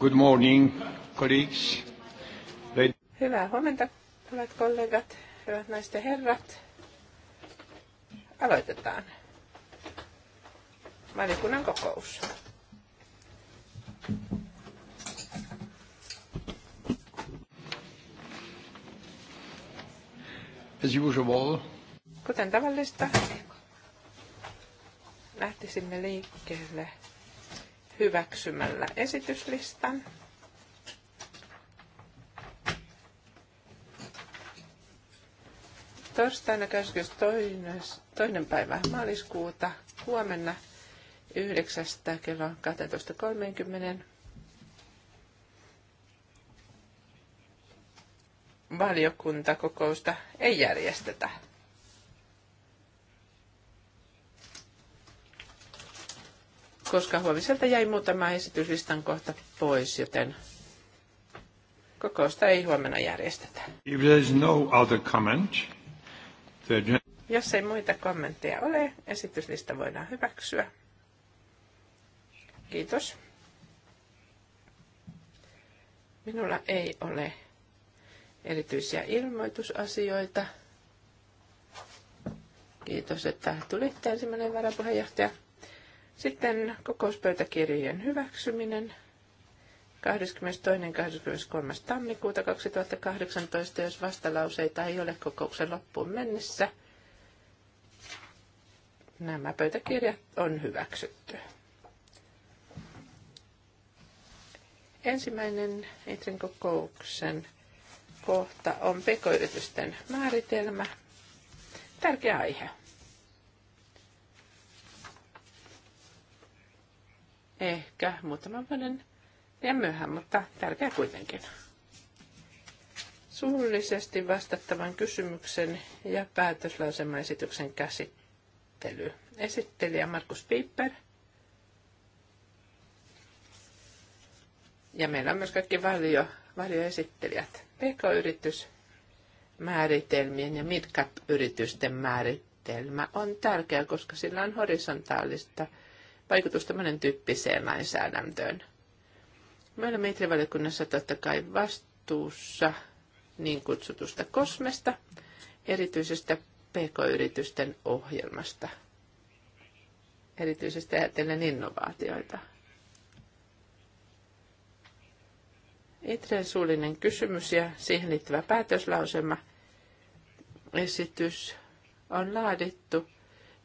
Good morning, colleagues. Hyvää huomenta, hyvät kollegat, hyvät naiset ja herrat. Aloitetaan valiokunnan kokous. As usual. Kuten tavallista, lähtisimme liikkeelle hyväksymällä esityslistan. Torstaina 22. Toinen päivä maaliskuuta huomenna 9. kello 12.30. Valiokuntakokousta ei järjestetä. koska huomiselta jäi muutama esityslistan kohta pois, joten kokousta ei huomenna järjestetä. If no other comment, the... Jos ei muita kommentteja ole, esityslista voidaan hyväksyä. Kiitos. Minulla ei ole erityisiä ilmoitusasioita. Kiitos, että tulitte ensimmäinen varapuheenjohtaja. Sitten kokouspöytäkirjojen hyväksyminen 22.–23. tammikuuta 2018, jos vastalauseita ei ole kokouksen loppuun mennessä. Nämä pöytäkirjat on hyväksytty. Ensimmäinen Itrin kokouksen kohta on pekoyritysten määritelmä. Tärkeä aihe. ehkä muutama vuoden liian myöhään, mutta tärkeä kuitenkin. Suullisesti vastattavan kysymyksen ja päätöslauselmaesityksen käsittely. Esittelijä Markus Piipper. Ja meillä on myös kaikki valio, valioesittelijät. PK-yritys määritelmien ja midcap-yritysten määritelmä on tärkeä, koska sillä on horisontaalista – vaikutus tämmöinen tyyppiseen lainsäädäntöön. Me olemme itsevaliokunnassa totta kai vastuussa niin kutsutusta kosmesta, erityisestä pk-yritysten ohjelmasta, erityisesti ajatellen innovaatioita. Itreen suullinen kysymys ja siihen liittyvä päätöslauselma esitys on laadittu,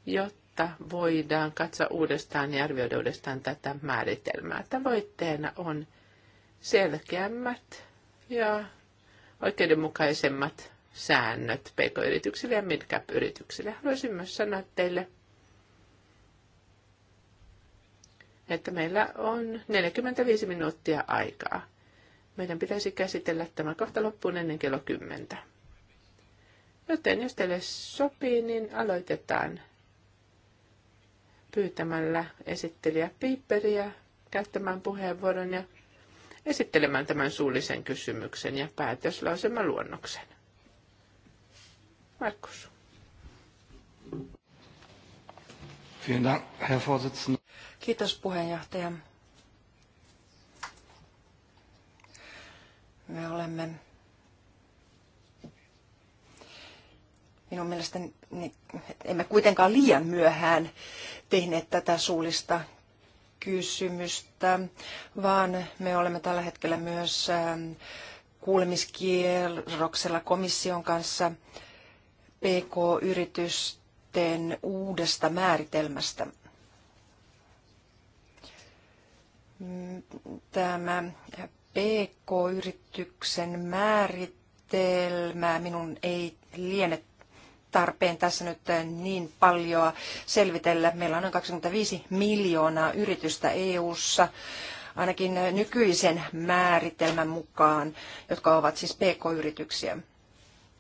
jotta jotta voidaan katsoa uudestaan ja arvioida uudestaan tätä määritelmää. Tavoitteena on selkeämmät ja oikeudenmukaisemmat säännöt pk-yrityksille ja midcap-yrityksille. Haluaisin myös sanoa teille, että meillä on 45 minuuttia aikaa. Meidän pitäisi käsitellä tämä kohta loppuun ennen kello 10. Joten jos teille sopii, niin aloitetaan pyytämällä esittelijä Piipperiä käyttämään puheenvuoron ja esittelemään tämän suullisen kysymyksen ja päätöslauseman luonnoksen. Markus. Kiitos puheenjohtaja. Me olemme minun mielestäni niin emme kuitenkaan liian myöhään tehneet tätä suullista kysymystä, vaan me olemme tällä hetkellä myös ähm, kuulemiskierroksella komission kanssa PK-yritysten uudesta määritelmästä. Mm, tämä PK-yrityksen määritelmä minun ei liene tarpeen tässä nyt eh, niin paljon selvitellä. Meillä on noin 25 miljoonaa yritystä EU:ssa ainakin eh, nykyisen määritelmän mukaan, jotka ovat siis PK-yrityksiä.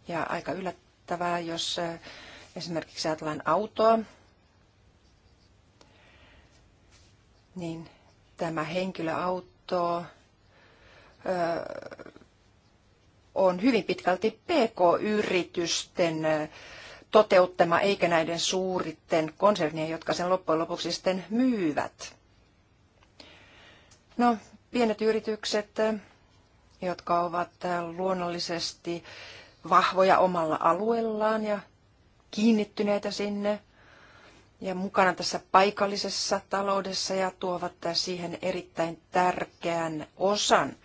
Ja aika yllättävää, jos eh, esimerkiksi ajatellaan autoa, niin tämä henkilöauto on hyvin pitkälti PK-yritysten toteuttama, eikä näiden suuritten konsernien, jotka sen loppujen lopuksi sitten myyvät. No, pienet yritykset, jotka ovat luonnollisesti vahvoja omalla alueellaan ja kiinnittyneitä sinne ja mukana tässä paikallisessa taloudessa ja tuovat siihen erittäin tärkeän osan.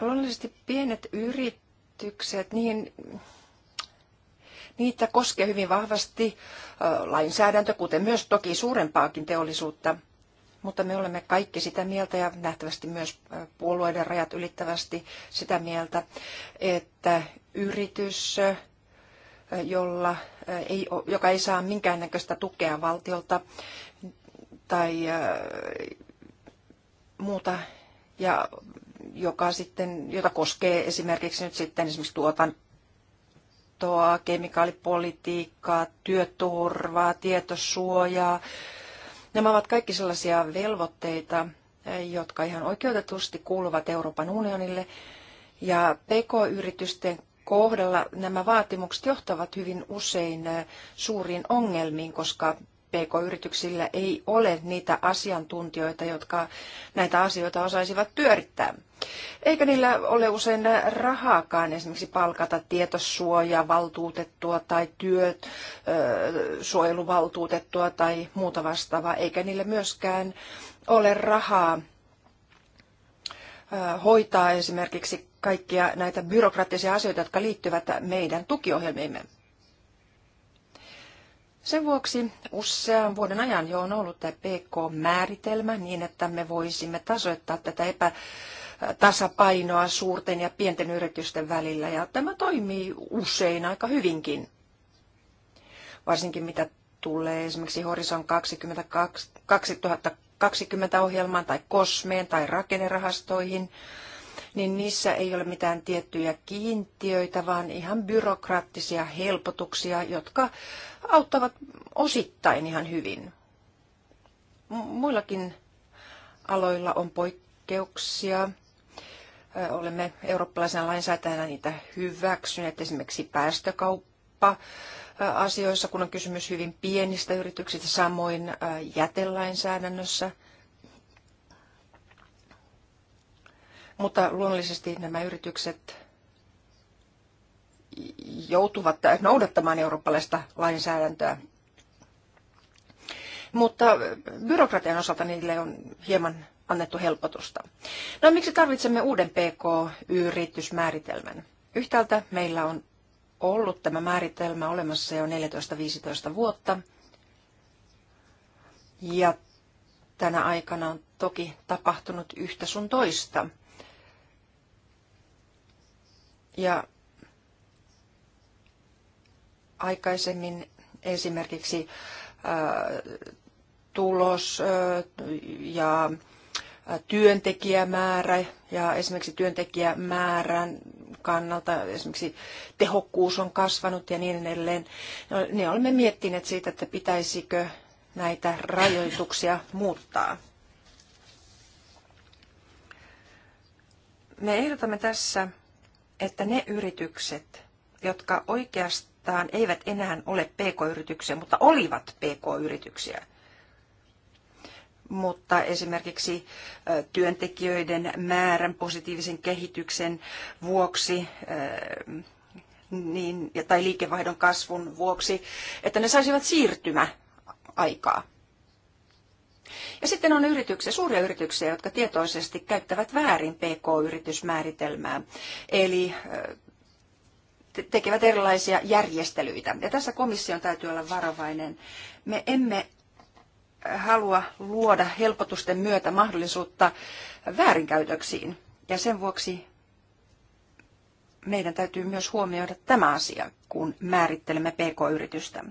Luonnollisesti pienet yritykset, niihin Niitä koskee hyvin vahvasti lainsäädäntö, kuten myös toki suurempaakin teollisuutta, mutta me olemme kaikki sitä mieltä ja nähtävästi myös puolueiden rajat ylittävästi sitä mieltä, että yritys, jolla ei, joka ei saa minkäännäköistä tukea valtiolta tai muuta, ja joka sitten, jota koskee esimerkiksi nyt sitten esimerkiksi tuotan, luontoa, kemikaalipolitiikkaa, työturvaa, tietosuojaa. Nämä ovat kaikki sellaisia velvoitteita, jotka ihan oikeutetusti kuuluvat Euroopan unionille. Ja PK-yritysten kohdalla nämä vaatimukset johtavat hyvin usein eh, suuriin ongelmiin, koska PK-yrityksillä ei ole niitä asiantuntijoita, jotka näitä asioita osaisivat pyörittää. Eikä niillä ole usein rahaakaan esimerkiksi palkata tietosuojaa, valtuutettua tai työsuojeluvaltuutettua tai muuta vastaavaa, eikä niillä myöskään ole rahaa hoitaa esimerkiksi kaikkia näitä byrokraattisia asioita, jotka liittyvät meidän tukiohjelmiimme. Sen vuoksi usean vuoden ajan jo on ollut tämä PK-määritelmä niin, että me voisimme tasoittaa tätä epätasapainoa suurten ja pienten yritysten välillä. Ja tämä toimii usein aika hyvinkin, varsinkin mitä tulee esimerkiksi Horizon 2020 2020 ohjelmaan tai kosmeen tai rakennerahastoihin – niin niissä ei ole mitään tiettyjä kiintiöitä, vaan ihan byrokraattisia helpotuksia, jotka auttavat osittain ihan hyvin. Muillakin aloilla on poikkeuksia. Olemme eurooppalaisena lainsäätäjänä niitä hyväksyneet, esimerkiksi päästökauppa, asioissa, kun on kysymys hyvin pienistä yrityksistä, samoin jätelainsäädännössä – Mutta luonnollisesti nämä yritykset joutuvat noudattamaan eurooppalaista lainsäädäntöä. Mutta byrokratian osalta niille on hieman annettu helpotusta. No miksi tarvitsemme uuden PK-yritysmääritelmän? Yhtäältä meillä on ollut tämä määritelmä olemassa jo 14-15 vuotta. Ja tänä aikana on toki tapahtunut yhtä sun toista – ja aikaisemmin esimerkiksi äh, tulos äh, ja äh, työntekijämäärä ja esimerkiksi työntekijämäärän kannalta esimerkiksi tehokkuus on kasvanut ja niin edelleen. No, ne niin olemme miettineet siitä, että pitäisikö näitä rajoituksia muuttaa. Me ehdotamme tässä että ne yritykset, jotka oikeastaan eivät enää ole pk-yrityksiä, mutta olivat pk-yrityksiä, mutta esimerkiksi työntekijöiden määrän positiivisen kehityksen vuoksi niin, tai liikevaihdon kasvun vuoksi, että ne saisivat siirtymä aikaa. Ja sitten on yrityksiä, suuria yrityksiä, jotka tietoisesti käyttävät väärin PK-yritysmääritelmää. Eli tekevät erilaisia järjestelyitä. Ja tässä komission täytyy olla varovainen. Me emme halua luoda helpotusten myötä mahdollisuutta väärinkäytöksiin. Ja sen vuoksi meidän täytyy myös huomioida tämä asia, kun määrittelemme pk-yritystä.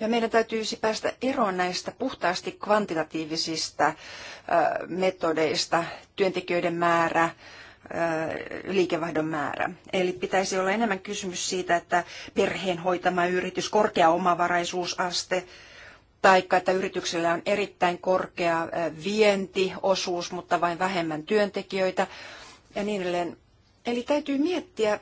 Ja meidän täytyisi siis päästä eroon näistä puhtaasti kvantitatiivisista metodeista, työntekijöiden määrä, liikevaihdon määrä. Eli pitäisi olla enemmän kysymys siitä, että perheen hoitama yritys, korkea omavaraisuusaste, taikka että yrityksellä on erittäin korkea vientiosuus, mutta vain vähemmän työntekijöitä ja niin edelleen. Eli täytyy miettiä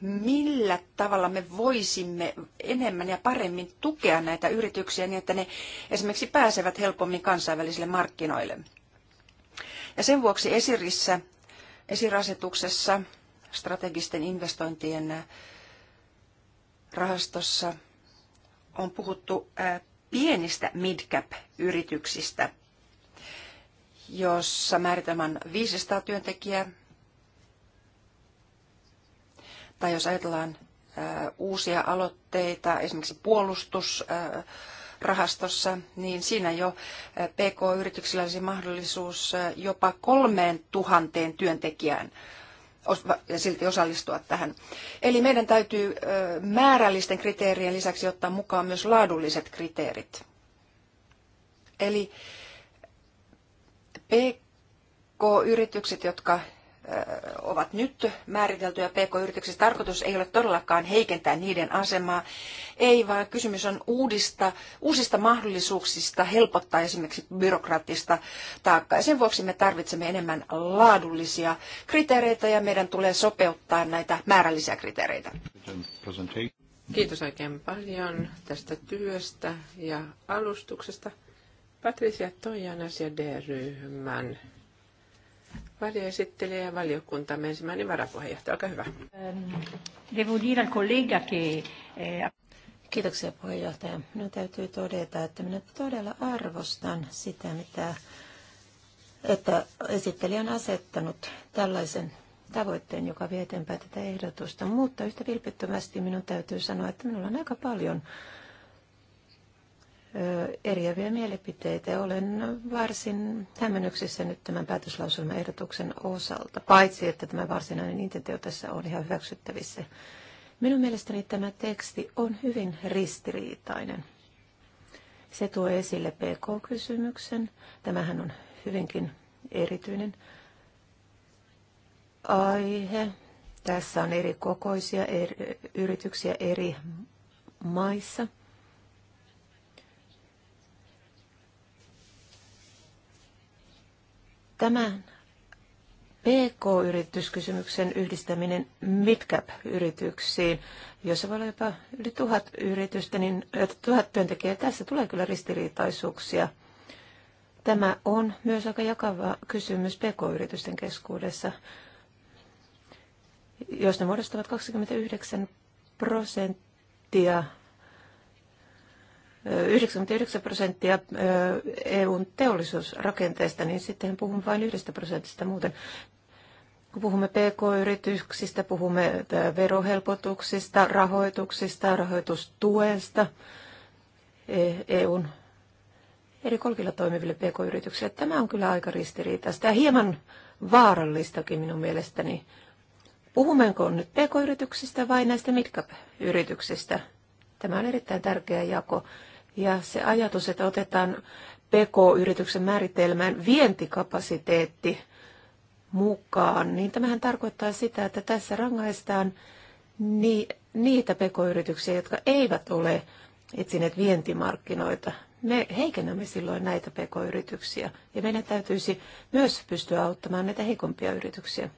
millä tavalla me voisimme enemmän ja paremmin tukea näitä yrityksiä niin, että ne esimerkiksi pääsevät helpommin kansainvälisille markkinoille. Ja sen vuoksi esirissä, esirasetuksessa, strategisten investointien äh, rahastossa on puhuttu äh, pienistä midcap-yrityksistä, jossa määritelmä on 500 työntekijää tai jos ajatellaan äh, uusia aloitteita, esimerkiksi puolustusrahastossa, äh, niin siinä jo äh, PK-yrityksillä olisi mahdollisuus jopa kolmeen tuhanteen työntekijään silti osallistua tähän. Eli meidän täytyy määrällisten kriteerien lisäksi ottaa mukaan myös laadulliset kriteerit. Eli PK-yritykset, jotka ovat nyt määriteltyjä pk-yrityksiä. Tarkoitus ei ole todellakaan heikentää niiden asemaa, ei vaan kysymys on uudista, uusista mahdollisuuksista helpottaa esimerkiksi byrokraattista taakkaa. Sen vuoksi me tarvitsemme enemmän laadullisia kriteereitä ja meidän tulee sopeuttaa näitä määrällisiä kriteereitä. Kiitos oikein paljon tästä työstä ja alustuksesta. Patricia Toijan asia D-ryhmän Valiesittelijä ja valiokunta, ensimmäinen varapuheenjohtaja. Olkaa hyvä. Ähm, Devo dire al collega che... Eh, Kiitoksia puheenjohtaja. Minun täytyy todeta, että minä todella arvostan sitä, mitä, että esittelijä on asettanut tällaisen tavoitteen, joka vie eteenpäin tätä ehdotusta. Mutta yhtä vilpittömästi minun täytyy sanoa, että minulla on aika paljon eriäviä mielipiteitä. Olen varsin hämmennyksissä nyt tämän ehdotuksen osalta, paitsi että tämä varsinainen intentio tässä on ihan hyväksyttävissä. Minun mielestäni tämä teksti on hyvin ristiriitainen. Se tuo esille PK-kysymyksen. Tämähän on hyvinkin erityinen aihe. Tässä on eri kokoisia eri, yrityksiä eri maissa – Tämän PK-yrityskysymyksen yhdistäminen midcap-yrityksiin, jossa voi olla jopa yli tuhat yritystä, niin tuhat työntekijää, tässä tulee kyllä ristiriitaisuuksia. Tämä on myös aika jakava kysymys PK-yritysten keskuudessa. Jos ne muodostavat 29 prosenttia 99 prosenttia EUn teollisuusrakenteesta, niin sitten puhun vain yhdestä prosentista muuten. Kun puhumme PK-yrityksistä, puhumme verohelpotuksista, rahoituksista, rahoitustuesta e, EUn eri kolkilla toimiville PK-yrityksille. Tämä on kyllä aika ristiriitaista ja hieman vaarallistakin minun mielestäni. Puhummeko nyt PK-yrityksistä vai näistä mitkä yrityksistä Tämä on erittäin tärkeä jako. Ja se ajatus, että otetaan PK-yrityksen määritelmään vientikapasiteetti mukaan, niin tämähän tarkoittaa sitä, että tässä rangaistaan niitä PK-yrityksiä, jotka eivät ole etsineet vientimarkkinoita. Me heikennämme silloin näitä PK-yrityksiä ja meidän täytyisi myös pystyä auttamaan näitä heikompia yrityksiä,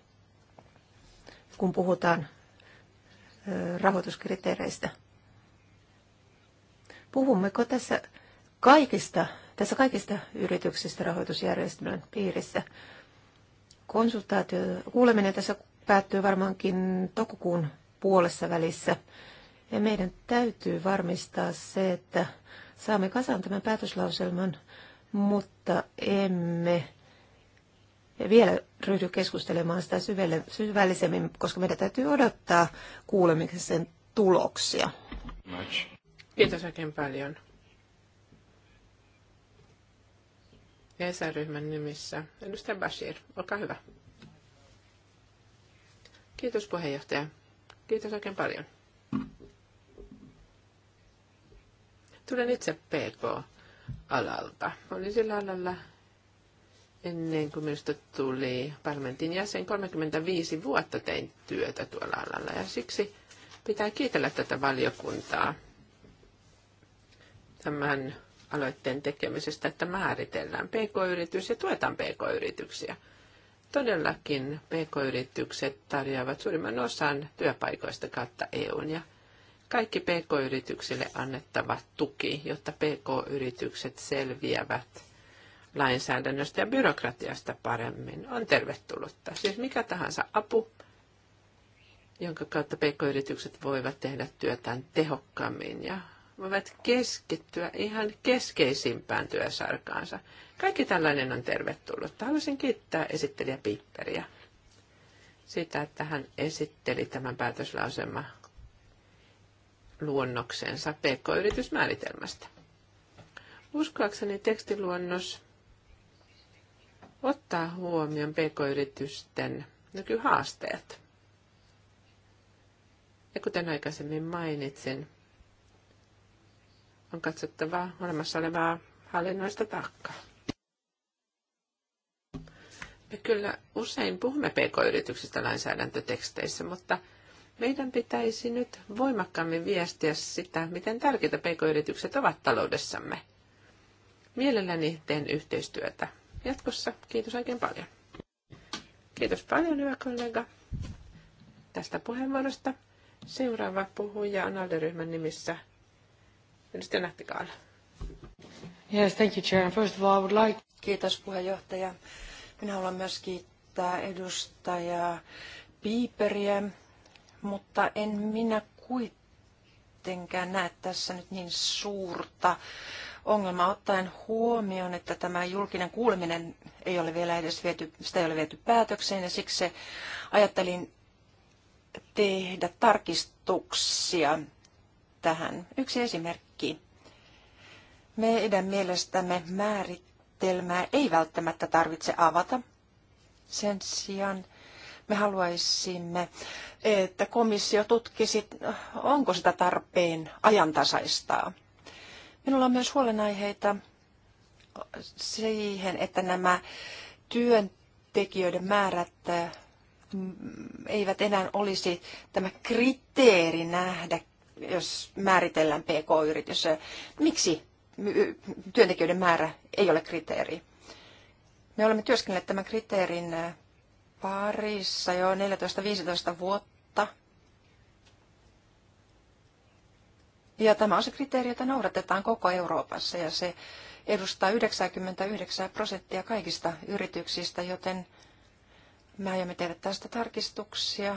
kun puhutaan rahoituskriteereistä. Puhummeko tässä kaikista, tässä kaikista yrityksistä rahoitusjärjestelmän piirissä? Konsultaatio, kuuleminen tässä päättyy varmaankin toukokuun puolessa välissä. Ja meidän täytyy varmistaa se, että saamme kasaan tämän päätöslauselman, mutta emme vielä ryhdy keskustelemaan sitä syvällisemmin, koska meidän täytyy odottaa kuulemisen tuloksia. Much. Kiitos oikein paljon. ESA-ryhmän nimissä edustaja Bashir, olkaa hyvä. Kiitos puheenjohtaja. Kiitos oikein paljon. Tulen itse PK-alalta. Olin sillä alalla ennen kuin minusta tuli parlamentin jäsen. 35 vuotta tein työtä tuolla alalla ja siksi pitää kiitellä tätä valiokuntaa – tämän aloitteen tekemisestä, että määritellään pk-yritys ja tuetaan pk-yrityksiä. Todellakin pk-yritykset tarjoavat suurimman osan työpaikoista kautta EUn ja kaikki pk-yrityksille annettava tuki, jotta pk-yritykset selviävät lainsäädännöstä ja byrokratiasta paremmin, on tervetullutta. Siis mikä tahansa apu, jonka kautta pk-yritykset voivat tehdä työtään tehokkaammin ja voivat keskittyä ihan keskeisimpään työsarkaansa. Kaikki tällainen on tervetullut. Haluaisin kiittää esittelijä Pipperiä sitä, että hän esitteli tämän päätöslauselman luonnoksensa pk-yritysmääritelmästä. Uskoakseni tekstiluonnos ottaa huomioon pk-yritysten nykyhaasteet. Ja kuten aikaisemmin mainitsin, on katsottava olemassa olevaa hallinnoista taakkaa. Me kyllä usein puhumme pk-yrityksistä lainsäädäntöteksteissä, mutta meidän pitäisi nyt voimakkaammin viestiä sitä, miten tärkeitä pk-yritykset ovat taloudessamme. Mielelläni teen yhteistyötä jatkossa. Kiitos oikein paljon. Kiitos paljon, hyvä kollega, tästä puheenvuorosta. Seuraava puhuja on alderyhmän nimissä Edustaja Nähtikaalla. Yes, thank you, Chair. First of all, I would like... Kiitos puheenjohtaja. Minä haluan myös kiittää edustaja Piiperiä, mutta en minä kuitenkaan näe tässä nyt niin suurta ongelma ottaen huomioon, että tämä julkinen kuuleminen ei ole vielä edes viety, sitä ei ole viety päätökseen ja siksi ajattelin tehdä tarkistuksia tähän. Yksi esimerkki. Meidän mielestämme määritelmää ei välttämättä tarvitse avata. Sen sijaan me haluaisimme, että komissio tutkisi, onko sitä tarpeen ajantasaistaa. Minulla on myös huolenaiheita siihen, että nämä työntekijöiden määrät mm, eivät enää olisi tämä kriteeri nähdä, jos määritellään PK-yritys. Miksi työntekijöiden määrä ei ole kriteeri? Me olemme työskennelleet tämän kriteerin äh, parissa jo 14-15 vuotta. Ja tämä on se kriteeri, jota noudatetaan koko Euroopassa ja se edustaa 99 prosenttia kaikista yrityksistä, joten me aiomme tehdä tästä tarkistuksia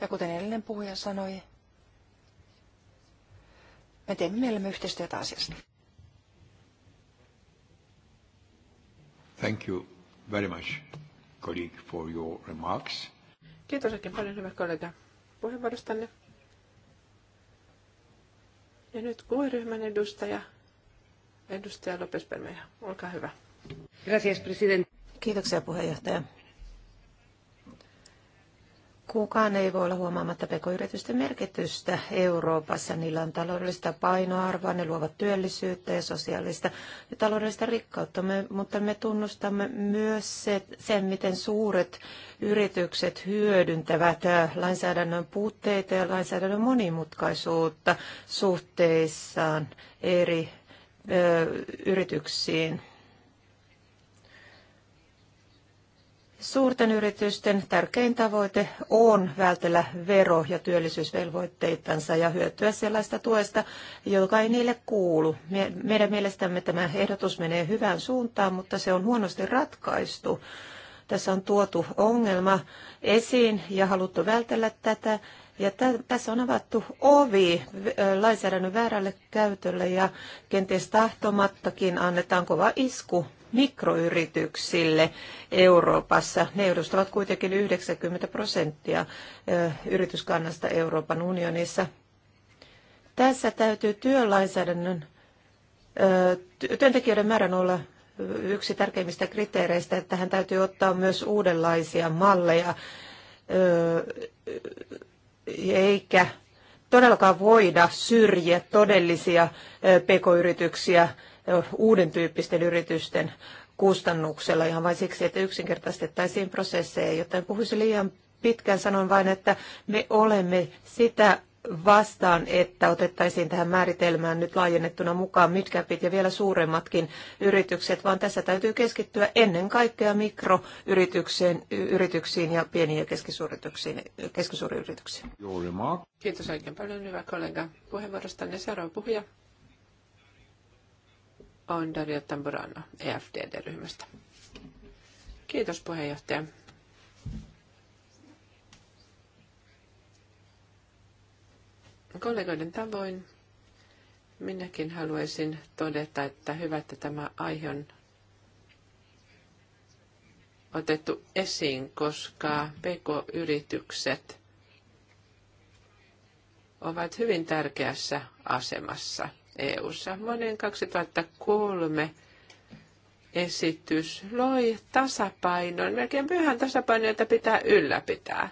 Ja kuten edellinen puhuja sanoi, me teemme mielemme yhteistyötä asiasta. Thank you very much, colleague, for your remarks. Kiitos oikein paljon, hyvä kollega, puheenvuorostanne. Ja nyt kuoryhmän ryhmän edustaja, edustaja Lopes-Permeja, olkaa hyvä. Gracias, president. Kiitoksia puheenjohtaja. Kukaan ei voi olla huomaamatta pk-yritysten merkitystä Euroopassa. Niillä on taloudellista painoarvoa, ne luovat työllisyyttä ja sosiaalista ja taloudellista rikkautta, me, mutta me tunnustamme myös se, sen, miten suuret yritykset hyödyntävät äh, lainsäädännön puutteita ja lainsäädännön monimutkaisuutta suhteissaan eri ö, äh, yrityksiin. Suurten yritysten tärkein tavoite on vältellä vero- ja työllisyysvelvoitteitansa ja hyötyä sellaista tuesta, joka ei niille kuulu. Meidän mielestämme tämä ehdotus menee hyvään suuntaan, mutta se on huonosti ratkaistu. Tässä on tuotu ongelma esiin ja haluttu vältellä tätä. Ja tässä on avattu ovi lainsäädännön väärälle käytölle ja kenties tahtomattakin annetaan kova isku mikroyrityksille Euroopassa. Ne edustavat kuitenkin 90 prosenttia yrityskannasta Euroopan unionissa. Tässä täytyy työlainsäädännön työntekijöiden määrän olla yksi tärkeimmistä kriteereistä, että tähän täytyy ottaa myös uudenlaisia malleja, eikä todellakaan voida syrjiä todellisia pk-yrityksiä uuden tyyppisten yritysten kustannuksella ihan vain siksi, että yksinkertaistettaisiin prosesseja, en puhuisi liian pitkään sanon vain, että me olemme sitä vastaan, että otettaisiin tähän määritelmään nyt laajennettuna mukaan mitkäpit ja vielä suuremmatkin yritykset, vaan tässä täytyy keskittyä ennen kaikkea mikroyrityksiin yrityksiin ja pieniin ja keskisuuriyrityksiin. keskisuuri yrityksiin. Kiitos oikein paljon, hyvä kollega puheenvuorostanne. Seuraava puhuja, on Dario Tamburano EFDD-ryhmästä. Kiitos puheenjohtaja. Kollegoiden tavoin minäkin haluaisin todeta, että hyvä, että tämä aihe on otettu esiin, koska pk-yritykset ovat hyvin tärkeässä asemassa – EU-ssa. Vuoden 2003 esitys loi tasapainon, melkein pyhän tasapainon, jota pitää ylläpitää.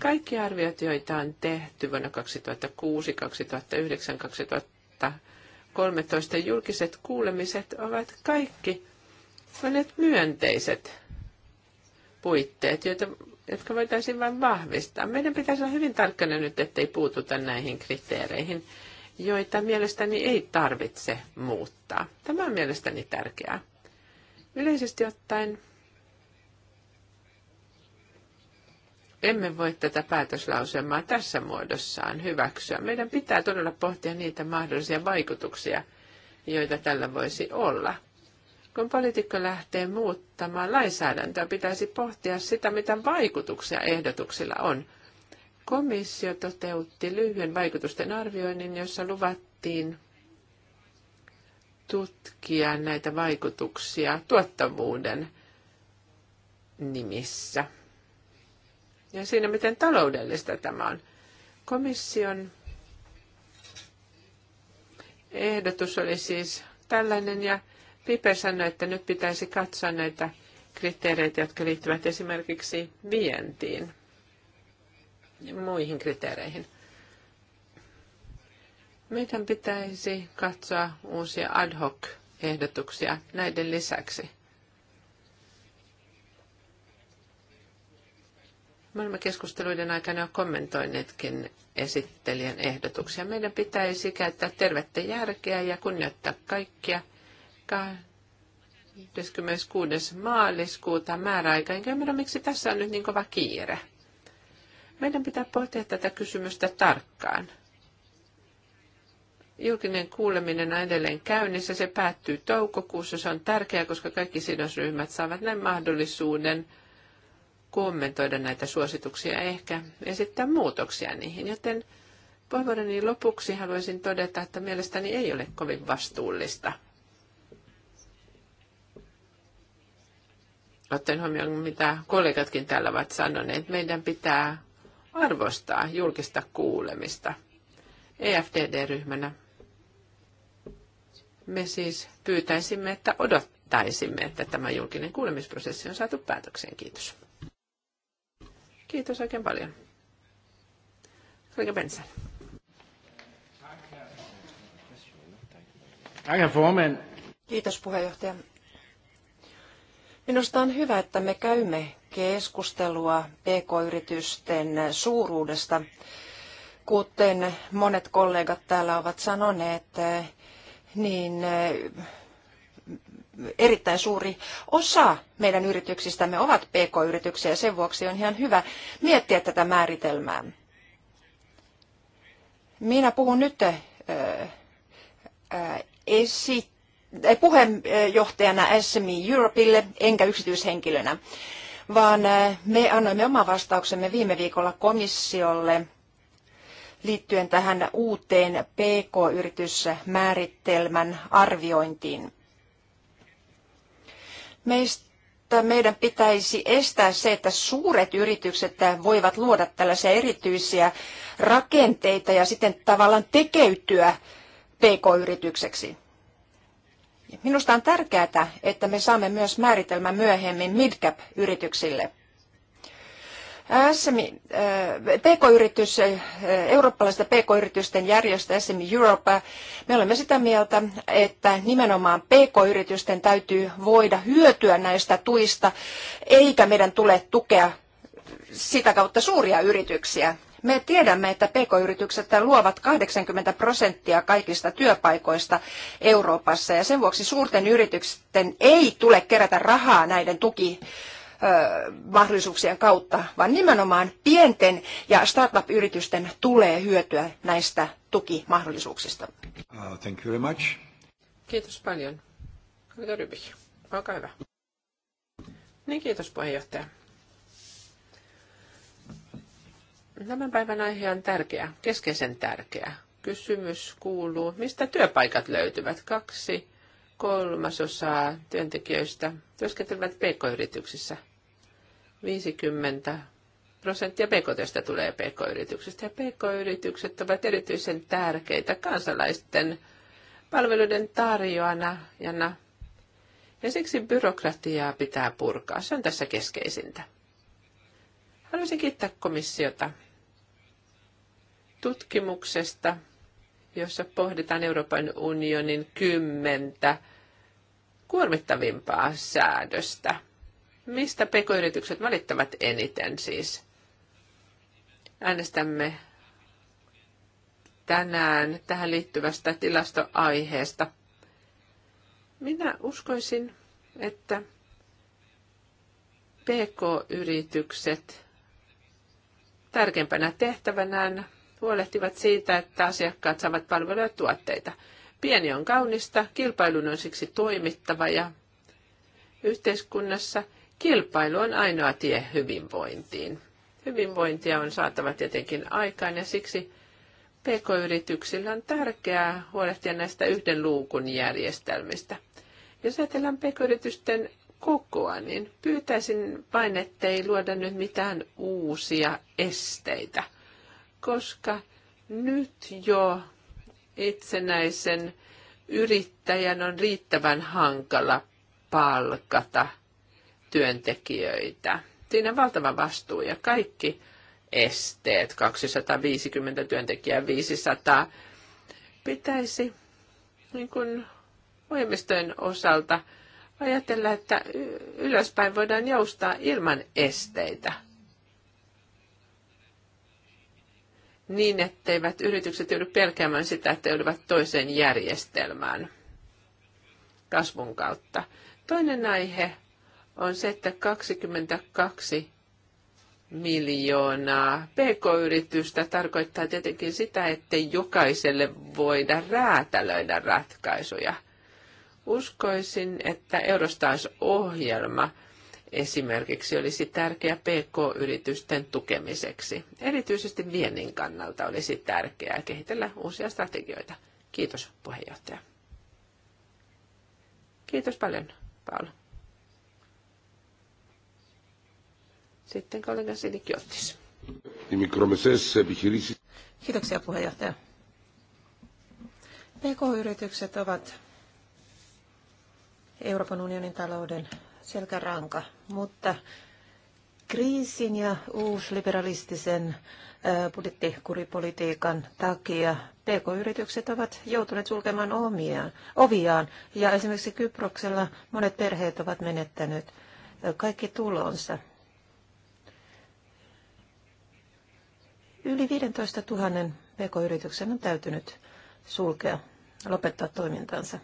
Kaikki arviot, joita on tehty vuonna 2006, 2009, 2013 julkiset kuulemiset ovat kaikki olleet myönteiset puitteet, joita, jotka voitaisiin vain vahvistaa. Meidän pitäisi olla hyvin tarkkana nyt, ettei puututa näihin kriteereihin joita mielestäni ei tarvitse muuttaa. Tämä on mielestäni tärkeää. Yleisesti ottaen emme voi tätä päätöslauselmaa tässä muodossaan hyväksyä. Meidän pitää todella pohtia niitä mahdollisia vaikutuksia, joita tällä voisi olla. Kun poliitikko lähtee muuttamaan lainsäädäntöä, pitäisi pohtia sitä, mitä vaikutuksia ehdotuksilla on – Komissio toteutti lyhyen vaikutusten arvioinnin, jossa luvattiin tutkia näitä vaikutuksia tuottavuuden nimissä. Ja siinä, miten taloudellista tämä on. Komission ehdotus oli siis tällainen, ja Pipe sanoi, että nyt pitäisi katsoa näitä kriteereitä, jotka liittyvät esimerkiksi vientiin muihin kriteereihin. Meidän pitäisi katsoa uusia ad hoc ehdotuksia näiden lisäksi. Me olemme keskusteluiden aikana jo kommentoineetkin esittelijän ehdotuksia. Meidän pitäisi käyttää tervettä järkeä ja kunnioittaa kaikkia 26. maaliskuuta määräaika. Enkä ymmärrä, miksi tässä on nyt niin kova kiire. Meidän pitää pohtia tätä kysymystä tarkkaan. Julkinen kuuleminen on edelleen käynnissä. Se päättyy toukokuussa. Se on tärkeää, koska kaikki sidosryhmät saavat näin mahdollisuuden kommentoida näitä suosituksia ja ehkä esittää muutoksia niihin. Joten puheenvuoroni lopuksi haluaisin todeta, että mielestäni ei ole kovin vastuullista. Otten huomioon, mitä kollegatkin täällä ovat sanoneet. Meidän pitää arvostaa julkista kuulemista EFDD-ryhmänä. Me siis pyytäisimme, että odottaisimme, että tämä julkinen kuulemisprosessi on saatu päätökseen. Kiitos. Kiitos oikein paljon. Kiitos puheenjohtaja. Minusta on hyvä, että me käymme keskustelua pk-yritysten suuruudesta. Kuten monet kollegat täällä ovat sanoneet, niin eh, erittäin suuri osa meidän yrityksistämme ovat pk-yrityksiä ja sen vuoksi on ihan hyvä miettiä tätä määritelmää. Minä puhun nyt eh, eh, esi- puheenjohtajana SME Europeille enkä yksityishenkilönä vaan eh, me annoimme oman vastauksemme viime viikolla komissiolle liittyen tähän uuteen PK-yritysmääritelmän arviointiin. Meistä meidän pitäisi estää se, että suuret yritykset voivat luoda tällaisia erityisiä rakenteita ja sitten tavallaan tekeytyä PK-yritykseksi. Minusta on tärkeää, että me saamme myös määritelmän myöhemmin midcap-yrityksille. Äh, PK-yritys, äh, eurooppalaisten PK-yritysten järjestö SM Europe, me olemme sitä mieltä, että nimenomaan PK-yritysten täytyy voida hyötyä näistä tuista, eikä meidän tule tukea sitä kautta suuria yrityksiä. Me tiedämme, että pk-yritykset luovat 80 prosenttia kaikista työpaikoista Euroopassa ja sen vuoksi suurten yritysten ei tule kerätä rahaa näiden tuki mahdollisuuksien kautta, vaan nimenomaan pienten ja startup-yritysten tulee hyötyä näistä tukimahdollisuuksista. Uh, thank you very much. Kiitos paljon. olkaa hyvä. Niin, kiitos puheenjohtaja. Tämän päivän aihe on tärkeä, keskeisen tärkeä. Kysymys kuuluu, mistä työpaikat löytyvät? Kaksi kolmasosaa työntekijöistä työskentelevät pk-yrityksissä. 50 prosenttia pk tulee pk-yrityksistä. Ja pk-yritykset ovat erityisen tärkeitä kansalaisten palveluiden tarjoana. Ja siksi byrokratiaa pitää purkaa. Se on tässä keskeisintä. Haluaisin kiittää komissiota tutkimuksesta, jossa pohditaan Euroopan unionin kymmentä kuormittavimpaa säädöstä. Mistä pekoyritykset valittavat eniten siis? Äänestämme tänään tähän liittyvästä tilastoaiheesta. Minä uskoisin, että PK-yritykset tärkeimpänä tehtävänään huolehtivat siitä, että asiakkaat saavat palveluja tuotteita. Pieni on kaunista, kilpailun on siksi toimittava ja yhteiskunnassa kilpailu on ainoa tie hyvinvointiin. Hyvinvointia on saatava tietenkin aikaan ja siksi PK-yrityksillä on tärkeää huolehtia näistä yhden luukun järjestelmistä. Jos ajatellaan PK-yritysten kokoa, niin pyytäisin vain, ettei luoda nyt mitään uusia esteitä – koska nyt jo itsenäisen yrittäjän on riittävän hankala palkata työntekijöitä. Siinä on valtava vastuu ja kaikki esteet, 250 työntekijää, 500, pitäisi niin kuin ohjelmistojen osalta ajatella, että ylöspäin voidaan joustaa ilman esteitä. niin, etteivät yritykset joudu pelkäämään sitä, että joudut toiseen järjestelmään kasvun kautta. Toinen aihe on se, että 22 miljoonaa pk-yritystä tarkoittaa tietenkin sitä, että jokaiselle voida räätälöidä ratkaisuja. Uskoisin, että Eurostars-ohjelma – esimerkiksi olisi tärkeä PK-yritysten tukemiseksi. Erityisesti viennin kannalta olisi tärkeää kehitellä uusia strategioita. Kiitos puheenjohtaja. Kiitos paljon, Paula. Sitten kollega Sidik Kiitoksia puheenjohtaja. PK-yritykset ovat Euroopan unionin talouden selkäranka, mutta kriisin ja uusliberalistisen budjettikuripolitiikan takia PK-yritykset ovat joutuneet sulkemaan omiaan, oviaan ja esimerkiksi Kyproksella monet perheet ovat menettäneet kaikki tulonsa. Yli 15 000 PK-yrityksen on täytynyt sulkea, lopettaa toimintansa.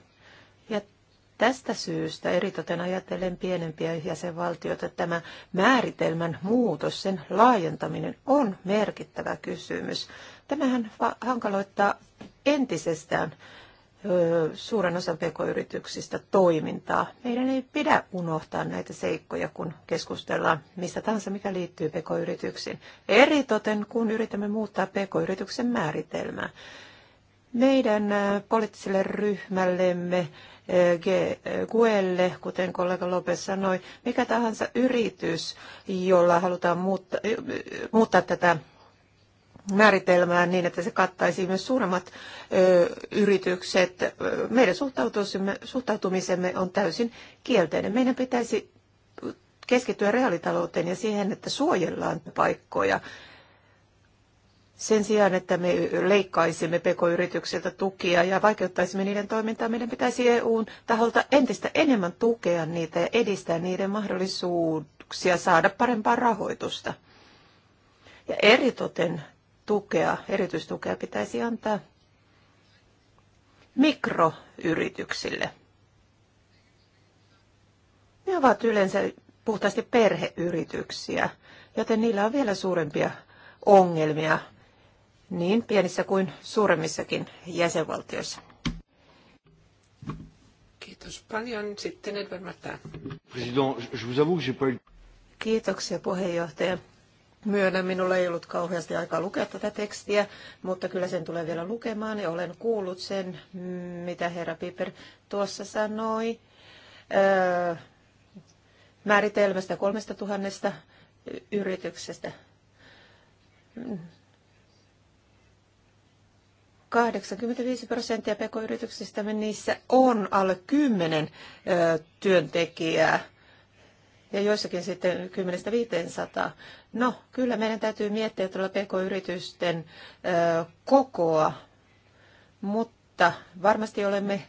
Tästä syystä eritoten ajatellen pienempiä jäsenvaltioita tämä määritelmän muutos, sen laajentaminen on merkittävä kysymys. Tämähän hankaloittaa entisestään suuren osan pk-yrityksistä toimintaa. Meidän ei pidä unohtaa näitä seikkoja, kun keskustellaan mistä tahansa, mikä liittyy pk-yrityksiin. Eritoten, kun yritämme muuttaa pk-yrityksen määritelmää. Meidän äh, poliittiselle ryhmällemme äh, äh, GUElle, kuten kollega Lopes sanoi, mikä tahansa yritys, jolla halutaan muuttaa, muuttaa tätä määritelmää niin, että se kattaisi myös suuremmat ö, yritykset. Meidän suhtautumisemme on täysin kielteinen. Meidän pitäisi keskittyä reaalitalouteen ja siihen, että suojellaan paikkoja sen sijaan, että me leikkaisimme pk-yrityksiltä tukia ja vaikeuttaisimme niiden toimintaa, meidän pitäisi EUn taholta entistä enemmän tukea niitä ja edistää niiden mahdollisuuksia saada parempaa rahoitusta. Ja eritoten tukea, erityistukea pitäisi antaa mikroyrityksille. Ne ovat yleensä puhtaasti perheyrityksiä, joten niillä on vielä suurempia ongelmia niin pienissä kuin suuremmissakin jäsenvaltioissa. Kiitos paljon. Sitten Edward Martin. President, je vous avoue j'ai pas Kiitoksia puheenjohtaja. Myönnän, minulla ei ollut kauheasti aikaa lukea tätä tekstiä, mutta kyllä sen tulee vielä lukemaan ja olen kuullut sen, mitä herra Piper tuossa sanoi. Öö, määritelmästä kolmesta tuhannesta yrityksestä. 85 prosenttia pk-yrityksistä niin niissä on alle 10 työntekijää ja joissakin sitten 10-500. No, kyllä meidän täytyy miettiä tuolla pk-yritysten kokoa, mutta varmasti olemme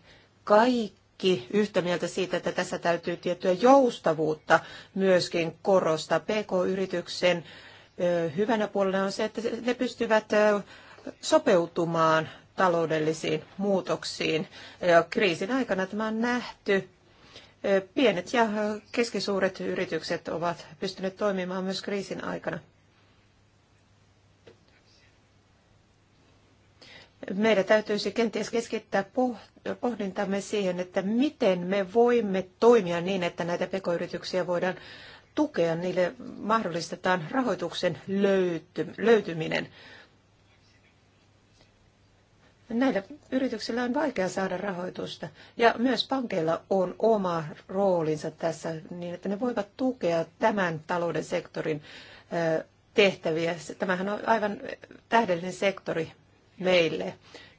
kaikki yhtä mieltä siitä, että tässä täytyy tiettyä joustavuutta myöskin korostaa. PK-yrityksen hyvänä puolella on se, että ne pystyvät sopeutumaan taloudellisiin muutoksiin. Kriisin aikana tämä on nähty. Pienet ja keskisuuret yritykset ovat pystyneet toimimaan myös kriisin aikana. meidän täytyisi kenties keskittää pohdintamme siihen, että miten me voimme toimia niin, että näitä pekoyrityksiä voidaan tukea, niille mahdollistetaan rahoituksen löytyminen näillä yrityksillä on vaikea saada rahoitusta. Ja myös pankeilla on oma roolinsa tässä niin, että ne voivat tukea tämän talouden sektorin tehtäviä. Tämähän on aivan tähdellinen sektori meille.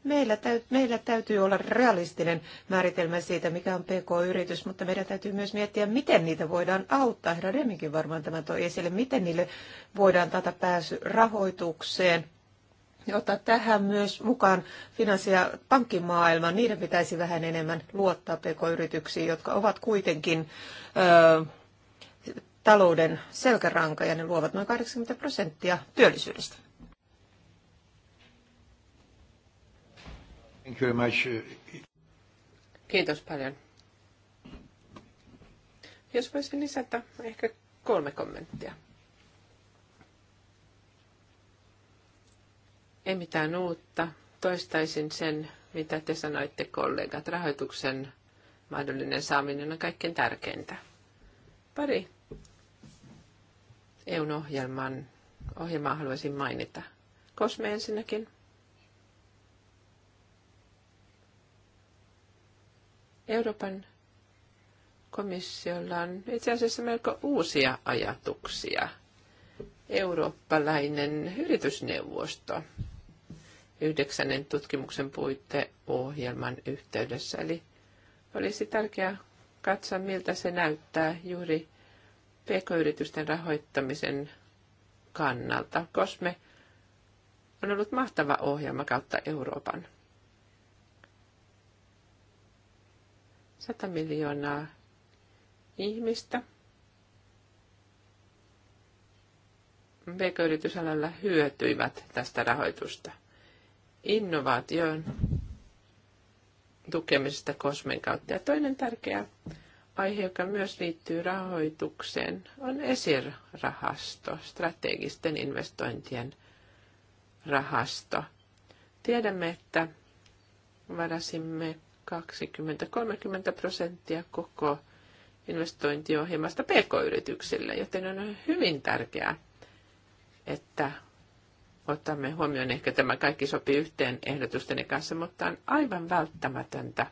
Meillä, täyt, meillä täytyy olla realistinen määritelmä siitä, mikä on PK-yritys, mutta meidän täytyy myös miettiä, miten niitä voidaan auttaa. Herra Reminkin varmaan tämä toi esille, miten niille voidaan tätä pääsy rahoitukseen, ja ottaa tähän myös mukaan finanssi- ja pankkimaailma. Niiden pitäisi vähän enemmän luottaa pk-yrityksiin, jotka ovat kuitenkin ö, talouden selkäranka ja ne luovat noin 80 prosenttia työllisyydestä. Thank you very much. Kiitos paljon. Jos voisin lisätä ehkä kolme kommenttia. Ei mitään uutta. Toistaisin sen, mitä te sanoitte kollegat. Rahoituksen mahdollinen saaminen on kaikkein tärkeintä. Pari EUn ohjelman, ohjelmaa haluaisin mainita. Kosme ensinnäkin. Euroopan komissiolla on itse asiassa melko uusia ajatuksia. Eurooppalainen yritysneuvosto yhdeksännen tutkimuksen puitteohjelman yhteydessä. Eli olisi tärkeää katsoa, miltä se näyttää juuri pk-yritysten rahoittamisen kannalta. Kosme on ollut mahtava ohjelma kautta Euroopan. 100 miljoonaa ihmistä pk-yritysalalla hyötyivät tästä rahoitusta innovaation tukemisesta kosmen kautta. Ja toinen tärkeä aihe, joka myös liittyy rahoitukseen, on esirahasto, strategisten investointien rahasto. Tiedämme, että varasimme 20-30 prosenttia koko investointiohjelmasta pk-yrityksille, joten on hyvin tärkeää, että otamme huomioon, ehkä tämä kaikki sopii yhteen ehdotusteni kanssa, mutta on aivan välttämätöntä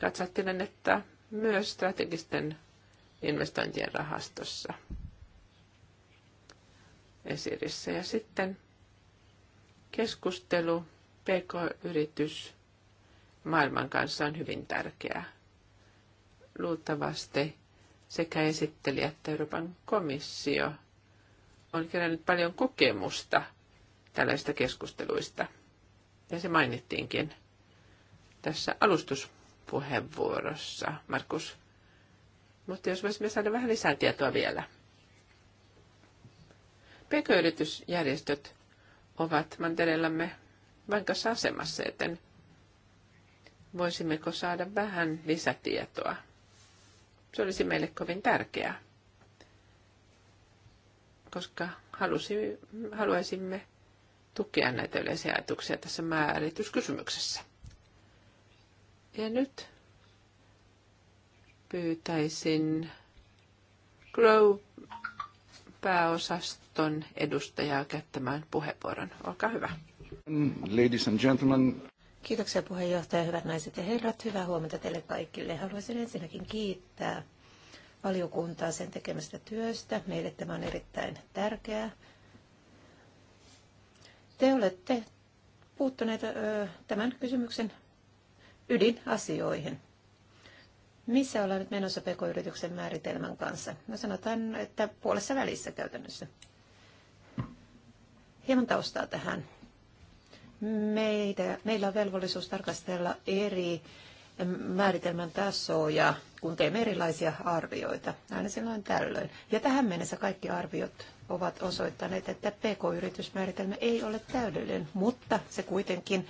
katsoa että myös strategisten investointien rahastossa esirissä. Ja sitten keskustelu PK-yritys maailman kanssa on hyvin tärkeää. Luultavasti sekä esittelijä että Euroopan komissio – on kerännyt paljon kokemusta tällaista keskusteluista. Ja se mainittiinkin tässä alustuspuheenvuorossa, Markus. Mutta jos voisimme saada vähän lisää tietoa vielä. PK-yritysjärjestöt ovat mantereellamme vankassa asemassa, joten voisimmeko saada vähän lisätietoa? Se olisi meille kovin tärkeää koska halusi, haluaisimme tukea näitä yleisiä ajatuksia tässä määrityskysymyksessä. Ja nyt pyytäisin Grow-pääosaston edustajaa käyttämään puheenvuoron. Olkaa hyvä. Ladies and gentlemen. Kiitoksia puheenjohtaja, hyvät naiset ja herrat. Hyvää huomenta teille kaikille. Haluaisin ensinnäkin kiittää valiokuntaa sen tekemästä työstä. Meille tämä on erittäin tärkeää. Te olette puuttuneet tämän kysymyksen ydinasioihin. Missä ollaan nyt menossa pk-yrityksen määritelmän kanssa? No sanotaan, että puolessa välissä käytännössä. Hieman taustaa tähän. Meitä, meillä on velvollisuus tarkastella eri määritelmän tasoja kun teemme erilaisia arvioita aina silloin tällöin. Ja tähän mennessä kaikki arviot ovat osoittaneet, että PK-yritysmääritelmä ei ole täydellinen, mutta se kuitenkin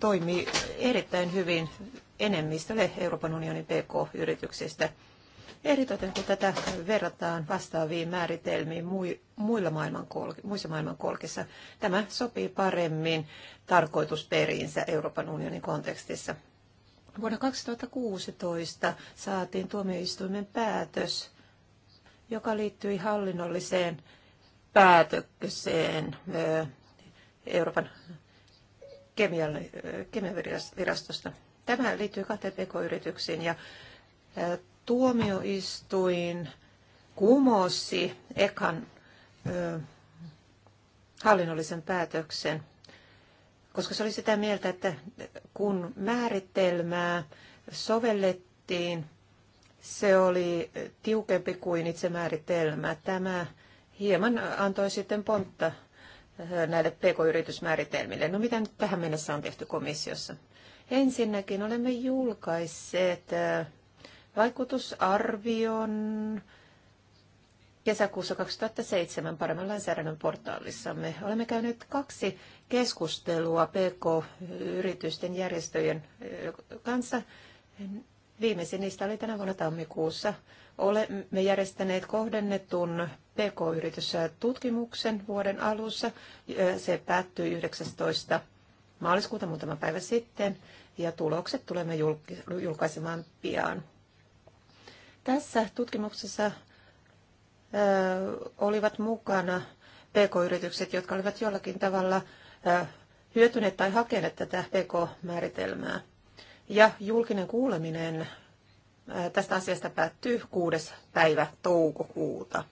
toimii erittäin hyvin enemmistölle Euroopan unionin PK-yrityksistä. Eritoten kun tätä verrataan vastaaviin määritelmiin muilla maailmankolk- muissa maailmankolkissa, tämä sopii paremmin tarkoitusperiinsä Euroopan unionin kontekstissa. Vuonna 2016 saatiin tuomioistuimen päätös, joka liittyi hallinnolliseen päätökseen Euroopan kemiavirastosta. Tämä liittyy kahteen pk-yrityksiin ja tuomioistuin kumosi ekan hallinnollisen päätöksen – koska se oli sitä mieltä, että kun määritelmää sovellettiin, se oli tiukempi kuin itse määritelmä. Tämä hieman antoi sitten pontta äh, näille pk-yritysmääritelmille. No mitä nyt tähän mennessä on tehty komissiossa? Ensinnäkin olemme julkaisseet äh, vaikutusarvion kesäkuussa 2007 paremman lainsäädännön portaalissamme. Olemme käyneet kaksi keskustelua PK-yritysten järjestöjen kanssa. Viimeisin niistä oli tänä vuonna tammikuussa. Olemme järjestäneet kohdennetun PK-yritystutkimuksen vuoden alussa. Se päättyi 19. maaliskuuta muutama päivä sitten ja tulokset tulemme julkaisemaan pian. Tässä tutkimuksessa olivat mukana pk-yritykset, jotka olivat jollakin tavalla hyötyneet tai hakeneet tätä pk-määritelmää. Ja julkinen kuuleminen tästä asiasta päättyy 6. päivä toukokuuta.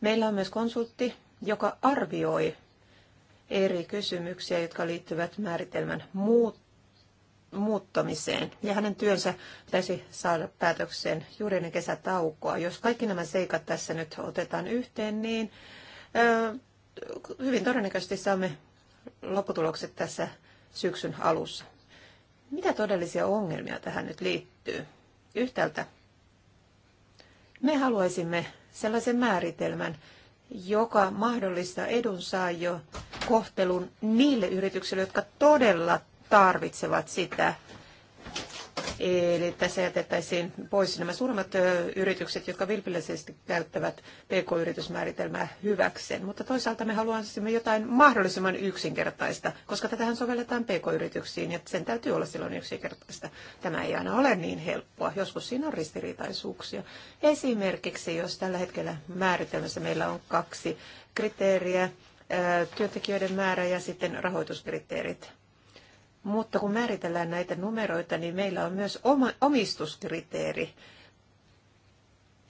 Meillä on myös konsultti, joka arvioi eri kysymyksiä, jotka liittyvät määritelmän muuttamiseen muuttamiseen ja hänen työnsä pitäisi saada päätökseen juuri ennen kesätaukoa. Jos kaikki nämä seikat tässä nyt otetaan yhteen, niin hyvin todennäköisesti saamme lopputulokset tässä syksyn alussa. Mitä todellisia ongelmia tähän nyt liittyy? Yhtäältä me haluaisimme sellaisen määritelmän, joka mahdollistaa edunsaajio kohtelun niille yrityksille, jotka todella tarvitsevat sitä. Eli tässä jätettäisiin pois nämä suuremmat yritykset, jotka vilpillisesti käyttävät pk-yritysmääritelmää hyväkseen. Mutta toisaalta me haluaisimme jotain mahdollisimman yksinkertaista, koska tätähän sovelletaan pk-yrityksiin ja sen täytyy olla silloin yksinkertaista. Tämä ei aina ole niin helppoa. Joskus siinä on ristiriitaisuuksia. Esimerkiksi jos tällä hetkellä määritelmässä meillä on kaksi kriteeriä, työntekijöiden määrä ja sitten rahoituskriteerit mutta kun määritellään näitä numeroita, niin meillä on myös oma, omistuskriteeri.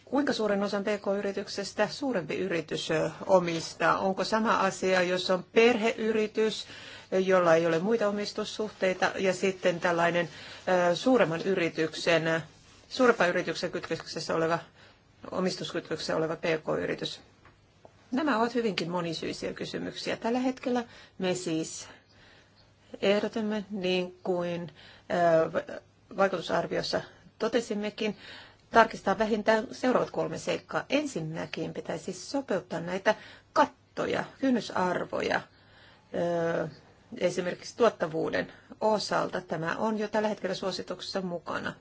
Kuinka suuren osan pk-yrityksestä suurempi yritys omistaa? Onko sama asia, jos on perheyritys, jolla ei ole muita omistussuhteita, ja sitten tällainen suuremman yrityksen, suurempan yrityksen kytköksessä oleva, omistuskytköksessä oleva pk-yritys? Nämä ovat hyvinkin monisyisiä kysymyksiä. Tällä hetkellä me siis ehdotimme, niin kuin vaikutusarviossa totesimmekin, tarkistaa vähintään seuraavat kolme seikkaa. Ensinnäkin pitäisi sopeuttaa näitä kattoja, kynnysarvoja, esimerkiksi tuottavuuden osalta. Tämä on jo tällä hetkellä suosituksessa mukana.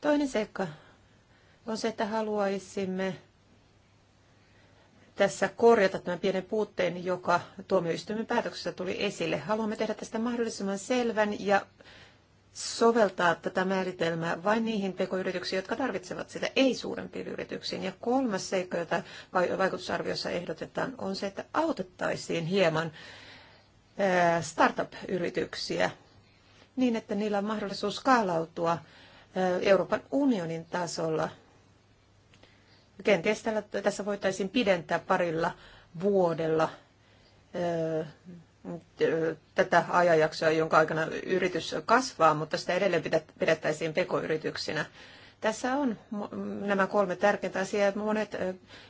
Toinen seikka on se, että haluaisimme tässä korjata tämän pienen puutteen, joka tuomioistuimen päätöksessä tuli esille. Haluamme tehdä tästä mahdollisimman selvän ja soveltaa tätä määritelmää vain niihin pk jotka tarvitsevat sitä, ei suurempiin yrityksiin. Ja kolmas seikka, jota vaikutusarviossa ehdotetaan, on se, että autettaisiin hieman startup-yrityksiä niin, että niillä on mahdollisuus skaalautua Euroopan unionin tasolla – Kenties tällä, tässä voitaisiin pidentää parilla vuodella tätä ajanjaksoa, jonka aikana yritys kasvaa, mutta sitä edelleen pidettäisiin pekoyrityksinä. Tässä on nämä kolme tärkeintä asiaa. Monet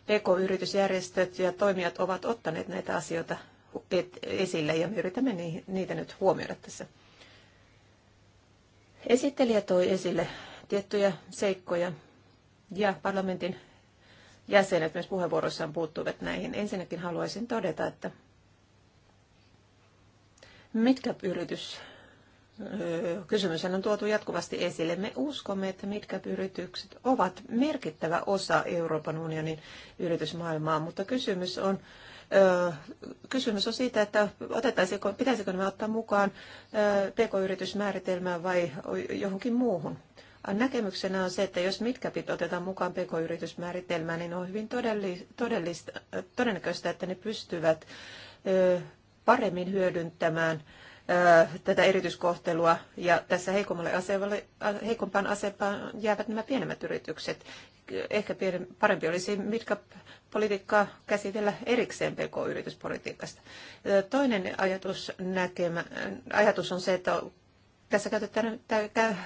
pk-yritysjärjestöt ja toimijat ovat ottaneet näitä asioita e, esille ja me yritämme niitä nyt huomioida tässä. Esittelijä toi esille tiettyjä seikkoja ja parlamentin jäsenet myös puheenvuoroissaan puuttuivat näihin. Ensinnäkin haluaisin todeta, että mitkä yritys Kysymys on tuotu jatkuvasti esille. Me uskomme, että mitkä yritykset ovat merkittävä osa Euroopan unionin yritysmaailmaa, mutta kysymys on, kysymys on siitä, että otettaisiko, pitäisikö me ottaa mukaan pk-yritysmääritelmään vai johonkin muuhun. Näkemyksenä on se, että jos mitkäpit otetaan mukaan pk-yritysmääritelmään, niin on hyvin todellista, todennäköistä, että ne pystyvät paremmin hyödyntämään tätä erityiskohtelua ja tässä heikommalle asevalle heikompaan asepaan jäävät nämä pienemmät yritykset. Ehkä parempi olisi mitkä politiikkaa käsitellä erikseen pk-yrityspolitiikasta. Toinen ajatus, näkemä, ajatus on se, että tässä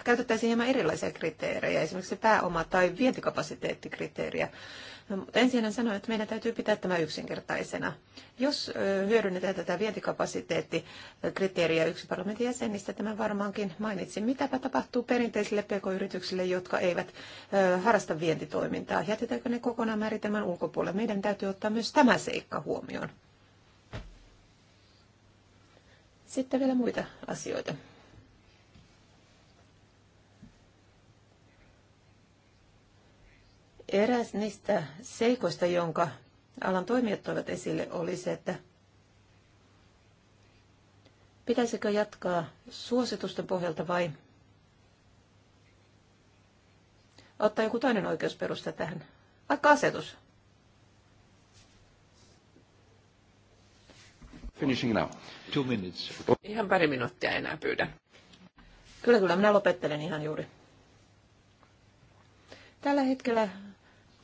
käytettäisiin hieman erilaisia kriteerejä, esimerkiksi pääoma- tai vientikapasiteettikriteeriä. No, mutta ensin sanoin, että meidän täytyy pitää tämä yksinkertaisena. Jos hyödynnetään tätä vientikapasiteettikriteeriä yksi parlamentin jäsenistä, tämä varmaankin mainitsi. Mitäpä tapahtuu perinteisille pk-yrityksille, jotka eivät harrasta vientitoimintaa? Jätetäänkö ne kokonaan määritelmän ulkopuolelle? Meidän täytyy ottaa myös tämä seikka huomioon. Sitten vielä muita asioita. Eräs niistä seikoista, jonka alan toimijat toivat esille, oli se, että pitäisikö jatkaa suositusten pohjalta vai ottaa joku toinen oikeusperusta tähän, vaikka asetus. Finishing now. Two minutes. Ihan pari minuuttia enää pyydän. Kyllä, kyllä, minä lopettelen ihan juuri. Tällä hetkellä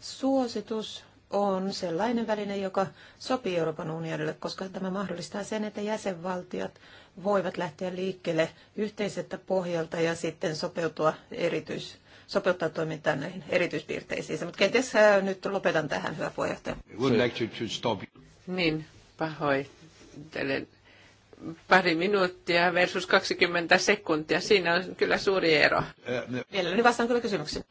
Suositus on sellainen väline, joka sopii Euroopan unionille, koska tämä mahdollistaa sen, että jäsenvaltiot voivat lähteä liikkeelle yhteiseltä pohjalta ja sitten sopeutua erityis, sopeuttaa toimintaan näihin erityispiirteisiin. Mutta kenties äh, nyt lopetan tähän, hyvä puheenjohtaja. Niin, pahoittelen. Pari minuuttia versus 20 sekuntia. Siinä on kyllä suuri ero. Äh, Mielelläni vastaan kyllä kysymyksiin.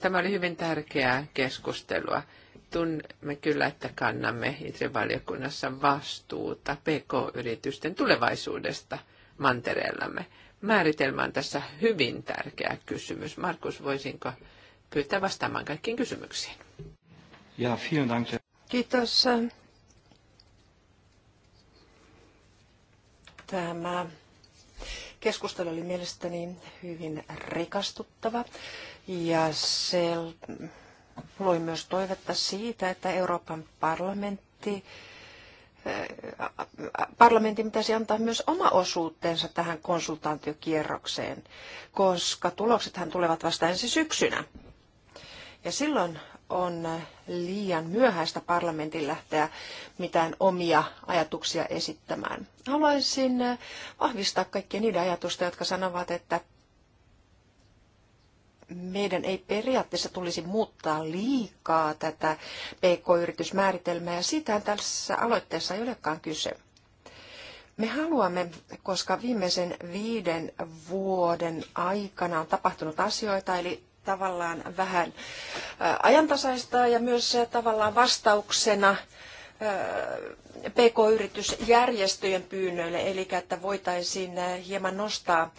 tämä oli hyvin tärkeää keskustelua. Tunnemme kyllä, että kannamme itse valiokunnassa vastuuta PK-yritysten tulevaisuudesta mantereellamme. Määritelmä on tässä hyvin tärkeä kysymys. Markus, voisinko pyytää vastaamaan kaikkiin kysymyksiin? Ja, vielen dank. Kiitos. Tämä keskustelu oli mielestäni hyvin rikastuttava. Ja se loi myös toivetta siitä, että Euroopan parlamentti äh, parlamentin pitäisi antaa myös oma osuutensa tähän konsultaatiokierrokseen, koska tuloksethan tulevat vasta ensi syksynä. Ja silloin on liian myöhäistä parlamentin lähteä mitään omia ajatuksia esittämään. Haluaisin vahvistaa kaikkia niiden ajatusta, jotka sanovat, että meidän ei periaatteessa tulisi muuttaa liikaa tätä PK-yritysmääritelmää, ja siitähän tässä aloitteessa ei olekaan kyse. Me haluamme, koska viimeisen viiden vuoden aikana on tapahtunut asioita, eli tavallaan vähän ajantasaista ja myös tavallaan vastauksena PK-yritysjärjestöjen pyynnöille, eli että voitaisiin hieman nostaa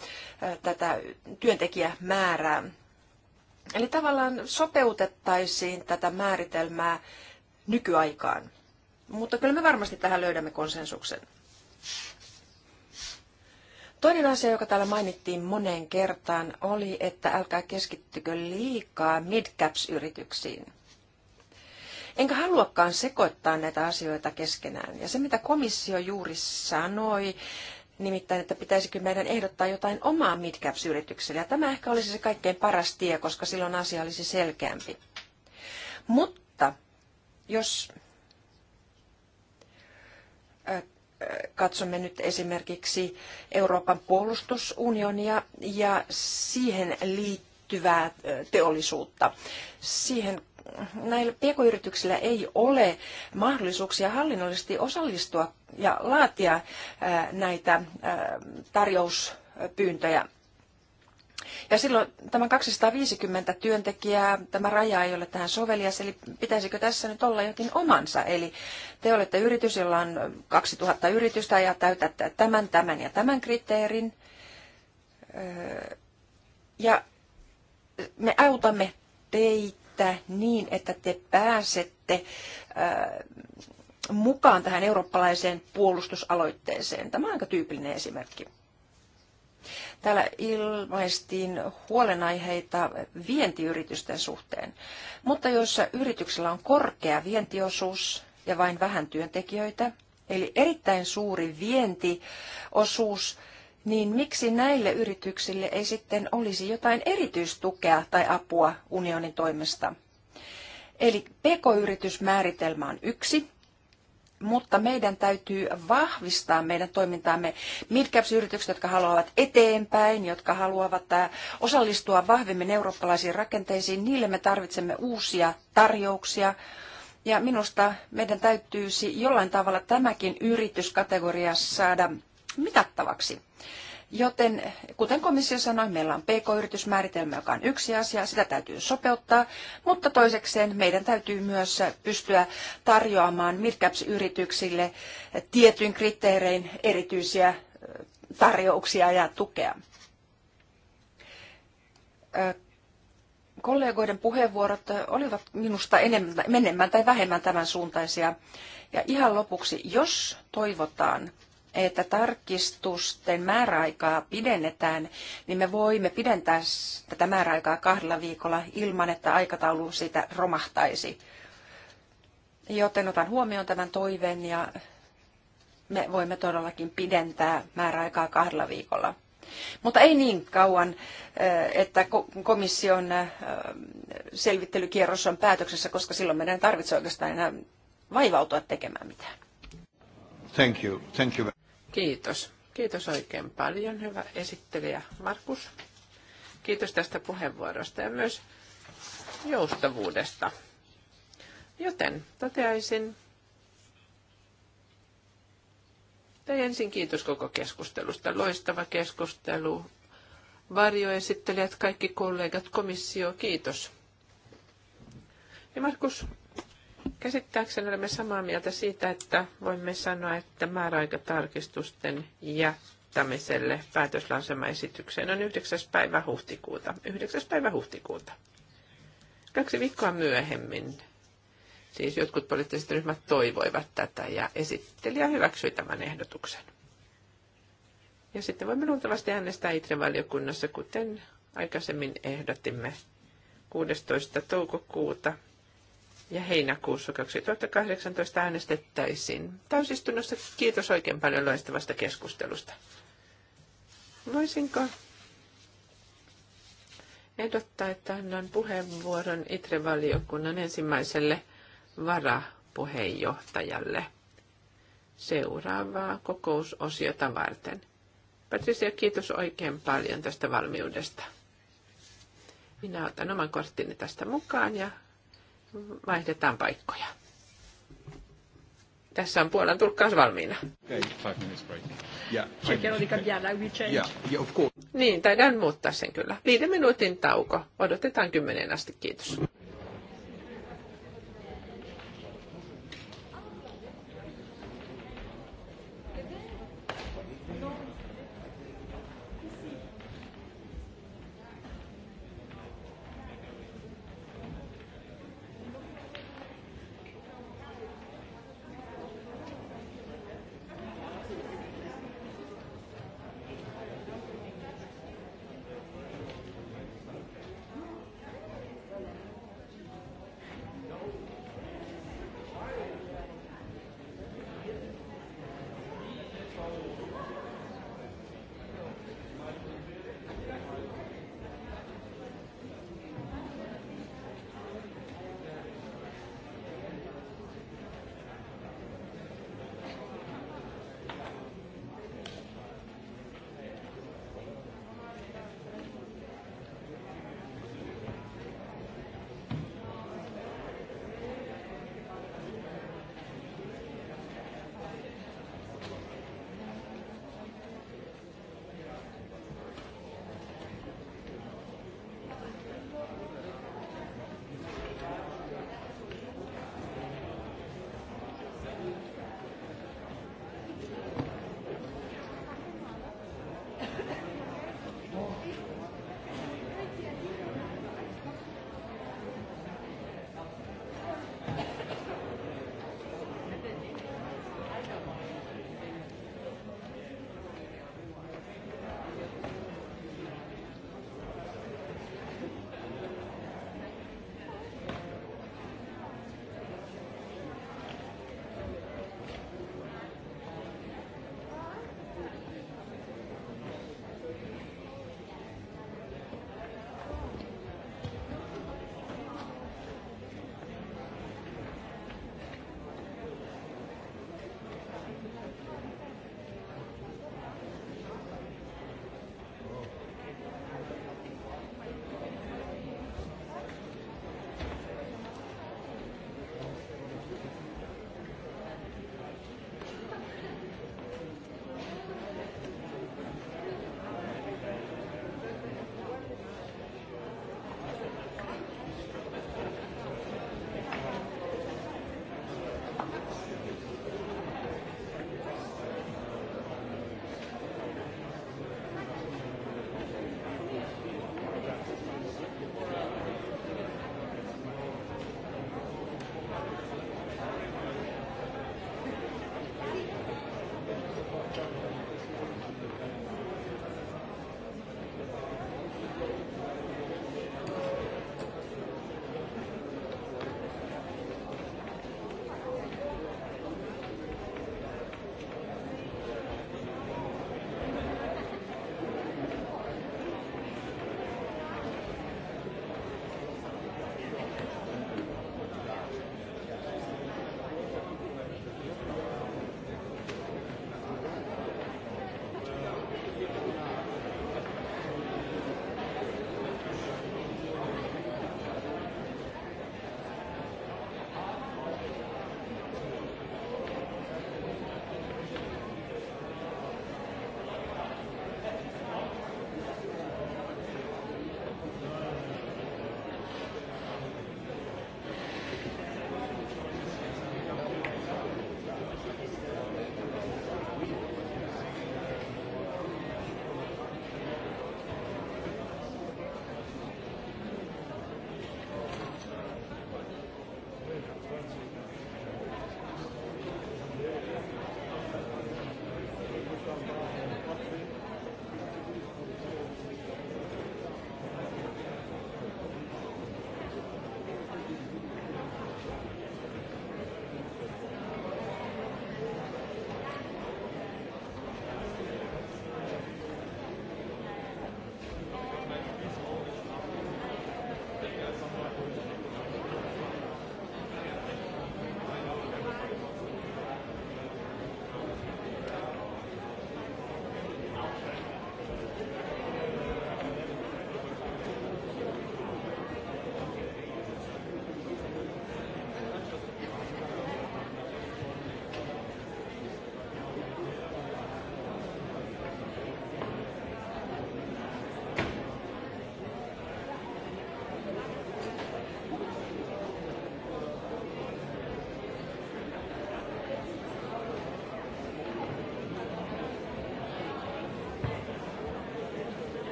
tätä työntekijämäärää Eli tavallaan sopeutettaisiin tätä määritelmää nykyaikaan. Mutta kyllä me varmasti tähän löydämme konsensuksen. Toinen asia, joka täällä mainittiin moneen kertaan, oli, että älkää keskittykö liikaa midcaps-yrityksiin. Enkä haluakaan sekoittaa näitä asioita keskenään. Ja se, mitä komissio juuri sanoi, nimittäin, että pitäisikö meidän ehdottaa jotain omaa midcaps-yritykselle. Ja tämä ehkä olisi se kaikkein paras tie, koska silloin asia olisi selkeämpi. Mutta jos katsomme nyt esimerkiksi Euroopan puolustusunionia ja siihen liittyvää teollisuutta. Siihen näillä pk-yrityksillä ei ole mahdollisuuksia hallinnollisesti osallistua ja laatia näitä tarjouspyyntöjä. Ja silloin tämä 250 työntekijää, tämä raja ei ole tähän sovelias, eli pitäisikö tässä nyt olla jokin omansa? Eli te olette yritys, jolla on 2000 yritystä ja täytätte tämän, tämän ja tämän kriteerin. Ja me autamme teitä niin, että te pääsette äh, mukaan tähän eurooppalaiseen puolustusaloitteeseen. Tämä on aika tyypillinen esimerkki. Täällä ilmaistiin huolenaiheita vientiyritysten suhteen, mutta joissa yrityksellä on korkea vientiosuus ja vain vähän työntekijöitä, eli erittäin suuri vientiosuus niin miksi näille yrityksille ei sitten olisi jotain erityistukea tai apua unionin toimesta? Eli pk-yritysmääritelmä on yksi, mutta meidän täytyy vahvistaa meidän toimintaamme. Midcaps-yritykset, jotka haluavat eteenpäin, jotka haluavat äh, osallistua vahvemmin eurooppalaisiin rakenteisiin, niille me tarvitsemme uusia tarjouksia. Ja minusta meidän täytyisi jollain tavalla tämäkin yrityskategoria saada mitattavaksi. Joten kuten komissio sanoi, meillä on pk-yritysmääritelmä, joka on yksi asia, sitä täytyy sopeuttaa, mutta toisekseen meidän täytyy myös pystyä tarjoamaan midcaps-yrityksille tietyin kriteerein erityisiä tarjouksia ja tukea. Kollegoiden puheenvuorot olivat minusta enemmän, enemmän tai vähemmän tämän suuntaisia. Ja ihan lopuksi, jos toivotaan että tarkistusten määräaikaa pidennetään, niin me voimme pidentää tätä määräaikaa kahdella viikolla ilman, että aikataulu siitä romahtaisi. Joten otan huomioon tämän toiveen ja me voimme todellakin pidentää määräaikaa kahdella viikolla. Mutta ei niin kauan, eh, että komission eh, selvittelykierros on päätöksessä, koska silloin meidän ei tarvitse oikeastaan enää vaivautua tekemään mitään. Thank you. Thank you. Kiitos. Kiitos oikein paljon, hyvä esittelijä Markus. Kiitos tästä puheenvuorosta ja myös joustavuudesta. Joten toteaisin, tai ensin kiitos koko keskustelusta. Loistava keskustelu. Varjoesittelijät, kaikki kollegat, komissio, kiitos. Ja Markus, Käsittääkseni olemme samaa mieltä siitä, että voimme sanoa, että määräaikatarkistusten jättämiselle päätöslausemaesitykseen on 9. päivä huhtikuuta. 9. päivä huhtikuuta. Kaksi viikkoa myöhemmin. Siis jotkut poliittiset ryhmät toivoivat tätä ja esittelijä hyväksyi tämän ehdotuksen. Ja sitten voimme luultavasti äänestää ITRE-valiokunnassa, kuten aikaisemmin ehdotimme 16. toukokuuta ja heinäkuussa 2018 äänestettäisiin täysistunnossa. Kiitos oikein paljon loistavasta keskustelusta. Voisinko ehdottaa, että annan puheenvuoron ITRE-valiokunnan ensimmäiselle varapuheenjohtajalle seuraavaa kokousosiota varten. Patricia, kiitos oikein paljon tästä valmiudesta. Minä otan oman korttini tästä mukaan ja vaihdetaan paikkoja. Tässä on Puolan tulkkaus valmiina. Niin, taidaan muuttaa sen kyllä. Viiden minuutin tauko. Odotetaan kymmeneen asti. Kiitos.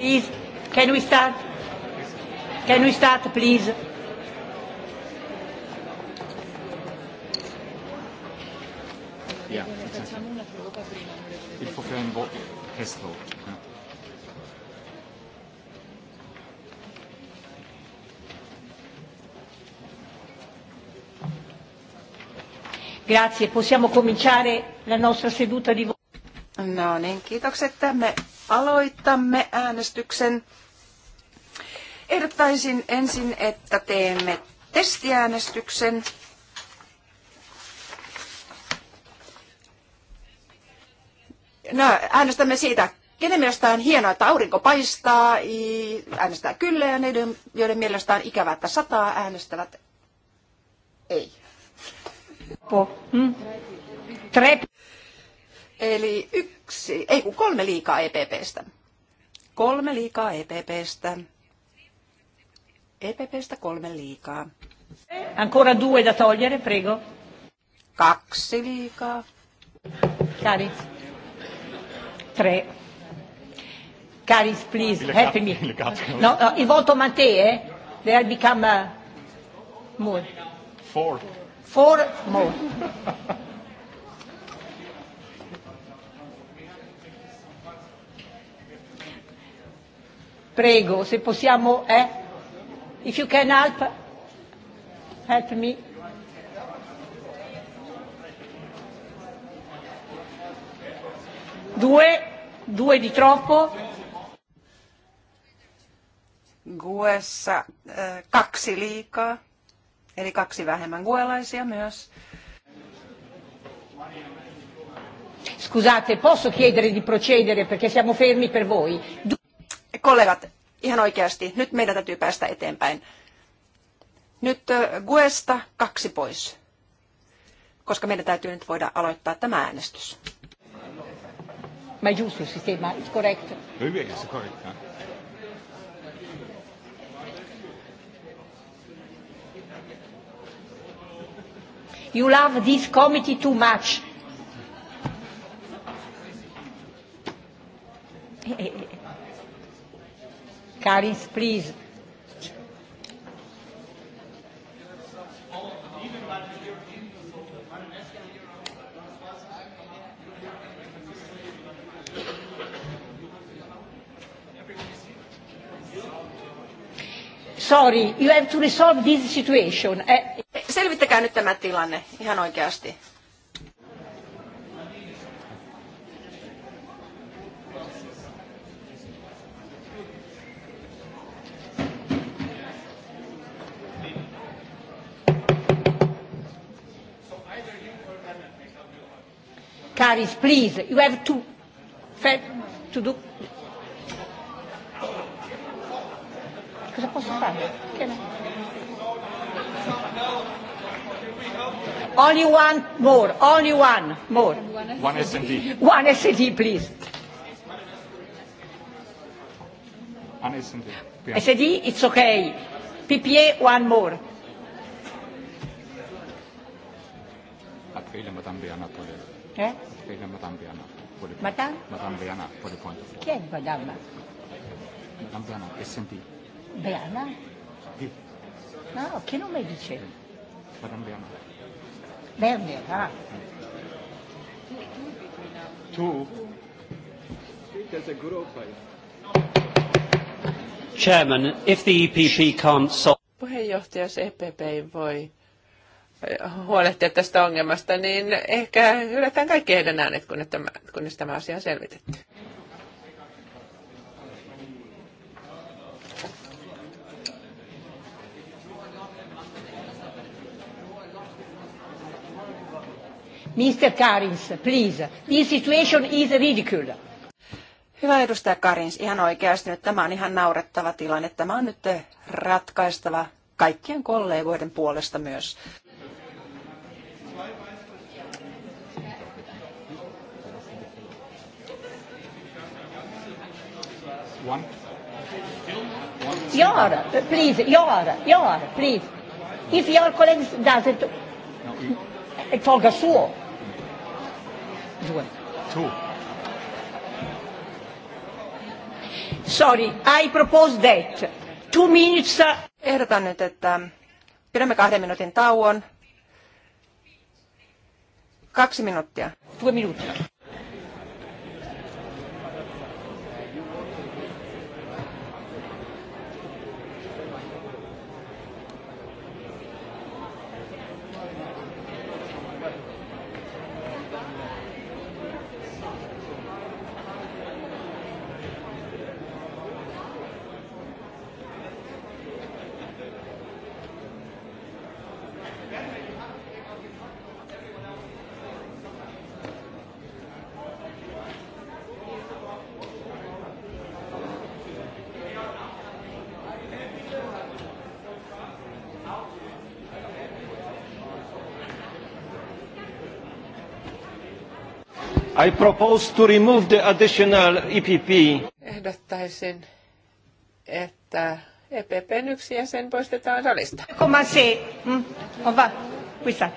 Please, can we start? Can we start, please? Yeah, exactly. Il faut faire un vote test vote. Grazie, possiamo cominciare la nostra seduta di voto. No niin, kiitokset. Me aloitamme äänestyksen. Ehdottaisin ensin, että teemme testiäänestyksen. No, äänestämme siitä, kenen mielestä on hienoa, että aurinko paistaa, äänestää kyllä, ja ne, joiden mielestä on ikävää, että sataa, äänestävät ei. Po. Hmm. Trep. Eli yksi, ei kun kolme liikaa EPPstä. Kolme liikaa EPPstä. EPPstä kolme liikaa. Ancora due da togliere, prego. Kaksi liikaa. Cari. Tre. Caris, please, help me. No, no, il voto mate, eh? They have become uh, more. Four. Four more. Prego, se possiamo... Eh? If you can help, help me. Due, due di troppo. Guessa eh, kaksi liikaa, eli kaksi vähemmän guelaisia myös. Scusate, posso chiedere di procedere perché siamo fermi per voi? kollegat, ihan oikeasti, nyt meidän täytyy päästä eteenpäin. Nyt Guesta kaksi pois, koska meidän täytyy nyt voida aloittaa tämä äänestys. Mä juuri sistema, it's correct. Hyvin, it's You love this committee too much. Eh, eh, eh. Karis, please. Sorry, you have to resolve this situation. Eh, Selvittäkää nyt tämä tilanne ihan oikeasti. Karis, please, you have to, to do... Cosa posso fare? Che no? Only one more, only one more. One SD. One SD, please. One SD. Yeah. SD, it's okay. PPA, one more. Aprile, Madame Béanna Eh? Spiega Madame Biana. Madame? Madame Biana, por il punto. Chi è Madame? Madame Biana, SNP. Biana? Sì. No, che nome dice? Madame Biana. Berner, ah. Tu? There's a Chairman, if the EPP can't solve... Puheenjohtaja, jos EPP ei voi huolehtia tästä ongelmasta, niin ehkä hylätään kaikki heidän äänet, kunnes tämä, kunnes tämä asia on selvitetty. Mr. Karins, please. This situation is ridiculous. Hyvä edustaja Karins, ihan oikeasti nyt tämä on ihan naurettava tilanne. Tämä on nyt ratkaistava kaikkien kollegoiden puolesta myös. One. Your, please, your, your, please. If your colleagues it it, tolga suo. Due. Two. Sorry, I propose that. Two minutes. Ehdotan nyt, että pidämme kahden minuutin tauon. Kaksi minuuttia. Two minutes. I propose to remove the additional EPP. Ehdottaisin, että EPPn yksi jäsen poistetaan salista. Ova, hmm?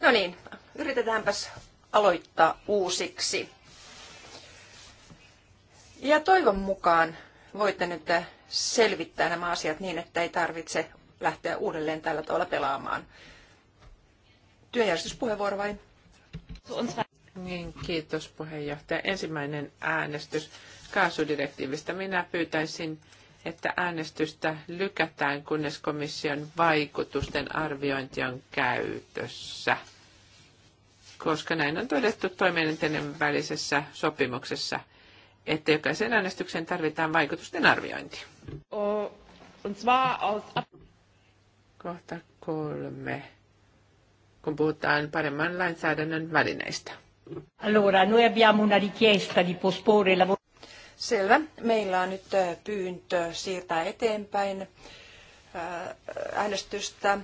No niin, yritetäänpäs aloittaa uusiksi. Ja toivon mukaan voitte nyt selvittää nämä asiat niin, että ei tarvitse lähteä uudelleen tällä tavalla pelaamaan. Työjärjestyspuheenvuoro vai? Niin, kiitos puheenjohtaja. Ensimmäinen äänestys kaasudirektiivistä. Minä pyytäisin, että äänestystä lykätään, kunnes komission vaikutusten arviointi on käytössä. Koska näin on todettu toimielinten välisessä sopimuksessa, että jokaisen äänestykseen tarvitaan vaikutusten arviointi. Kohta kolme, kun puhutaan paremman lainsäädännön välineistä. Allora, noi abbiamo una richiesta di posporre la Selvä. Meillä on nyt pyyntö siirtää eteenpäin äänestystä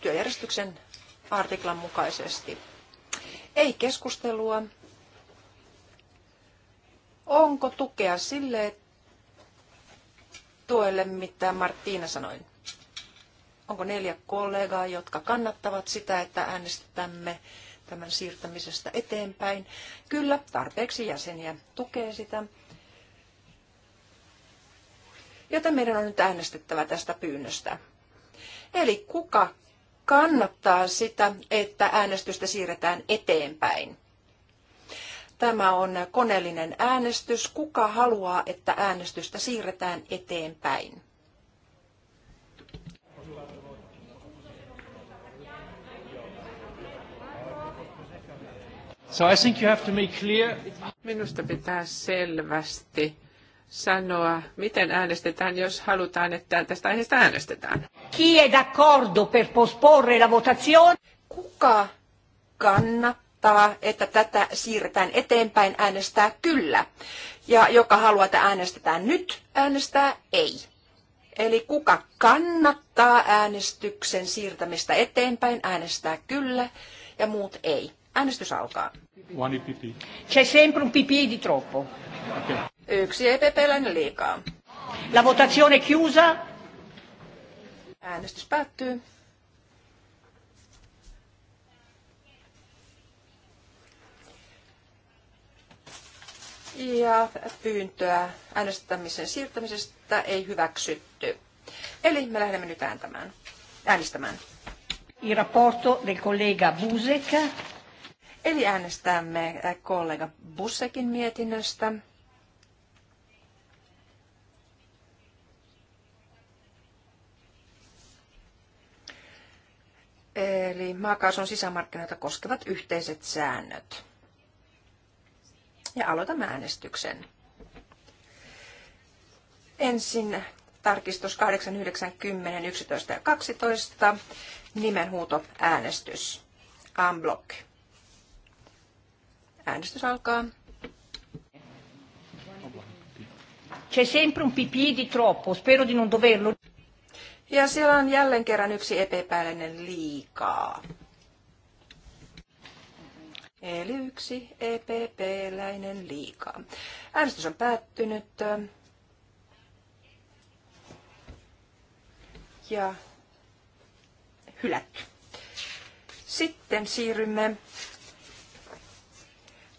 työjärjestyksen artiklan mukaisesti. Ei keskustelua. Onko tukea sille tuelle, mitä Martina sanoi? Onko neljä kollegaa, jotka kannattavat sitä, että äänestämme tämän siirtämisestä eteenpäin. Kyllä, tarpeeksi jäseniä tukee sitä. Joten meidän on nyt äänestettävä tästä pyynnöstä. Eli kuka kannattaa sitä, että äänestystä siirretään eteenpäin? Tämä on koneellinen äänestys. Kuka haluaa, että äänestystä siirretään eteenpäin? So I think you have to make clear... Minusta pitää selvästi sanoa, miten äänestetään, jos halutaan, että tästä aiheesta äänestetään. Chi è d'accordo per posporre la votazione? Kuka kannattaa, että tätä siirretään eteenpäin, äänestää kyllä. Ja joka haluaa, että äänestetään nyt, äänestää ei. Eli kuka kannattaa äänestyksen siirtämistä eteenpäin, äänestää kyllä ja muut ei. Äänestys alkaa. One EPP. C'è sempre un PPE di troppo. Okay. Yksi EPP-läinen liikaa. La votazione chiusa. Äänestys päättyy. ja pyyntöä äänestämisen siirtämisestä ei hyväksytty. Eli me lähdemme nyt ääntämään, äänestämään. Il rapporto del collega Busek Eli äänestämme kollega Bussekin mietinnöstä. Eli maakaasun sisämarkkinoita koskevat yhteiset säännöt. Ja aloitamme äänestyksen. Ensin tarkistus 8, 9, 10, 11 ja 12. Nimenhuuto äänestys. Unblock. Äänestys alkaa. C'è sempre un pipì di troppo, spero di non doverlo. Ja siellä on jälleen kerran yksi epäpäällinen liikaa. Eli yksi EPP-läinen liikaa. Äänestys on päättynyt. Ja hylätty. Sitten siirrymme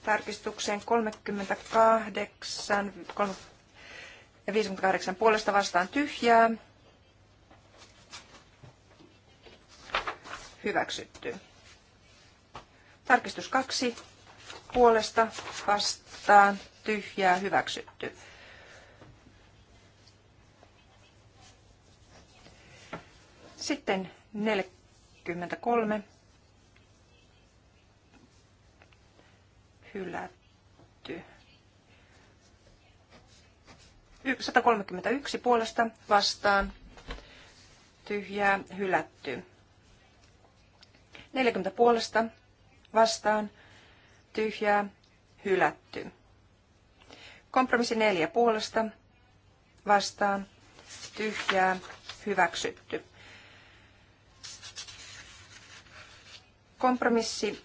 tarkistukseen 38 ja 58 puolesta vastaan tyhjää. Hyväksytty. Tarkistus 2 puolesta vastaan tyhjää hyväksytty. Sitten 43 hylätty. 131 puolesta vastaan tyhjää hylätty. 40 puolesta vastaan tyhjää hylätty. Kompromissi 4 puolesta vastaan tyhjää hyväksytty. Kompromissi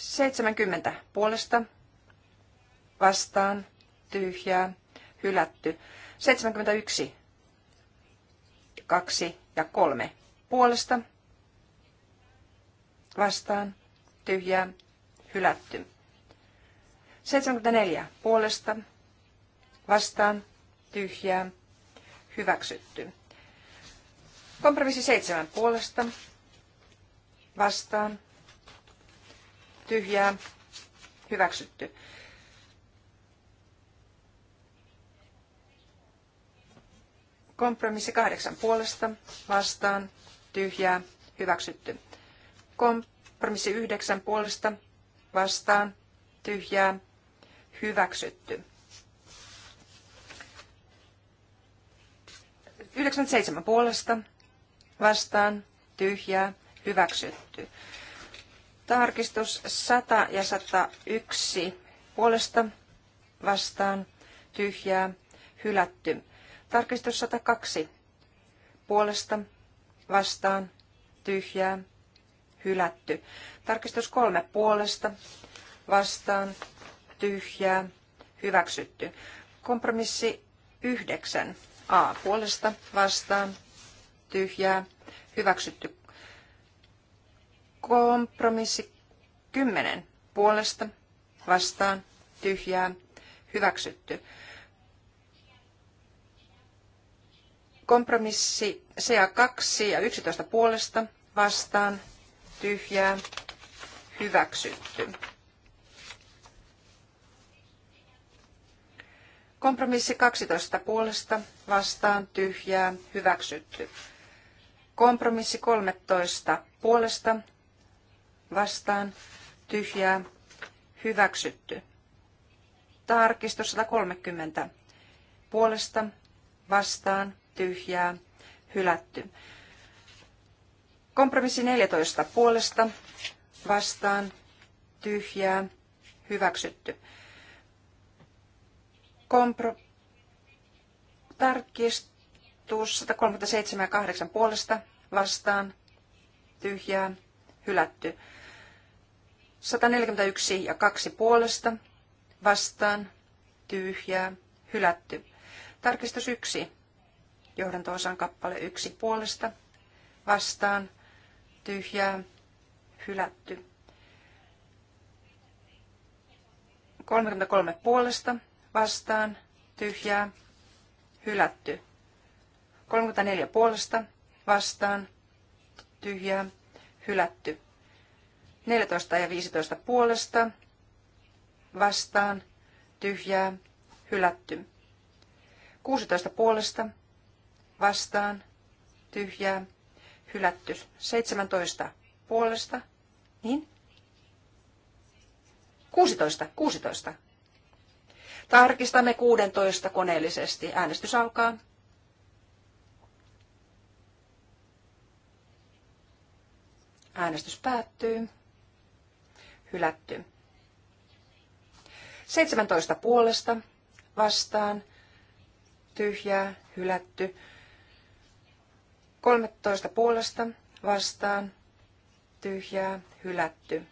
70 puolesta vastaan tyhjää hylätty. 71, 2 ja 3 puolesta vastaan tyhjää hylätty. 74 puolesta vastaan tyhjää hyväksytty. Kompromissi 7 puolesta vastaan tyhjää, hyväksytty. Kompromissi kahdeksan puolesta, vastaan, tyhjää, hyväksytty. Kompromissi yhdeksän puolesta, vastaan, tyhjää, hyväksytty. 97 puolesta, vastaan, tyhjää, hyväksytty. Tarkistus 100 ja 101 puolesta vastaan tyhjää hylätty. Tarkistus 102 puolesta vastaan tyhjää hylätty. Tarkistus 3 puolesta vastaan tyhjää hyväksytty. Kompromissi 9 A puolesta vastaan tyhjää hyväksytty Kompromissi 10 puolesta vastaan tyhjää hyväksytty. Kompromissi CA2 ja 11 puolesta vastaan tyhjää hyväksytty. Kompromissi 12 puolesta vastaan tyhjää hyväksytty. Kompromissi 13 puolesta vastaan, tyhjää, hyväksytty. Tarkistus 130. Puolesta, vastaan, tyhjää, hylätty. Kompromissi 14. Puolesta, vastaan, tyhjää, hyväksytty. Kompro... Tarkistus 137 ja 8 puolesta, vastaan, tyhjää, hylätty. 141 ja 2 puolesta vastaan tyhjää hylätty. Tarkistus 1 johdanto-osan kappale 1 puolesta vastaan tyhjää hylätty. 33 puolesta vastaan tyhjää hylätty. 34 puolesta vastaan tyhjää hylätty. 14 ja 15 puolesta vastaan tyhjää hylätty. 16 puolesta vastaan tyhjää hylätty. 17 puolesta niin 16, 16. Tarkistamme 16 koneellisesti. Äänestys alkaa. Äänestys päättyy hylätty. 17 puolesta vastaan tyhjää hylätty. 13 puolesta vastaan tyhjää hylätty.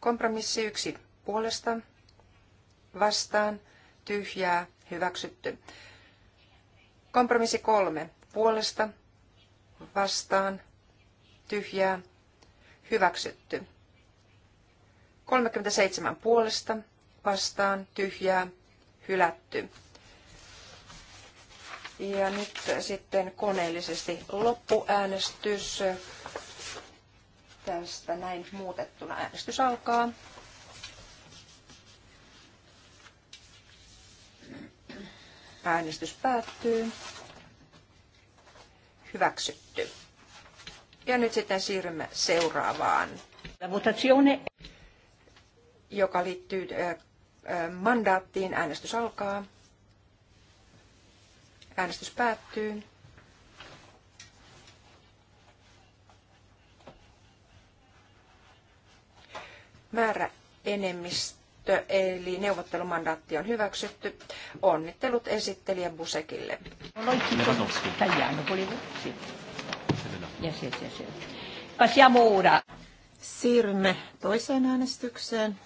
Kompromissi 1 puolesta vastaan tyhjää hyväksytty. Kompromissi 3 puolesta vastaan tyhjää hyväksytty. 37 puolesta vastaan tyhjää hylätty. Ja nyt sitten koneellisesti loppuäänestys tästä näin muutettuna. Äänestys alkaa. Äänestys päättyy. Hyväksytty. Ja nyt sitten siirrymme seuraavaan. Votazione joka liittyy mandaattiin. Äänestys alkaa. Äänestys päättyy. Määrä enemmistö eli neuvottelumandaatti on hyväksytty. Onnittelut esittelijä Busekille. Siirrymme toiseen äänestykseen.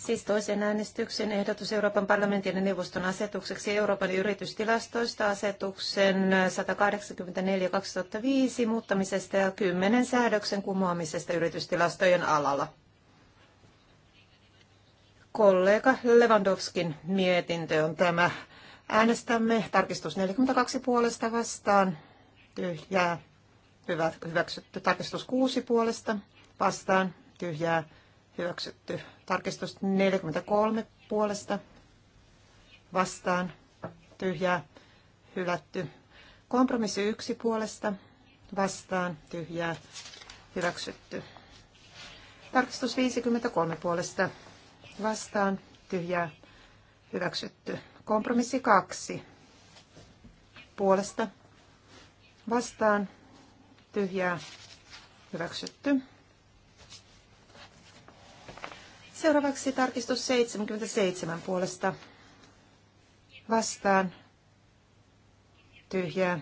Siis toisen äänestyksen ehdotus Euroopan parlamentin ja neuvoston asetukseksi Euroopan yritystilastoista asetuksen 184-2005 muuttamisesta ja 10 säädöksen kumoamisesta yritystilastojen alalla. Kollega Lewandowskin mietintö on tämä. Äänestämme tarkistus 42 puolesta vastaan. Tyhjää. Hyvä, hyväksytty. Tarkistus 6 puolesta vastaan. Tyhjää hyväksytty. Tarkistus 43 puolesta vastaan tyhjää hylätty. Kompromissi 1 puolesta vastaan tyhjää hyväksytty. Tarkistus 53 puolesta vastaan tyhjää hyväksytty. Kompromissi 2 puolesta vastaan tyhjää hyväksytty. Seuraavaksi tarkistus 77 puolesta vastaan tyhjää.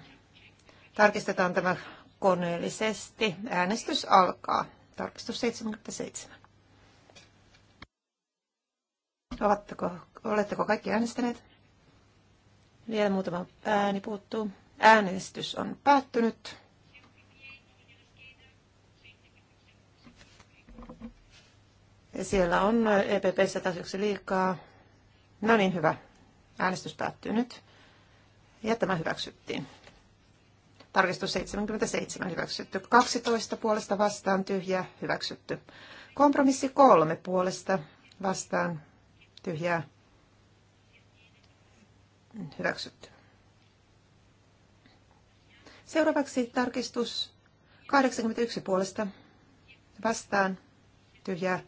Tarkistetaan tämä koneellisesti. Äänestys alkaa. Tarkistus 77. Oletteko, oletteko kaikki äänestäneet? Vielä muutama ääni puuttuu. Äänestys on päättynyt. Siellä on EPPssä taas yksi liikaa. No niin, hyvä. Äänestys päättyy nyt. Ja tämä hyväksyttiin. Tarkistus 77 hyväksytty. 12 puolesta vastaan tyhjä hyväksytty. Kompromissi 3 puolesta vastaan tyhjää hyväksytty. Seuraavaksi tarkistus 81 puolesta vastaan tyhjää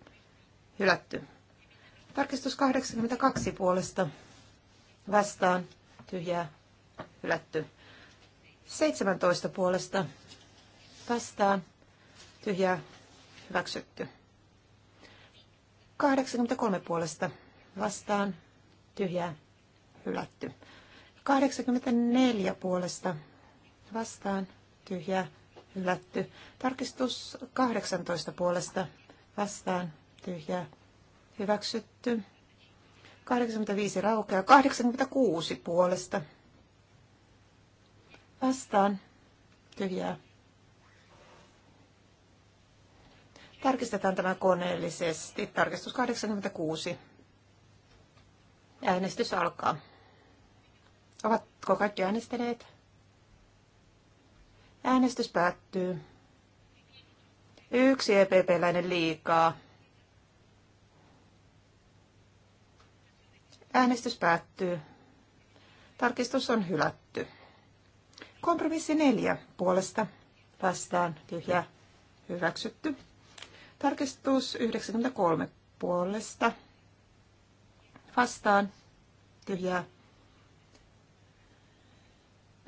Hylätty. Tarkistus 82 puolesta. Vastaan. Tyhjää. Hylätty. 17 puolesta. Vastaan. Tyhjää. Hyväksytty. 83 puolesta. Vastaan. Tyhjää. Hylätty. 84 puolesta. Vastaan. Tyhjää. Hylätty. Tarkistus 18 puolesta. Vastaan tyhjää hyväksytty. 85 raukeaa. 86 puolesta. Vastaan. Tyhjää. Tarkistetaan tämä koneellisesti. Tarkistus 86. Äänestys alkaa. Ovatko kaikki äänestäneet? Äänestys päättyy. Yksi EPP-läinen liikaa. Äänestys päättyy. Tarkistus on hylätty. Kompromissi neljä puolesta vastaan tyhjä hyväksytty. Tarkistus 93 puolesta vastaan tyhjä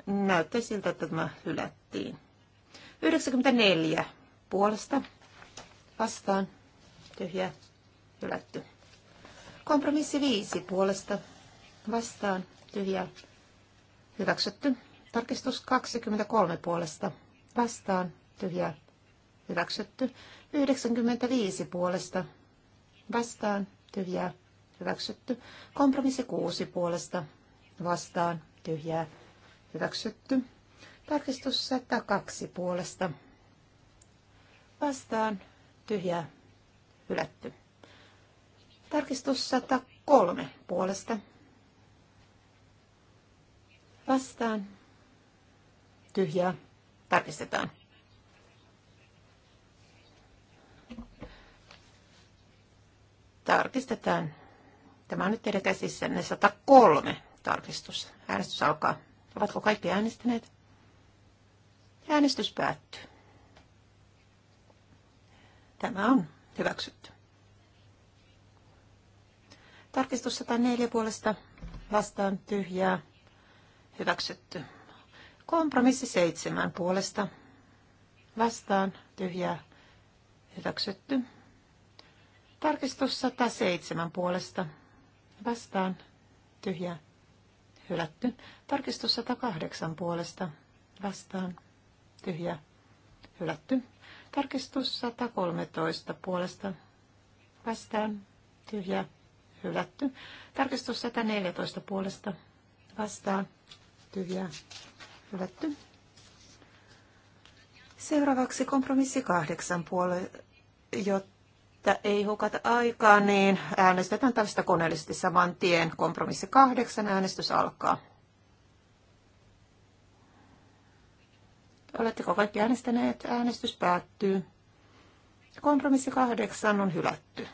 Näyttää siltä, että tämä hylättiin. 94 puolesta vastaan tyhjä hylätty. Kompromissi viisi puolesta vastaan tyhjä hyväksytty. Tarkistus 23 puolesta vastaan tyhjä hyväksytty. 95 puolesta vastaan tyhjä hyväksytty. Kompromissi kuusi puolesta vastaan tyhjä hyväksytty. Tarkistus 102 puolesta vastaan tyhjä hylätty. Tarkistus 103 puolesta. Vastaan. Tyhjää. Tarkistetaan. Tarkistetaan. Tämä on nyt teidän käsissänne 103 tarkistus. Äänestys alkaa. Ovatko kaikki äänestäneet? Äänestys päättyy. Tämä on hyväksytty. Tarkistus 104 puolesta vastaan tyhjää hyväksytty. Kompromissi 7 puolesta vastaan tyhjää hyväksytty. Tarkistus 107 puolesta vastaan tyhjää hylätty. Tarkistus 108 puolesta vastaan tyhjää hylätty. Tarkistus 113 puolesta vastaan tyhjää hylätty. Tarkistus 114 puolesta vastaan tyhjää hylätty. Seuraavaksi kompromissi kahdeksan puolue, jotta ei hukata aikaa, niin äänestetään tästä koneellisesti saman tien. Kompromissi kahdeksan, äänestys alkaa. Oletteko kaikki äänestäneet? Äänestys päättyy. Kompromissi kahdeksan on hylätty.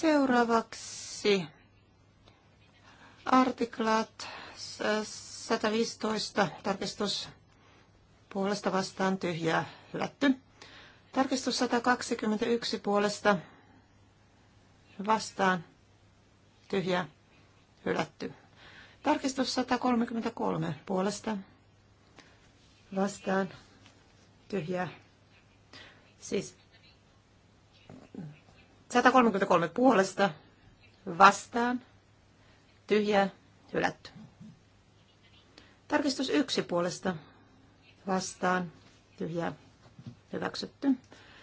Seuraavaksi artiklat 115, tarkistus puolesta vastaan tyhjää hylätty. Tarkistus 121 puolesta vastaan tyhjää hylätty. Tarkistus 133 puolesta vastaan tyhjää. Siis 133 puolesta vastaan. tyhjä hylätty. Tarkistus yksi puolesta vastaan. tyhjä, hyväksytty.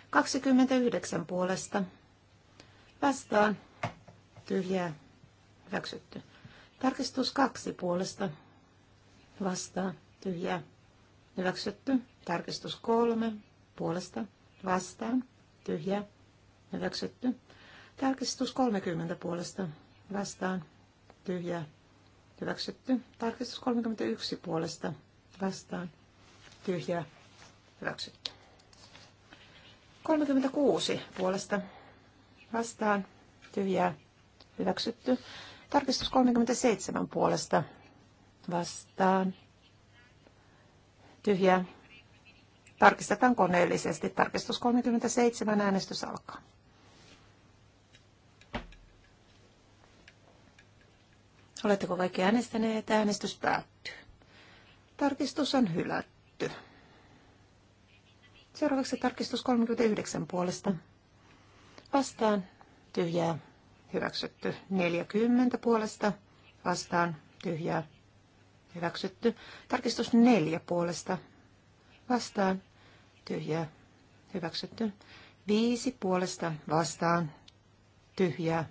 29 puolesta vastaan. tyhjä hyväksytty. Tarkistus kaksi puolesta vastaan. tyhjä hyväksytty. Tarkistus kolme puolesta vastaan. tyhjä Hyväksytty. Tarkistus 30 puolesta vastaan. Tyhjä. Hyväksytty. Tarkistus 31 puolesta vastaan. tyhjä Hyväksytty. 36 puolesta vastaan. tyhjä Hyväksytty. Tarkistus 37 puolesta vastaan. Tyhjä. Tarkistetaan koneellisesti. Tarkistus 37. Äänestys alkaa. Oletteko kaikki äänestäneet? Äänestys päättyy. Tarkistus on hylätty. Seuraavaksi tarkistus 39 puolesta. Vastaan tyhjää hyväksytty. 40 puolesta vastaan tyhjää hyväksytty. Tarkistus 4 puolesta vastaan tyhjää hyväksytty. 5 puolesta vastaan tyhjää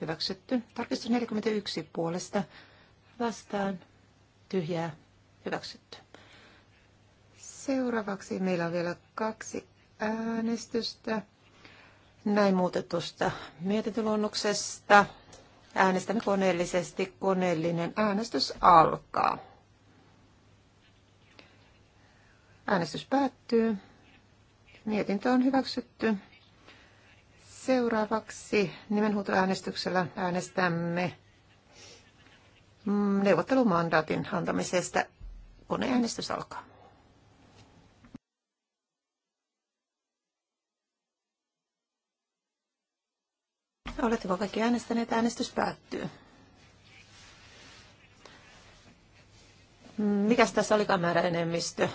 hyväksytty. Tarkistus 41 puolesta vastaan, tyhjää, hyväksytty. Seuraavaksi meillä on vielä kaksi äänestystä näin muutetusta mietintöluonnoksesta. Äänestämme koneellisesti. Koneellinen äänestys alkaa. Äänestys päättyy. Mietintö on hyväksytty. Seuraavaksi nimenhuutoäänestyksellä äänestämme neuvottelumandaatin antamisesta. Koneäänestys alkaa. Oletteko kaikki äänestäneet? Äänestys päättyy. Mikäs tässä olikaan määräenemmistö?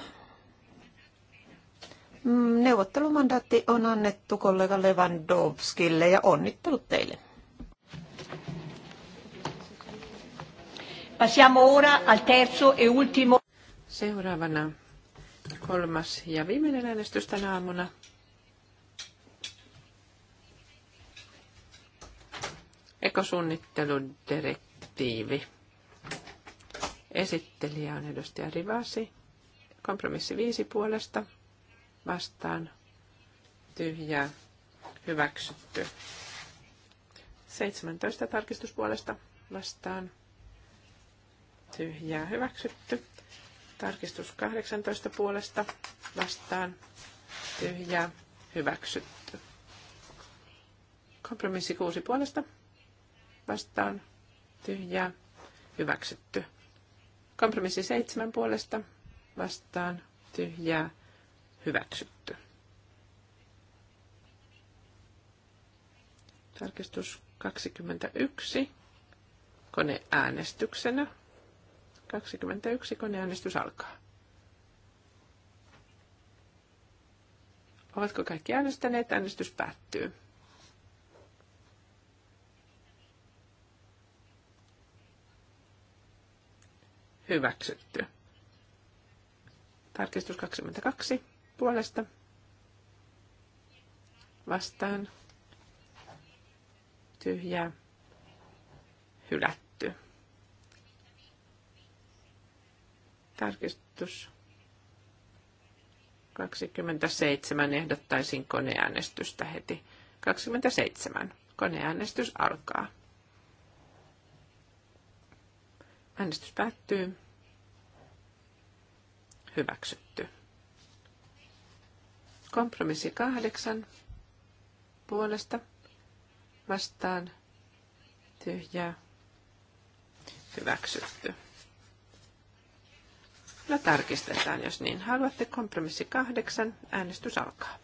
Mm, neuvottelumandaatti on annettu kollega Lewandowskille ja onnittelut teille. Passiamo ora al terzo e ultimo. Seuraavana kolmas ja viimeinen äänestys tänä aamuna. Ekosuunnitteludirektiivi. Esittelijä on edustaja Rivasi. Kompromissi viisi puolesta vastaan tyhjää hyväksytty. 17 tarkistuspuolesta vastaan tyhjää hyväksytty. Tarkistus 18 puolesta vastaan tyhjää hyväksytty. Kompromissi 6 puolesta vastaan tyhjää hyväksytty. Kompromissi 7 puolesta vastaan tyhjää hyväksytty hyväksytty. Tarkistus 21 koneäänestyksenä. 21 koneäänestys alkaa. Ovatko kaikki äänestäneet? Äänestys päättyy. Hyväksytty. Tarkistus 22 puolesta vastaan tyhjää hylätty. Tarkistus 27 ehdottaisin koneäänestystä heti. 27. Koneäänestys alkaa. Äänestys päättyy. Hyväksytty. Kompromissi kahdeksan puolesta vastaan tyhjää hyväksytty. No tarkistetaan, jos niin haluatte. Kompromissi kahdeksan. Äänestys alkaa.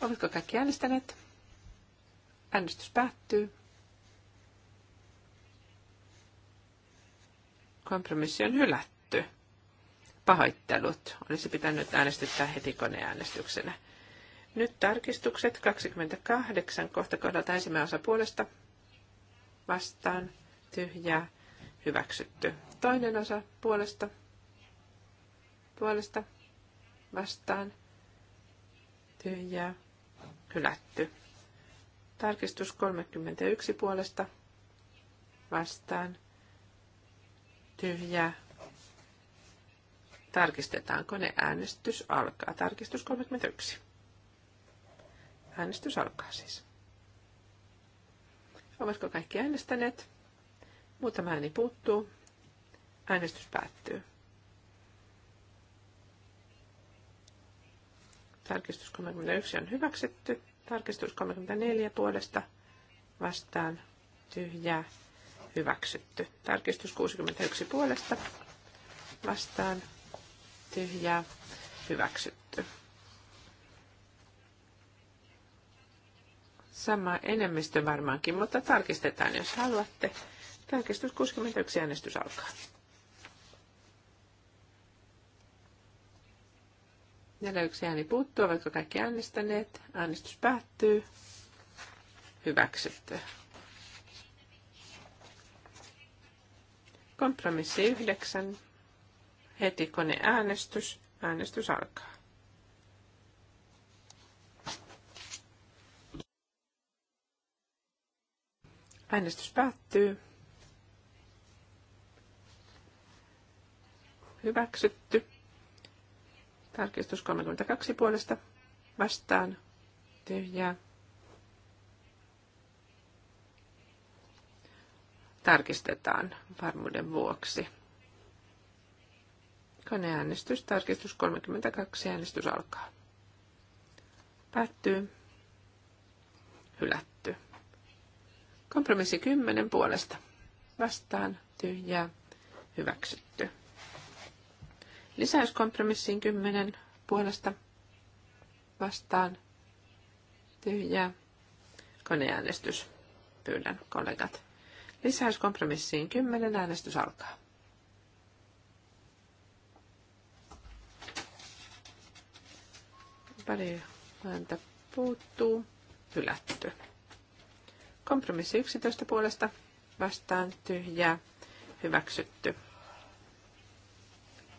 Oletko kaikki äänestäneet? Äänestys päättyy. Kompromissi on hylätty. Pahoittelut. Olisi pitänyt äänestyttää heti koneäänestyksenä. Nyt tarkistukset 28 kohta kohdalta ensimmäinen osa puolesta vastaan tyhjää hyväksytty. Toinen osa puolesta puolesta vastaan tyhjää hylätty. Tarkistus 31 puolesta vastaan tyhjää ne? Äänestys alkaa. Tarkistus 31. Äänestys alkaa siis. Ovatko kaikki äänestäneet? Muutama ääni puuttuu. Äänestys päättyy. Tarkistus 31 on hyväksytty. Tarkistus 34 puolesta vastaan tyhjää hyväksytty. Tarkistus 61 puolesta vastaan tyhjää hyväksytty. Sama enemmistö varmaankin, mutta tarkistetaan, jos haluatte. Tarkistus 61 äänestys alkaa. Neljä yksi ääni puuttuu, vaikka kaikki äänestäneet. Äänestys päättyy. Hyväksytty. Kompromissi 9 Heti äänestys. Äänestys alkaa. Äänestys päättyy. Hyväksytty. Tarkistus 32 puolesta vastaan. Tyhjää. Tarkistetaan varmuuden vuoksi. Koneäänestys, tarkistus 32, äänestys alkaa. Päättyy. Hylätty. Kompromissi 10 puolesta. Vastaan tyhjää. Hyväksytty. Lisäys kompromissiin 10 puolesta. Vastaan tyhjää. Koneäänestys. Pyydän kollegat. Lisäys kompromissiin 10. Äänestys alkaa. Pari ääntä puuttuu. Hylätty. Kompromissi 11 puolesta vastaan tyhjää. Hyväksytty.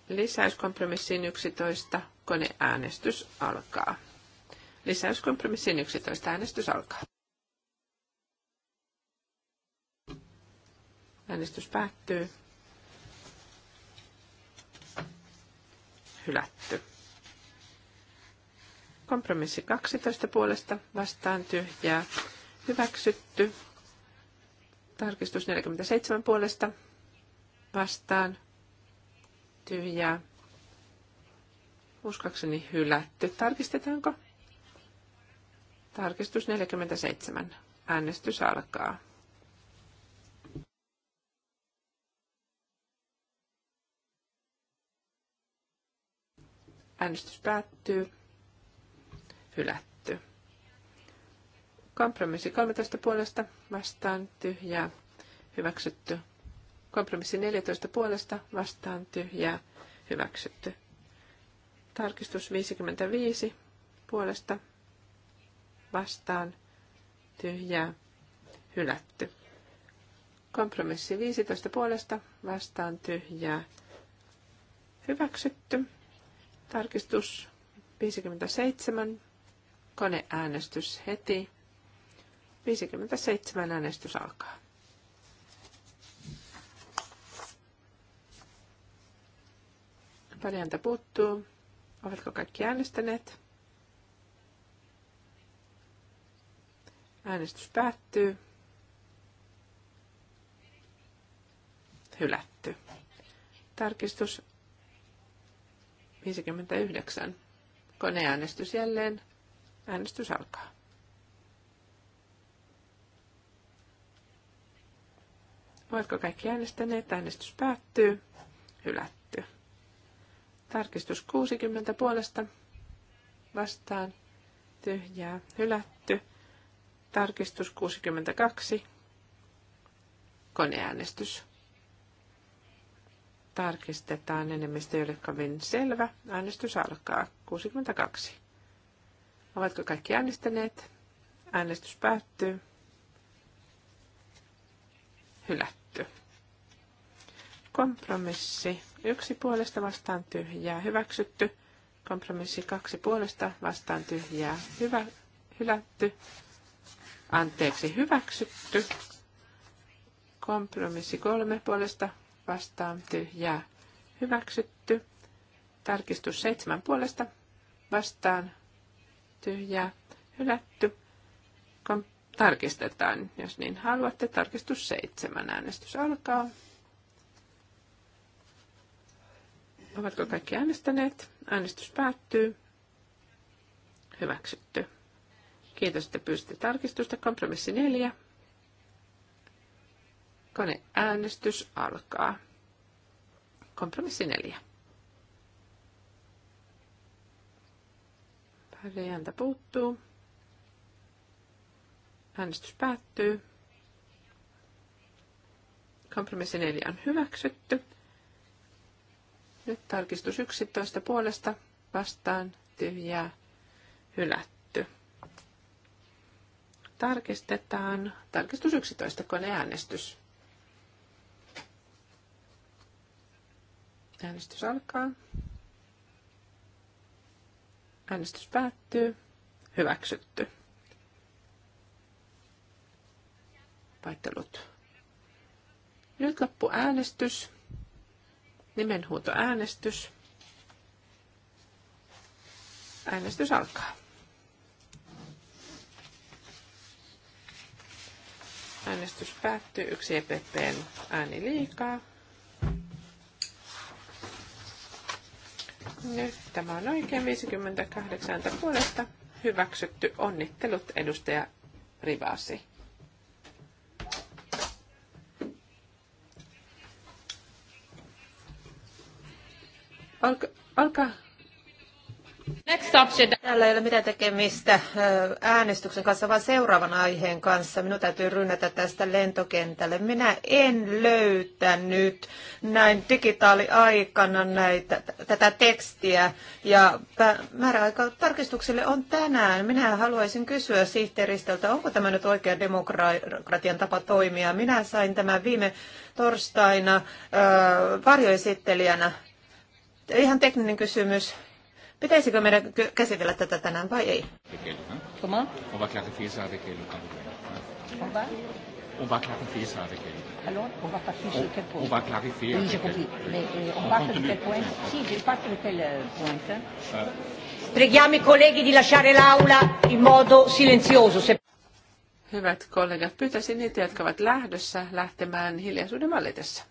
Lisäyskompromissiin 11 koneäänestys alkaa. Lisäyskompromissiin 11 äänestys alkaa. Äänestys päättyy. Hylätty. Kompromissi 12 puolesta vastaan tyhjää hyväksytty. Tarkistus 47 puolesta vastaan tyhjää. Uskakseni hylätty. Tarkistetaanko? Tarkistus 47. Äänestys alkaa. Äänestys päättyy hylätty. Kompromissi 13 puolesta vastaan tyhjää hyväksytty. Kompromissi 14 puolesta vastaan tyhjää hyväksytty. Tarkistus 55 puolesta vastaan tyhjää hylätty. Kompromissi 15 puolesta vastaan tyhjää hyväksytty. Tarkistus 57 Koneäänestys heti. 57 äänestys alkaa. Pari häntä puuttuu. Ovatko kaikki äänestäneet? Äänestys päättyy. Hylätty. Tarkistus 59. Koneäänestys jälleen. Äänestys alkaa. Oletko kaikki äänestäneet? Äänestys päättyy. Hylätty. Tarkistus 60 puolesta. Vastaan. Tyhjää. Hylätty. Tarkistus 62. Koneäänestys. Tarkistetaan enemmistö, ei ole kovin selvä. Äänestys alkaa. 62. Ovatko kaikki äänestäneet? Äänestys päättyy. Hylätty. Kompromissi. Yksi puolesta vastaan tyhjää hyväksytty. Kompromissi kaksi puolesta vastaan tyhjää hyvä, hylätty. Anteeksi, hyväksytty. Kompromissi kolme puolesta vastaan tyhjää hyväksytty. Tarkistus seitsemän puolesta vastaan tyhjää hylätty. kun tarkistetaan, jos niin haluatte. Tarkistus seitsemän. Äänestys alkaa. Ovatko kaikki äänestäneet? Äänestys päättyy. Hyväksytty. Kiitos, että pyysitte tarkistusta. Kompromissi neljä. Koneäänestys alkaa. Kompromissi neljä. Pari ääntä puuttuu. Äänestys päättyy. Kompromissi 4 on hyväksytty. Nyt tarkistus 11 puolesta vastaan tyhjää hylätty. Tarkistetaan tarkistus 11 koneäänestys. Äänestys alkaa. Äänestys päättyy. Hyväksytty. Paittelut. Nyt loppu äänestys. Nimenhuuto äänestys. Äänestys alkaa. Äänestys päättyy. Yksi EPPn ääni liikaa. Nyt tämä on oikein 58 puolesta hyväksytty. Onnittelut edustaja Rivasi. Olka, olkaa Next option. Täällä ei ole mitään tekemistä äänestyksen kanssa, vaan seuraavan aiheen kanssa. Minun täytyy rynnätä tästä lentokentälle. Minä en löytänyt näin digitaaliaikana näitä, tätä tekstiä. Ja määräaika tarkistuksille on tänään. Minä haluaisin kysyä sihteeristöltä, onko tämä nyt oikea demokratian tapa toimia. Minä sain tämän viime torstaina varjoesittelijänä. Ihan tekninen kysymys Pitäisikö meidän käsitellä tätä tänään vai ei? Comment? On va clarifier ça avec On va On va clarifier ça avec elle. Alors, on va partir sur quel point On va clarifier. Oui, j'ai compris. Mais euh, on part quel point Si, je quel point Preghiamo i colleghi di lasciare l'aula in modo silenzioso. Hyvät kollegat, pyytäisin niitä, jotka ovat lähdössä lähtemään hiljaisuuden valitessa.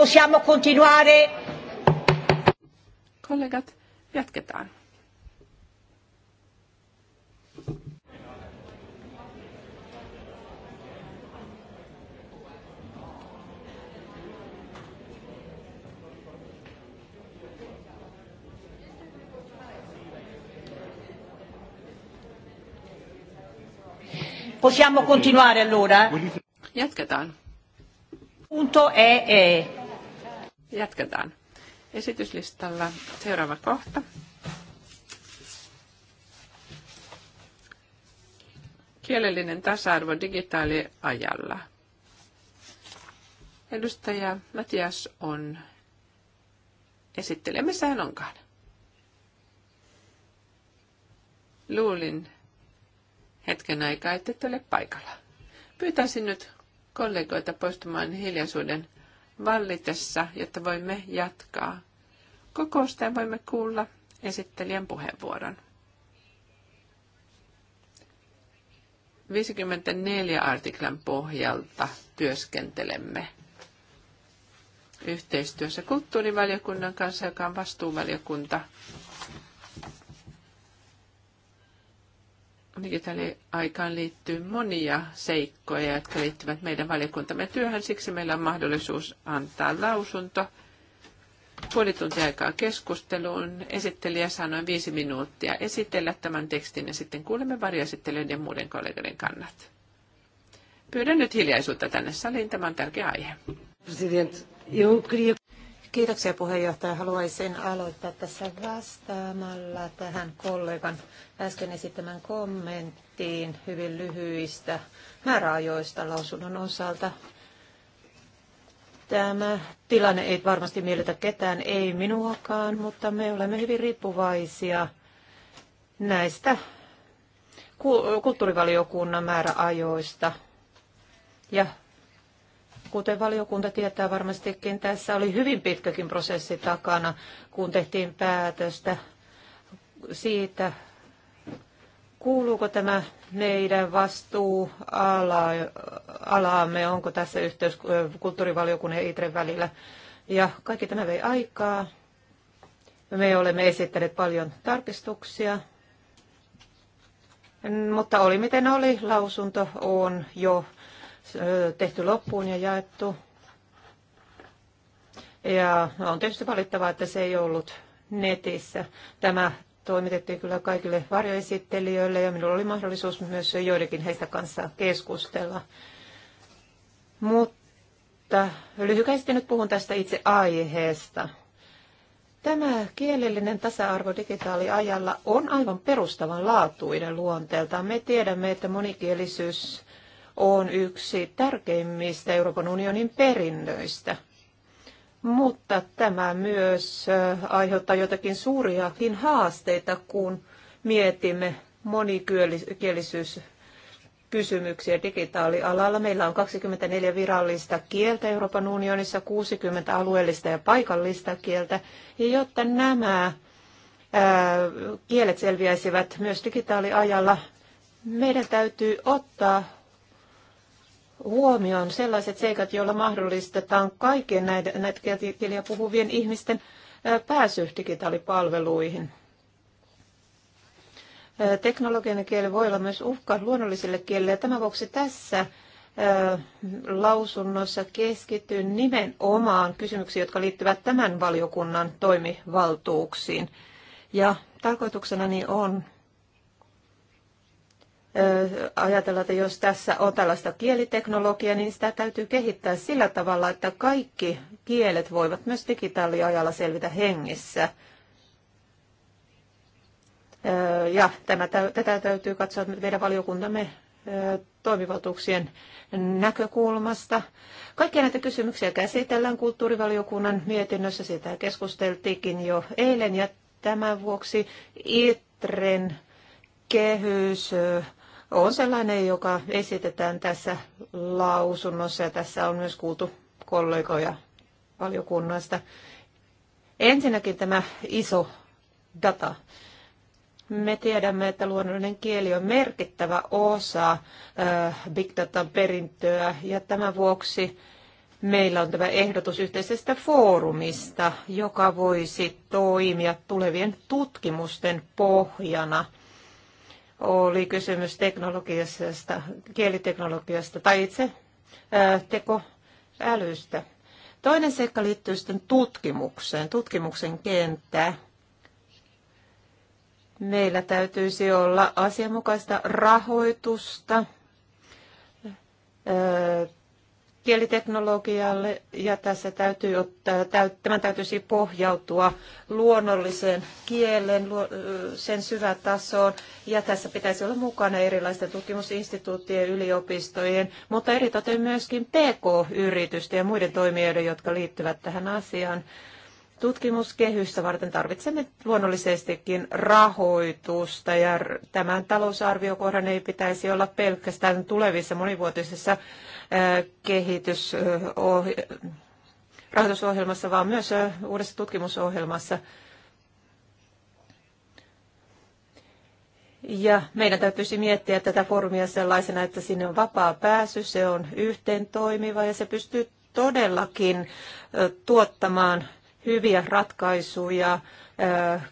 possiamo continuare. Collegat jatketaan. Possiamo continuare allora? Jatketaan. Punto è, e è e. Jatketaan. Esityslistalla seuraava kohta. Kielellinen tasa-arvo digitaaliajalla. Edustaja Matias on esittelee. Missä hän onkaan? Luulin hetken aikaa, että et ole paikalla. Pyytäisin nyt kollegoita poistumaan hiljaisuuden vallitessa, jotta voimme jatkaa kokousta ja voimme kuulla esittelijän puheenvuoron. 54 artiklan pohjalta työskentelemme yhteistyössä kulttuurivaliokunnan kanssa, joka on vastuuvaliokunta digitaaliaikaan liittyy monia seikkoja, jotka liittyvät meidän valiokuntamme työhön. Siksi meillä on mahdollisuus antaa lausunto. Puoli tuntia aikaa keskusteluun. Esittelijä saa noin viisi minuuttia esitellä tämän tekstin ja sitten kuulemme varjoesittelijöiden ja muiden kollegoiden kannat. Pyydän nyt hiljaisuutta tänne saliin. Tämä on tärkeä aihe. President, eu queria Kiitoksia puheenjohtaja. Haluaisin aloittaa tässä vastaamalla tähän kollegan äsken esittämän kommenttiin hyvin lyhyistä määräajoista lausunnon osalta. Tämä tilanne ei varmasti miellytä ketään, ei minuakaan, mutta me olemme hyvin riippuvaisia näistä kulttuurivaliokunnan määräajoista ja Kuten valiokunta tietää varmastikin, tässä oli hyvin pitkäkin prosessi takana, kun tehtiin päätöstä siitä, kuuluuko tämä meidän vastuualaamme, onko tässä yhteys kulttuurivaliokunnan ja ITREn välillä. Ja kaikki tämä vei aikaa. Me olemme esittäneet paljon tarkistuksia, mutta oli miten oli, lausunto on jo tehty loppuun ja jaettu. Ja on tietysti valittavaa, että se ei ollut netissä. Tämä toimitettiin kyllä kaikille varjoesittelijöille ja minulla oli mahdollisuus myös joidenkin heistä kanssa keskustella. Mutta lyhykäisesti nyt puhun tästä itse aiheesta. Tämä kielellinen tasa-arvo digitaaliajalla on aivan perustavanlaatuinen luonteeltaan. Me tiedämme, että monikielisyys on yksi tärkeimmistä Euroopan unionin perinnöistä. Mutta tämä myös aiheuttaa jotakin suuriakin haasteita, kun mietimme monikielisyyskysymyksiä kysymyksiä digitaalialalla. Meillä on 24 virallista kieltä Euroopan unionissa, 60 alueellista ja paikallista kieltä. Ja jotta nämä kielet selviäisivät myös digitaaliajalla, meidän täytyy ottaa huomioon sellaiset seikat, joilla mahdollistetaan kaikkien näitä, näitä kieliä puhuvien ihmisten pääsy digitaalipalveluihin. Teknologinen kieli voi olla myös uhka luonnollisille kielille tämän vuoksi tässä lausunnossa keskityn nimenomaan kysymyksiin, jotka liittyvät tämän valiokunnan toimivaltuuksiin. Ja niin on ajatella, että jos tässä on tällaista kieliteknologiaa, niin sitä täytyy kehittää sillä tavalla, että kaikki kielet voivat myös digitaaliajalla selvitä hengissä. Ja tämä, tätä täytyy katsoa meidän valiokuntamme toimivaltuuksien näkökulmasta. Kaikkia näitä kysymyksiä käsitellään kulttuurivaliokunnan mietinnössä. Sitä keskusteltiinkin jo eilen ja tämän vuoksi ITREN kehys on sellainen, joka esitetään tässä lausunnossa ja tässä on myös kuultu kollegoja valiokunnasta. Ensinnäkin tämä iso data. Me tiedämme, että luonnollinen kieli on merkittävä osa big datan perintöä ja tämän vuoksi meillä on tämä ehdotus yhteisestä foorumista, joka voisi toimia tulevien tutkimusten pohjana – oli kysymys teknologiasta, kieliteknologiasta tai itse tekoälystä. Toinen seikka liittyy sitten tutkimukseen, tutkimuksen kenttään. Meillä täytyisi olla asianmukaista rahoitusta, kieliteknologialle ja tässä täytyy ottaa, tämän täytyisi pohjautua luonnolliseen kielen, sen syvätasoon ja tässä pitäisi olla mukana erilaisten tutkimusinstituuttien, yliopistojen, mutta eritoten myöskin PK-yritysten ja muiden toimijoiden, jotka liittyvät tähän asiaan. Tutkimuskehystä varten tarvitsemme luonnollisestikin rahoitusta ja tämän talousarviokohdan ei pitäisi olla pelkästään tulevissa monivuotisissa kehitys rahoitusohjelmassa, vaan myös uudessa tutkimusohjelmassa. Ja meidän täytyisi miettiä tätä foorumia sellaisena, että sinne on vapaa pääsy, se on yhteen toimiva ja se pystyy todellakin tuottamaan hyviä ratkaisuja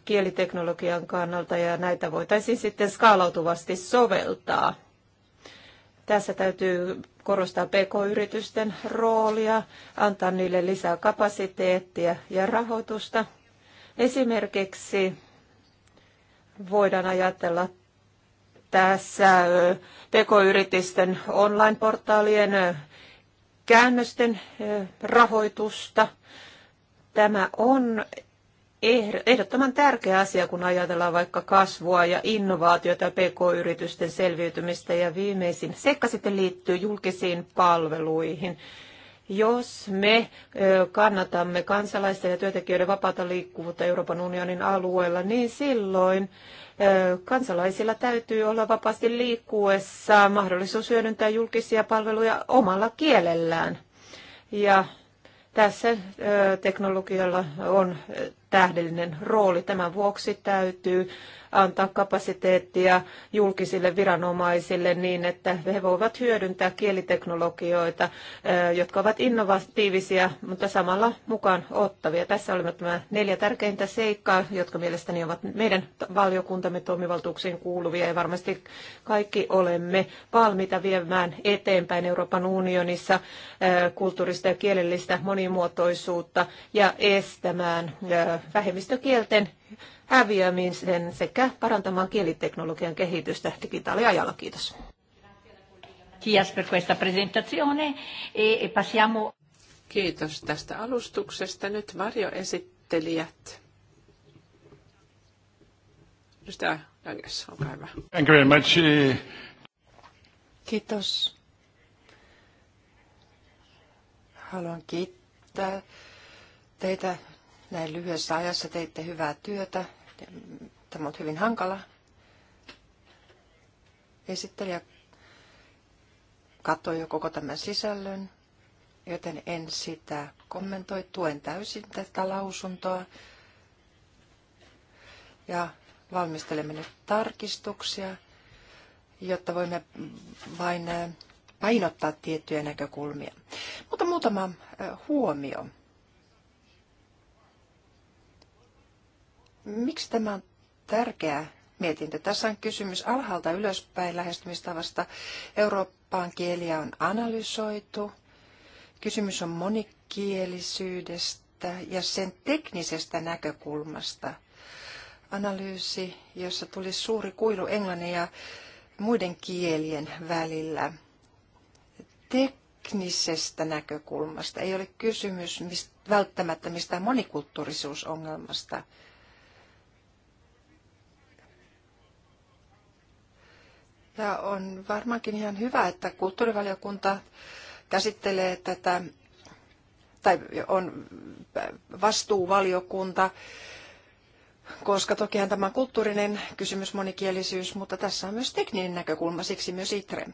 kieliteknologian kannalta ja näitä voitaisiin sitten skaalautuvasti soveltaa. Tässä täytyy korostaa pk-yritysten roolia, antaa niille lisää kapasiteettia ja rahoitusta. Esimerkiksi voidaan ajatella tässä pk-yritysten online-portaalien käännösten rahoitusta. Tämä on ehdottoman tärkeä asia, kun ajatellaan vaikka kasvua ja innovaatioita ja pk-yritysten selviytymistä. Ja viimeisin seikka sitten liittyy julkisiin palveluihin. Jos me kannatamme kansalaisten ja työntekijöiden vapaata liikkuvuutta Euroopan unionin alueella, niin silloin kansalaisilla täytyy olla vapaasti liikkuessa mahdollisuus hyödyntää julkisia palveluja omalla kielellään. Ja tässä teknologialla on tähdellinen rooli. Tämän vuoksi täytyy antaa kapasiteettia julkisille viranomaisille niin, että he voivat hyödyntää kieliteknologioita, jotka ovat innovatiivisia, mutta samalla mukaan ottavia. Tässä olivat nämä neljä tärkeintä seikkaa, jotka mielestäni ovat meidän valiokuntamme toimivaltuuksiin kuuluvia ja varmasti kaikki olemme valmiita viemään eteenpäin Euroopan unionissa kulttuurista ja kielellistä monimuotoisuutta ja estämään vähemmistökielten häviämisen sekä parantamaan kieliteknologian kehitystä digitaaliajalla. Kiitos. Kiitos per questa presentazione e, e passiamo... Kiitos tästä alustuksesta. Nyt varjoesittelijät. Thank you very much. Kiitos. Haluan kiittää teitä näin lyhyessä ajassa teitte hyvää työtä. Tämä on hyvin hankala esittelijä katsoi jo koko tämän sisällön, joten en sitä kommentoi. Tuen täysin tätä lausuntoa. Ja valmistelemme nyt tarkistuksia, jotta voimme vain eh, painottaa tiettyjä näkökulmia. Mutta muutama eh, huomio Miksi tämä on tärkeä mietintö? Tässä on kysymys alhaalta ylöspäin lähestymistavasta. Eurooppaan kieliä on analysoitu. Kysymys on monikielisyydestä ja sen teknisestä näkökulmasta. Analyysi, jossa tuli suuri kuilu englannin ja muiden kielien välillä. Teknisestä näkökulmasta ei ole kysymys mistä, välttämättä mistään monikulttuurisuusongelmasta – Ja on varmaankin ihan hyvä, että kulttuurivaliokunta käsittelee tätä, tai on vastuuvaliokunta, koska tokihan tämä on kulttuurinen kysymys, monikielisyys, mutta tässä on myös tekninen näkökulma, siksi myös ITRE.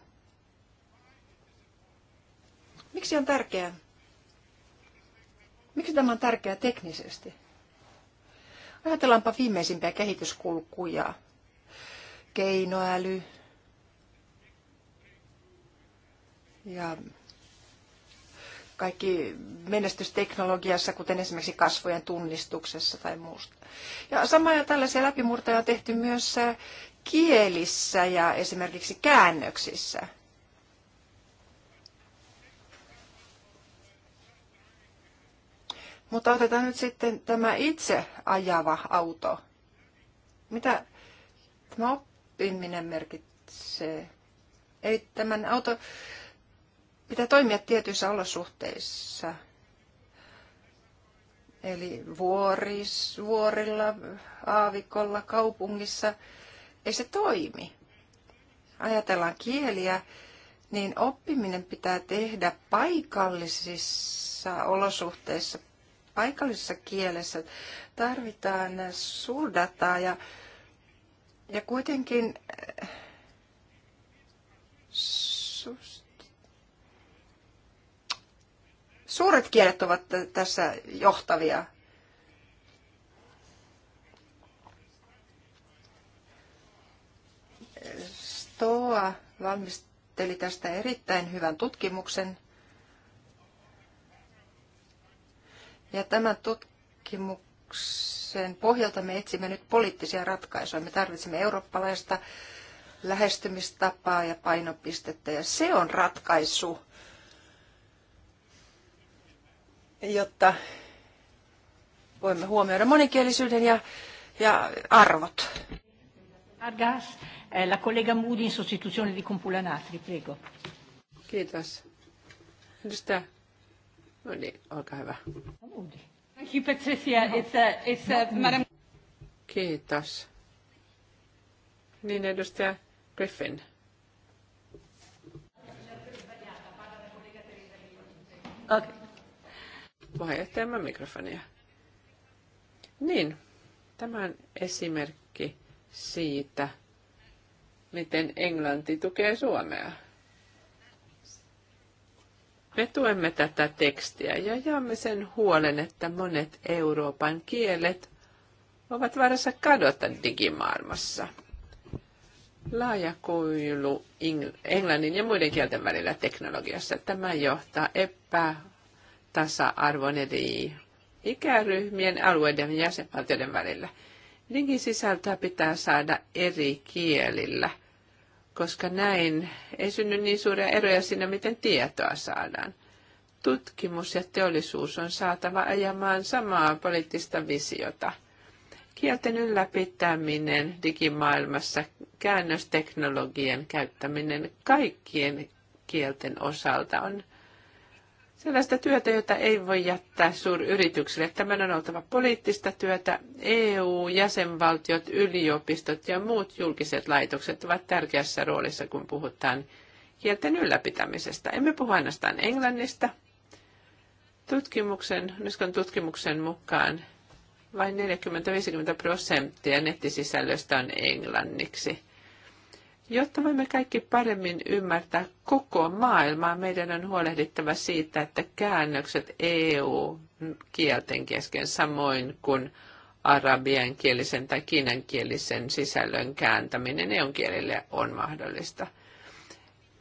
Miksi on tärkeää? Miksi tämä on tärkeää teknisesti? Ajatellaanpa viimeisimpiä kehityskulkuja. Keinoäly, Ja kaikki menestysteknologiassa, kuten esimerkiksi kasvojen tunnistuksessa tai muusta. Ja samaa tällaisia läpimurtoja on tehty myös äh, kielissä ja esimerkiksi käännöksissä. Mutta otetaan nyt sitten tämä itse ajava auto. Mitä tämä oppiminen merkitsee? Eli tämän auto, Pitää toimia tietyissä olosuhteissa. Eli vuoris, vuorilla, aavikolla, kaupungissa. Ei se toimi. Ajatellaan kieliä, niin oppiminen pitää tehdä paikallisissa olosuhteissa, paikallisessa kielessä. Tarvitaan suurdataa ja, ja kuitenkin eh, Suuret kielet ovat tässä johtavia. Stoa valmisteli tästä erittäin hyvän tutkimuksen. Ja tämän tutkimuksen pohjalta me etsimme nyt poliittisia ratkaisuja. Me tarvitsemme eurooppalaista lähestymistapaa ja painopistettä, ja se on ratkaisu jotta voimme huomioida monikielisyyden ja, ja arvot. Argas, eh, la collega Moody in sostituzione di Compulanatri, prego. Kiitos. Edustaja Moody, niin, olkaa hyvä. Moody. Thank you, Patricia. It's a, madam... Kiitos. Niin, edustaja Griffin. Okay puheenjohtajamme mikrofonia. Niin, tämä on esimerkki siitä, miten Englanti tukee Suomea. Me tuemme tätä tekstiä ja jaamme sen huolen, että monet Euroopan kielet ovat varassa kadota digimaailmassa. Laaja kuilu englannin ja muiden kielten välillä teknologiassa. Tämä johtaa epä tasa-arvon eri ikäryhmien, alueiden ja jäsenvaltioiden välillä. Digin sisältöä pitää saada eri kielillä, koska näin ei synny niin suuria eroja siinä, miten tietoa saadaan. Tutkimus ja teollisuus on saatava ajamaan samaa poliittista visiota. Kielten ylläpitäminen digimaailmassa, käännösteknologian käyttäminen kaikkien kielten osalta on sellaista työtä, jota ei voi jättää suuryrityksille. Tämän on oltava poliittista työtä. EU, jäsenvaltiot, yliopistot ja muut julkiset laitokset ovat tärkeässä roolissa, kun puhutaan kielten ylläpitämisestä. Emme puhu ainoastaan englannista. Tutkimuksen, Nyskon tutkimuksen mukaan vain 40-50 prosenttia nettisisällöstä on englanniksi – Jotta voimme kaikki paremmin ymmärtää koko maailmaa, meidän on huolehdittava siitä, että käännökset EU-kielten kesken samoin kuin arabian kielisen tai kiinan kielisen sisällön kääntäminen eu kielille on mahdollista.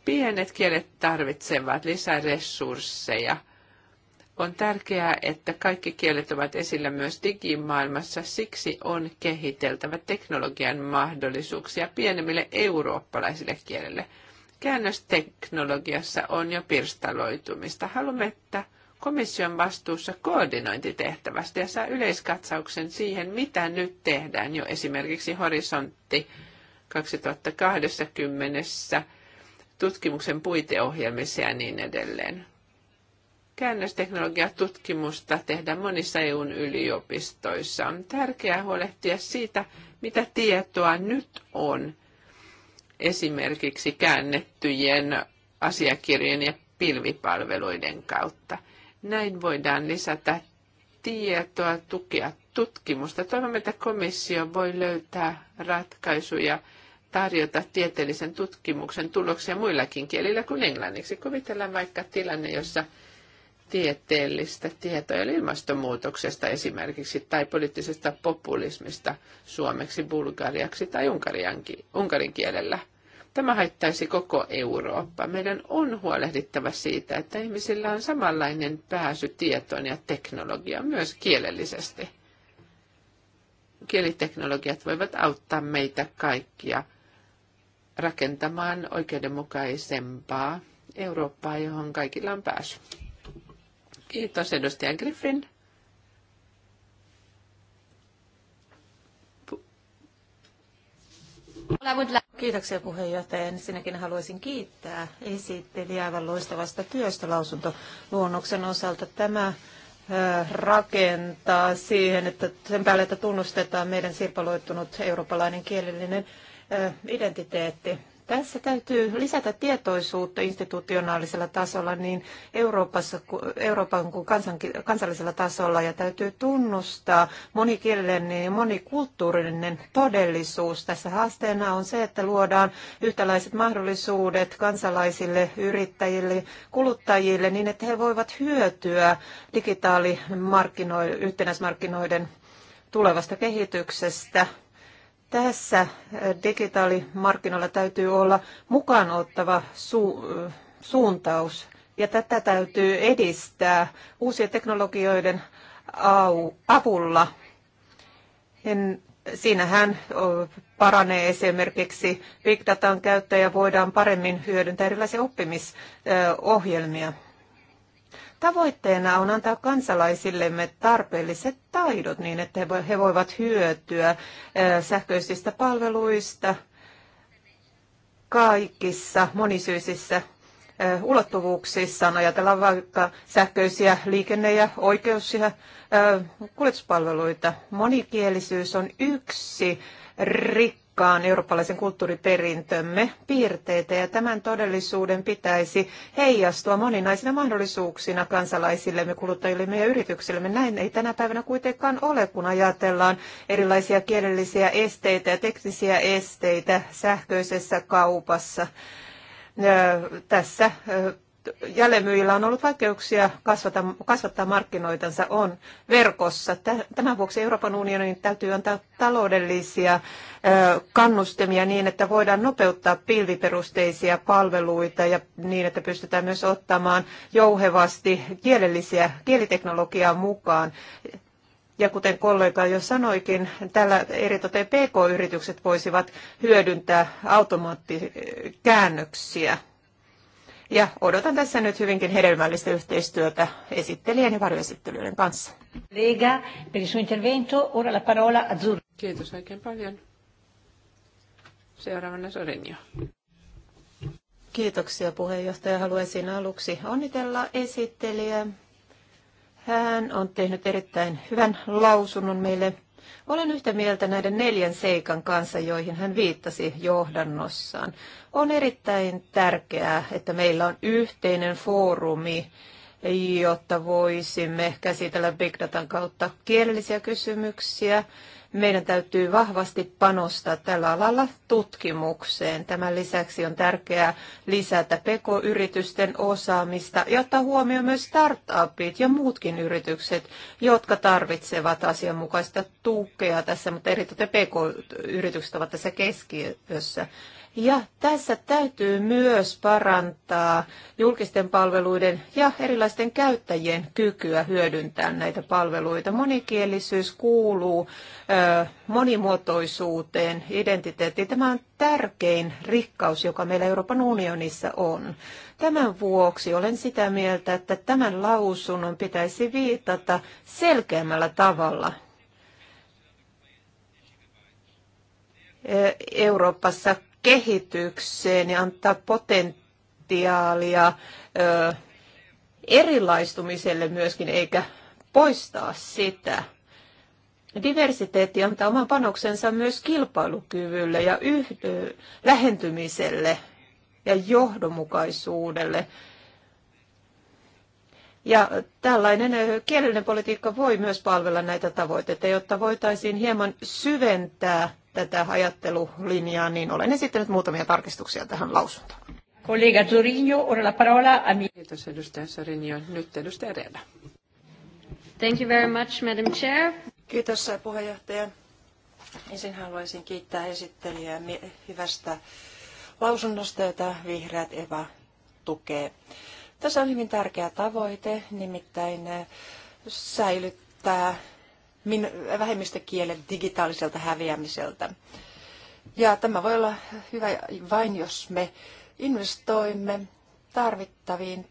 Pienet kielet tarvitsevat lisäresursseja – on tärkeää, että kaikki kielet ovat esillä myös digimaailmassa, siksi on kehiteltävä teknologian mahdollisuuksia pienemmille eurooppalaisille kielille. Käännösteknologiassa on jo pirstaloitumista. Haluamme, että komission vastuussa koordinointitehtävästä ja saa yleiskatsauksen siihen, mitä nyt tehdään jo esimerkiksi horisontti 2020 tutkimuksen puiteohjelmissa ja niin edelleen. Käännösteknologiatutkimusta tehdä monissa EUn yliopistoissa. On tärkeää huolehtia siitä, mitä tietoa nyt on esimerkiksi käännettyjen asiakirjojen ja pilvipalveluiden kautta. Näin voidaan lisätä tietoa, tukea tutkimusta. Toivomme, että komissio voi löytää ratkaisuja tarjota tieteellisen tutkimuksen tuloksia muillakin kielillä kuin englanniksi. Kuvitellaan vaikka tilanne, jossa tieteellistä tietoa eli ilmastonmuutoksesta esimerkiksi tai poliittisesta populismista suomeksi, bulgariaksi tai unkarin kielellä. Tämä haittaisi koko Eurooppa. Meidän on huolehdittava siitä, että ihmisillä on samanlainen pääsy tietoon ja teknologiaan myös kielellisesti. Kieliteknologiat voivat auttaa meitä kaikkia rakentamaan oikeudenmukaisempaa Eurooppaa, johon kaikilla on pääsy. Kiitos edustaja Griffin. Kiitoksia puheenjohtaja. Ensinnäkin haluaisin kiittää esittelijä aivan loistavasta työstä lausuntoluonnoksen osalta. Tämä rakentaa siihen, että sen päälle, että tunnustetaan meidän sirpaloittunut eurooppalainen kielellinen identiteetti. Tässä täytyy lisätä tietoisuutta institutionaalisella tasolla niin Euroopassa, Euroopan kuin kansallisella tasolla ja täytyy tunnustaa monikielinen ja monikulttuurinen todellisuus. Tässä haasteena on se, että luodaan yhtäläiset mahdollisuudet kansalaisille, yrittäjille, kuluttajille niin, että he voivat hyötyä digitaalimarkkinoiden, yhtenäismarkkinoiden tulevasta kehityksestä tässä digitaalimarkkinoilla täytyy olla mukaanottava su- suuntaus ja tätä täytyy edistää uusien teknologioiden avulla. Siinähän paranee esimerkiksi Big Datan käyttäjä voidaan paremmin hyödyntää erilaisia oppimisohjelmia. Tavoitteena on antaa kansalaisillemme tarpeelliset taidot niin, että he voivat hyötyä sähköisistä palveluista kaikissa monisyisissä ulottuvuuksissaan. Ajatellaan vaikka sähköisiä liikenne- ja oikeus- ja kuljetuspalveluita. Monikielisyys on yksi rikki rikkaan eurooppalaisen kulttuuriperintömme piirteitä ja tämän todellisuuden pitäisi heijastua moninaisina mahdollisuuksina kansalaisillemme, kuluttajillemme ja yrityksillemme. Näin ei tänä päivänä kuitenkaan ole, kun ajatellaan erilaisia kielellisiä esteitä ja teknisiä esteitä sähköisessä kaupassa tässä jälleenmyyjillä on ollut vaikeuksia kasvata, kasvattaa markkinoitansa on verkossa. Tämän vuoksi Euroopan unionin täytyy antaa taloudellisia kannustimia niin, että voidaan nopeuttaa pilviperusteisia palveluita ja niin, että pystytään myös ottamaan jouhevasti kielellisiä, kieliteknologiaa mukaan. Ja kuten kollega jo sanoikin, tällä eritoten PK-yritykset voisivat hyödyntää automaattikäännöksiä. Ja odotan tässä nyt hyvinkin hedelmällistä yhteistyötä esittelijän ja varjoesittelyiden kanssa. Lega, per il suo intervento, ora la parola a Kiitos oikein paljon. Seuraavana Sorinio. Kiitoksia puheenjohtaja. Haluaisin aluksi onnitella esittelijä. Hän on tehnyt erittäin hyvän lausunnon meille olen yhtä mieltä näiden neljän seikan kanssa, joihin hän viittasi johdannossaan. On erittäin tärkeää, että meillä on yhteinen foorumi, jotta voisimme käsitellä Big Datan kautta kielellisiä kysymyksiä, meidän täytyy vahvasti panostaa tällä alalla tutkimukseen. Tämän lisäksi on tärkeää lisätä pk-yritysten osaamista ja ottaa huomioon myös startupit ja muutkin yritykset, jotka tarvitsevat asianmukaista tukea tässä, mutta erityisesti pk-yritykset ovat tässä keskiössä. Ja tässä täytyy myös parantaa julkisten palveluiden ja erilaisten käyttäjien kykyä hyödyntää näitä palveluita. Monikielisyys kuuluu monimuotoisuuteen, identiteettiin. Tämä on tärkein rikkaus, joka meillä Euroopan unionissa on. Tämän vuoksi olen sitä mieltä, että tämän lausunnon pitäisi viitata selkeämmällä tavalla Euroopassa kehitykseen ja antaa potentiaalia ö, erilaistumiselle myöskin, eikä poistaa sitä. Diversiteetti antaa oman panoksensa myös kilpailukyvylle ja yhdy lähentymiselle ja johdonmukaisuudelle. Ja tällainen kielellinen politiikka voi myös palvella näitä tavoitteita, jotta voitaisiin hieman syventää tätä ajattelulinjaa, niin olen esittänyt muutamia tarkistuksia tähän lausuntoon. Kollega Zorinho, ora la parola a mi... Kiitos edustaja Zorinho. Nyt edustaja Reda. Thank you very much, Madam Chair. Kiitos puheenjohtaja. Ensin haluaisin kiittää esittelijää hyvästä lausunnosta, jota vihreät EVA tukee. Tässä on hyvin tärkeä tavoite, nimittäin äh, säilyttää min, vähemmistökielen digitaaliselta häviämiseltä. Ja tämä voi olla hyvä vain, jos me investoimme tarvittaviin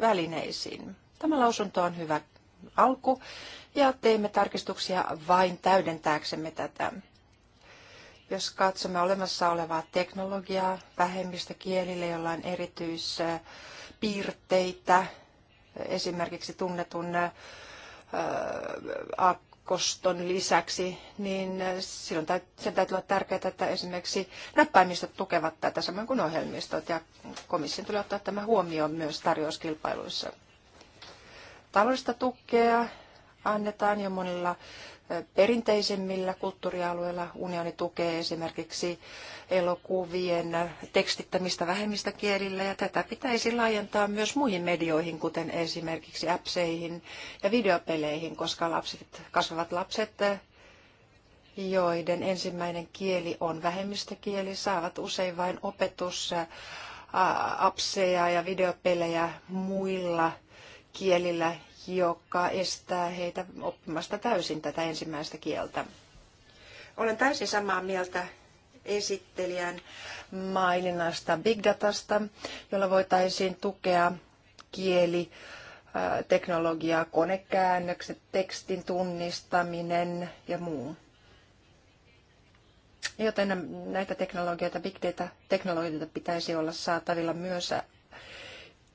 välineisiin. Tämä lausunto on hyvä alku ja teemme tarkistuksia vain täydentääksemme tätä. Jos katsomme olemassa olevaa teknologiaa vähemmistökielille, jolla on erityispiirteitä, esimerkiksi tunnetun verkoston lisäksi, niin silloin sen täytyy olla tärkeää, että esimerkiksi näppäimistöt tukevat tätä samoin kuin ohjelmistot, ja komission tulee ottaa tämä huomioon myös tarjouskilpailuissa. Taloudellista tukea annetaan jo monilla perinteisemmillä kulttuurialueilla. Unioni tukee esimerkiksi elokuvien tekstittämistä vähemmistä kielillä ja tätä pitäisi laajentaa myös muihin medioihin, kuten esimerkiksi appseihin ja videopeleihin, koska lapset, kasvavat lapset joiden ensimmäinen kieli on vähemmistökieli, saavat usein vain opetus appseja ja videopelejä muilla kielillä, joka estää heitä oppimasta täysin tätä ensimmäistä kieltä. Olen täysin samaa mieltä esittelijän maininnasta Big Datasta, jolla voitaisiin tukea kieli, teknologiaa, konekäännökset, tekstin tunnistaminen ja muu. Joten näitä teknologioita, big data-teknologioita pitäisi olla saatavilla myös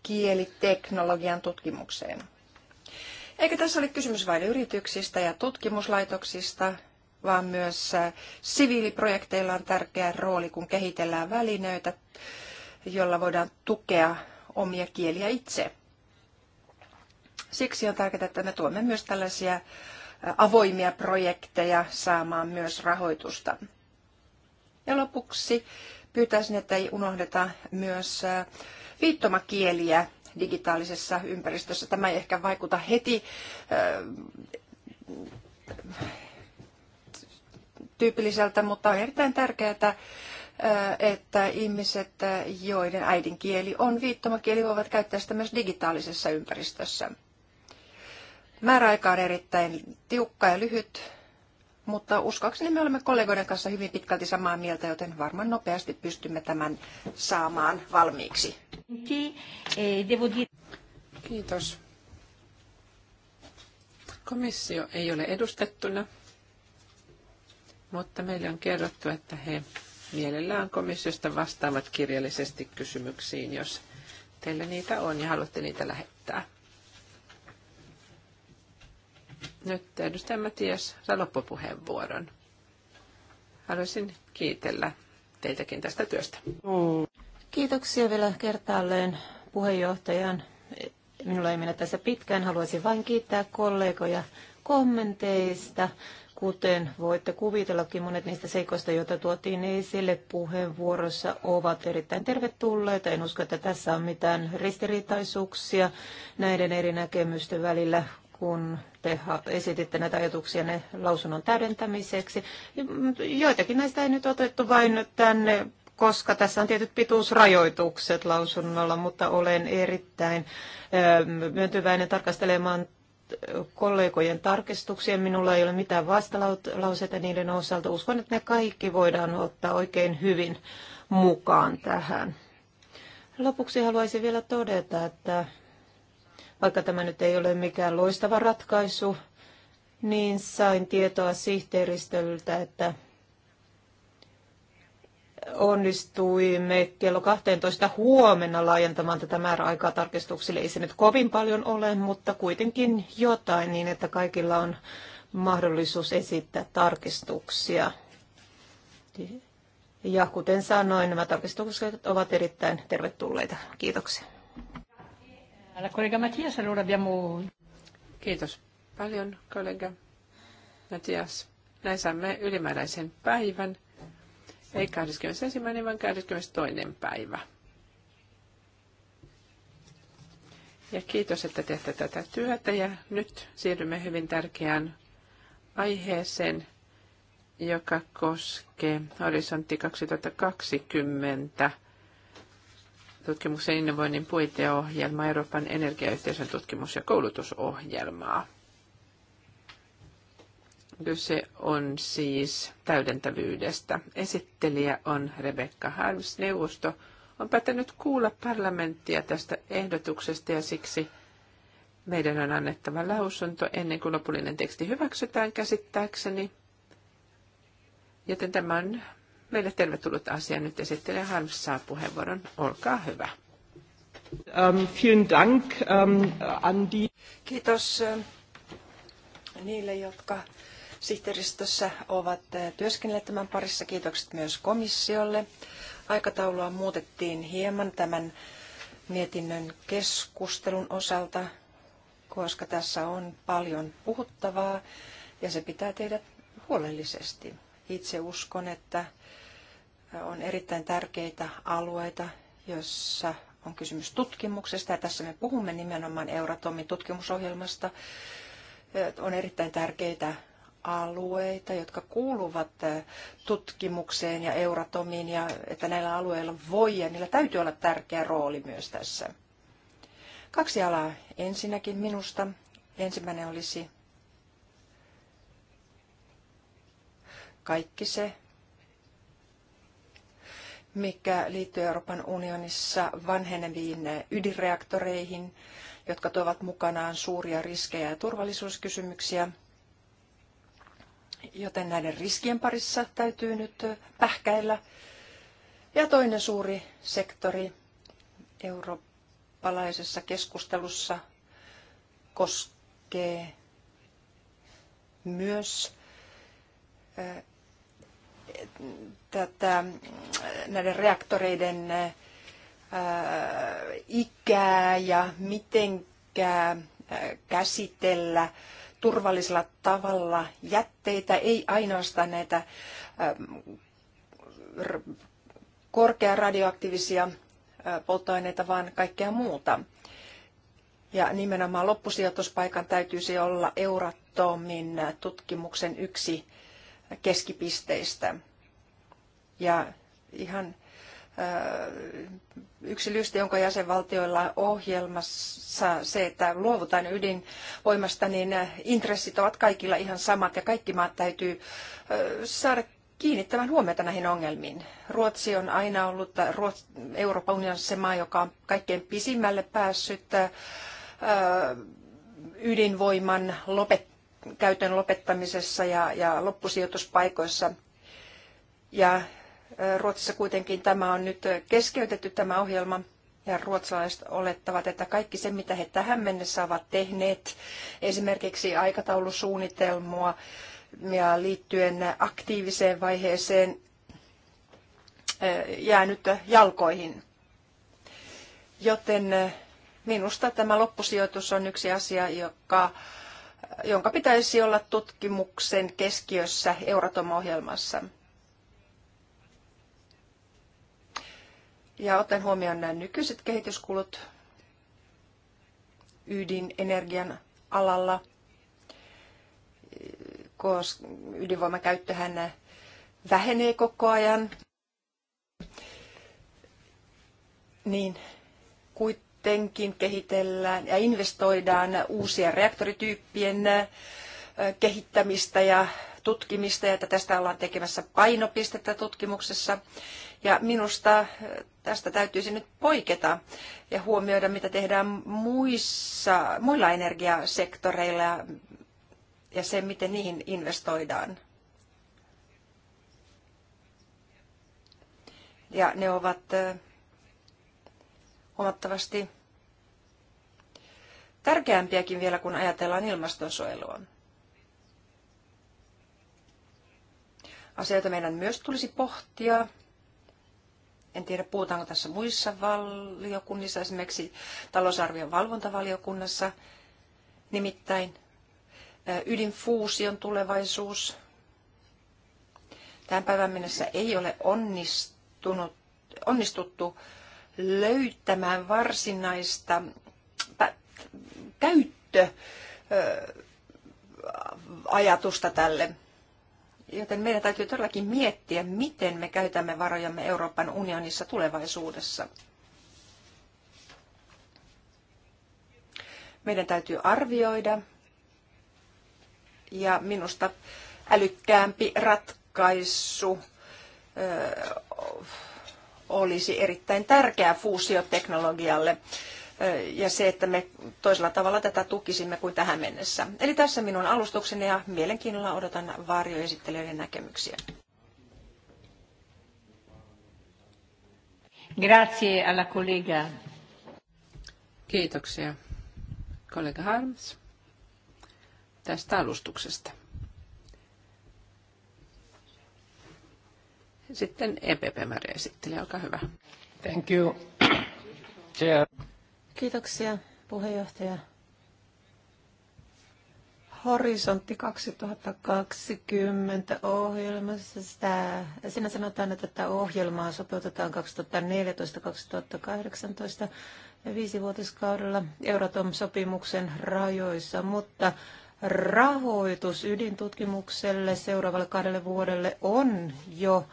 kieliteknologian tutkimukseen. Eikä tässä ole kysymys vain yrityksistä ja tutkimuslaitoksista, vaan myös äh, siviiliprojekteilla on tärkeä rooli, kun kehitellään välineitä, jolla voidaan tukea omia kieliä itse. Siksi on tärkeää, että me tuomme myös tällaisia äh, avoimia projekteja saamaan myös rahoitusta. Ja lopuksi pyytäisin, että ei unohdeta myös äh, viittomakieliä digitaalisessa ympäristössä. Tämä ei ehkä vaikuta heti äh, tyypilliseltä, mutta on erittäin tärkeää, äh, että ihmiset, äh, joiden äidinkieli on viittomakieli, voivat käyttää sitä myös digitaalisessa ympäristössä. Määräaika on erittäin tiukka ja lyhyt, mutta uskoakseni me olemme kollegoiden kanssa hyvin pitkälti samaa mieltä, joten varmaan nopeasti pystymme tämän saamaan valmiiksi. Kiitos. Komissio ei ole edustettuna, mutta meille on kerrottu, että he mielellään komissiosta vastaavat kirjallisesti kysymyksiin, jos teillä niitä on ja haluatte niitä lähettää. Nyt edustaja Matias loppupuheenvuoron. Haluaisin kiitellä teitäkin tästä työstä. Kiitoksia vielä kertaalleen puheenjohtajan. Minulla ei mennä tässä pitkään. Haluaisin vain kiittää kollegoja kommenteista. Kuten voitte kuvitellakin, monet niistä seikoista, joita tuotiin esille puheenvuorossa, ovat erittäin tervetulleita. En usko, että tässä on mitään ristiriitaisuuksia näiden eri näkemysten välillä kun te esititte näitä ajatuksia ne lausunnon täydentämiseksi. Joitakin näistä ei nyt otettu vain tänne, koska tässä on tietyt pituusrajoitukset lausunnolla, mutta olen erittäin myöntyväinen tarkastelemaan kollegojen tarkistuksia. Minulla ei ole mitään vastalauseita niiden osalta. Uskon, että ne kaikki voidaan ottaa oikein hyvin mukaan tähän. Lopuksi haluaisin vielä todeta, että vaikka tämä nyt ei ole mikään loistava ratkaisu, niin sain tietoa sihteeristöltä, että onnistuimme kello 12 huomenna laajentamaan tätä määräaikaa tarkistuksille. Ei se nyt kovin paljon ole, mutta kuitenkin jotain niin, että kaikilla on mahdollisuus esittää tarkistuksia. Ja kuten sanoin, nämä tarkistukset ovat erittäin tervetulleita. Kiitoksia. La kollega Mattias, allora abbiamo... Kiitos paljon, kollega Mattias. Näin saamme ylimääräisen päivän. Ei 21. vaan 22. päivä. Ja kiitos, että teette tätä työtä. Ja nyt siirrymme hyvin tärkeään aiheeseen, joka koskee Horisontti 2020 tutkimuksen innovoinnin puiteohjelma, Euroopan energiayhteisön tutkimus- ja koulutusohjelmaa. Kyse on siis täydentävyydestä. Esittelijä on Rebecca Harms. Neuvosto on päättänyt kuulla parlamenttia tästä ehdotuksesta ja siksi meidän on annettava lausunto ennen kuin lopullinen teksti hyväksytään käsittääkseni. Joten tämä on meille tervetullut asia. Nyt esittelee Harms saa puheenvuoron. Olkaa hyvä. Um, vielen Dank, um, ähm, Andi. Kiitos ähm, niille, jotka sihteeristössä ovat äh, työskennelleet tämän parissa. Kiitokset myös komissiolle. Aikataulua muutettiin hieman tämän mietinnön keskustelun osalta, koska tässä on paljon puhuttavaa ja se pitää tehdä huolellisesti. Itse uskon, että on erittäin tärkeitä alueita, joissa on kysymys tutkimuksesta, ja tässä me puhumme nimenomaan Euratomin tutkimusohjelmasta. On erittäin tärkeitä alueita, jotka kuuluvat eh, tutkimukseen ja Euratomiin, ja että näillä alueilla voi ja niillä täytyy olla tärkeä rooli myös tässä. Kaksi alaa ensinnäkin minusta. Ensimmäinen olisi kaikki se, mikä liittyy Euroopan unionissa vanheneviin ydinreaktoreihin, jotka tuovat mukanaan suuria riskejä ja turvallisuuskysymyksiä. Joten näiden riskien parissa täytyy nyt pähkäillä. Ja toinen suuri sektori eurooppalaisessa keskustelussa koskee myös tätä, näiden reaktoreiden ää, ikää ja mitenkä käsitellä turvallisella tavalla jätteitä, ei ainoastaan näitä korkearadioaktiivisia polttoaineita, vaan kaikkea muuta. Ja nimenomaan loppusijoituspaikan täytyisi olla Euratomin tutkimuksen yksi keskipisteistä. Ja ihan äh, yksi lysti, jonka jäsenvaltioilla ohjelmassa se, että luovutaan ydinvoimasta, niin äh, intressit ovat kaikilla ihan samat ja kaikki maat täytyy äh, saada kiinnittämään huomiota näihin ongelmiin. Ruotsi on aina ollut Euroopan unionissa se maa, joka on kaikkein pisimmälle päässyt ydinvoiman lopettamiseen käytön lopettamisessa ja, ja loppusijoituspaikoissa. Ja Ruotsissa kuitenkin tämä on nyt keskeytetty tämä ohjelma ja ruotsalaiset olettavat, että kaikki se, mitä he tähän mennessä ovat tehneet, esimerkiksi aikataulusuunnitelmua ja liittyen aktiiviseen vaiheeseen, jää nyt jalkoihin. Joten minusta tämä loppusijoitus on yksi asia, joka jonka pitäisi olla tutkimuksen keskiössä Euratom-ohjelmassa. Ja otan huomioon nämä nykyiset kehityskulut ydinenergian alalla, koska ydinvoimakäyttöhän vähenee koko ajan, niin sittenkin kehitellään ja investoidaan uusien reaktorityyppien kehittämistä ja tutkimista, ja tästä ollaan tekemässä painopistettä tutkimuksessa. Ja minusta tästä täytyisi nyt poiketa ja huomioida, mitä tehdään muissa, muilla energiasektoreilla ja, ja se, miten niihin investoidaan. Ja ne ovat huomattavasti tärkeämpiäkin vielä, kun ajatellaan ilmastonsuojelua. Asioita meidän myös tulisi pohtia. En tiedä, puhutaanko tässä muissa valiokunnissa, esimerkiksi talousarvion valvontavaliokunnassa, nimittäin ydinfuusion tulevaisuus. Tämän päivän mennessä ei ole onnistunut, onnistuttu löytämään varsinaista käyttö ajatusta tälle. Joten meidän täytyy todellakin miettiä, miten me käytämme varojamme Euroopan unionissa tulevaisuudessa. Meidän täytyy arvioida ja minusta älykkäämpi ratkaisu ö, olisi erittäin tärkeä fuusioteknologialle. teknologialle ja se, että me toisella tavalla tätä tukisimme kuin tähän mennessä. Eli tässä minun alustukseni ja mielenkiinnolla odotan varjoesittelijöiden näkemyksiä. Grazie alla collega. Kiitoksia kollega Harms tästä alustuksesta. Sitten EPP-määrä esittelee, olkaa hyvä. Thank you. Chair. Kiitoksia puheenjohtaja. Horisontti 2020 ohjelmassa. Sitä, siinä sanotaan, että tätä ohjelmaa sopeutetaan 2014-2018 viisivuotiskaudella Euratom-sopimuksen rajoissa, mutta rahoitus ydintutkimukselle seuraavalle kahdelle vuodelle on jo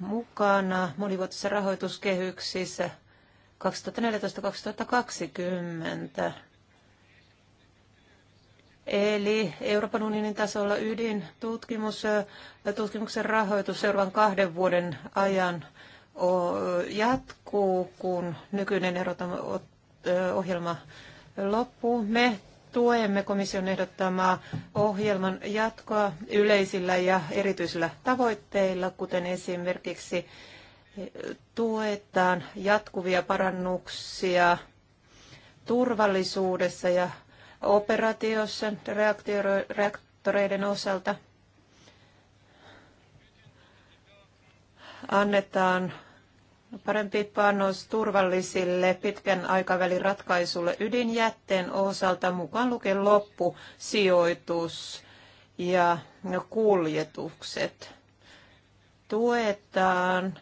mukana monivuotisissa rahoituskehyksissä – 2014-2020. Eli Euroopan unionin tasolla tutkimus- äh, tutkimuksen rahoitus seuraavan kahden vuoden ajan jatkuu, kun nykyinen ohjelma loppuu. Me tuemme komission ehdottamaa ohjelman jatkoa yleisillä ja erityisillä tavoitteilla, kuten esimerkiksi tuetaan jatkuvia parannuksia turvallisuudessa ja operaatiossa reaktoreiden osalta. Annetaan parempi panos turvallisille pitkän aikavälin ratkaisulle ydinjätteen osalta mukaan lukien loppu, sijoitus ja kuljetukset. Tuetaan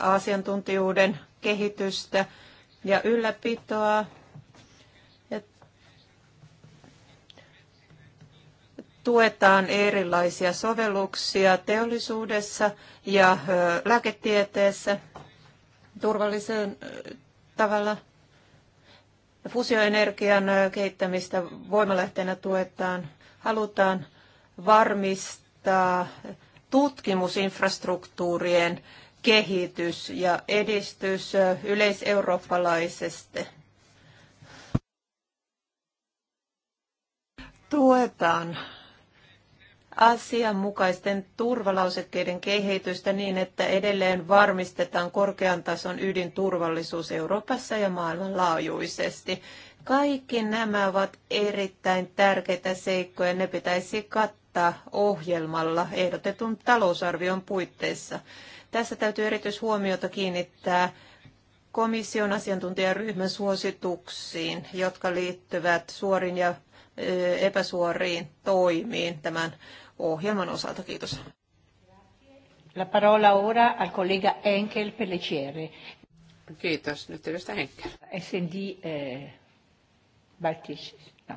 asiantuntijuuden kehitystä ja ylläpitoa. Ja tuetaan erilaisia sovelluksia teollisuudessa ja lääketieteessä turvallisen tavalla. Fusioenergian kehittämistä voimalähteenä tuetaan. Halutaan varmistaa tutkimusinfrastruktuurien kehitys ja edistys yleiseurooppalaisesti tuetaan asianmukaisten turvalausekkeiden kehitystä niin, että edelleen varmistetaan korkean tason ydinturvallisuus Euroopassa ja maailmanlaajuisesti. Kaikki nämä ovat erittäin tärkeitä seikkoja. Ne pitäisi katsoa kattaa ohjelmalla ehdotetun talousarvion puitteissa. Tässä täytyy erityishuomiota kiinnittää komission asiantuntijaryhmän suosituksiin, jotka liittyvät suoriin ja epäsuoriin toimiin tämän ohjelman osalta. Kiitos. La parola ora al collega Henkel Pellicere. Kiitos. Nyt edustaja Henkel. SND eh, Baltic. No.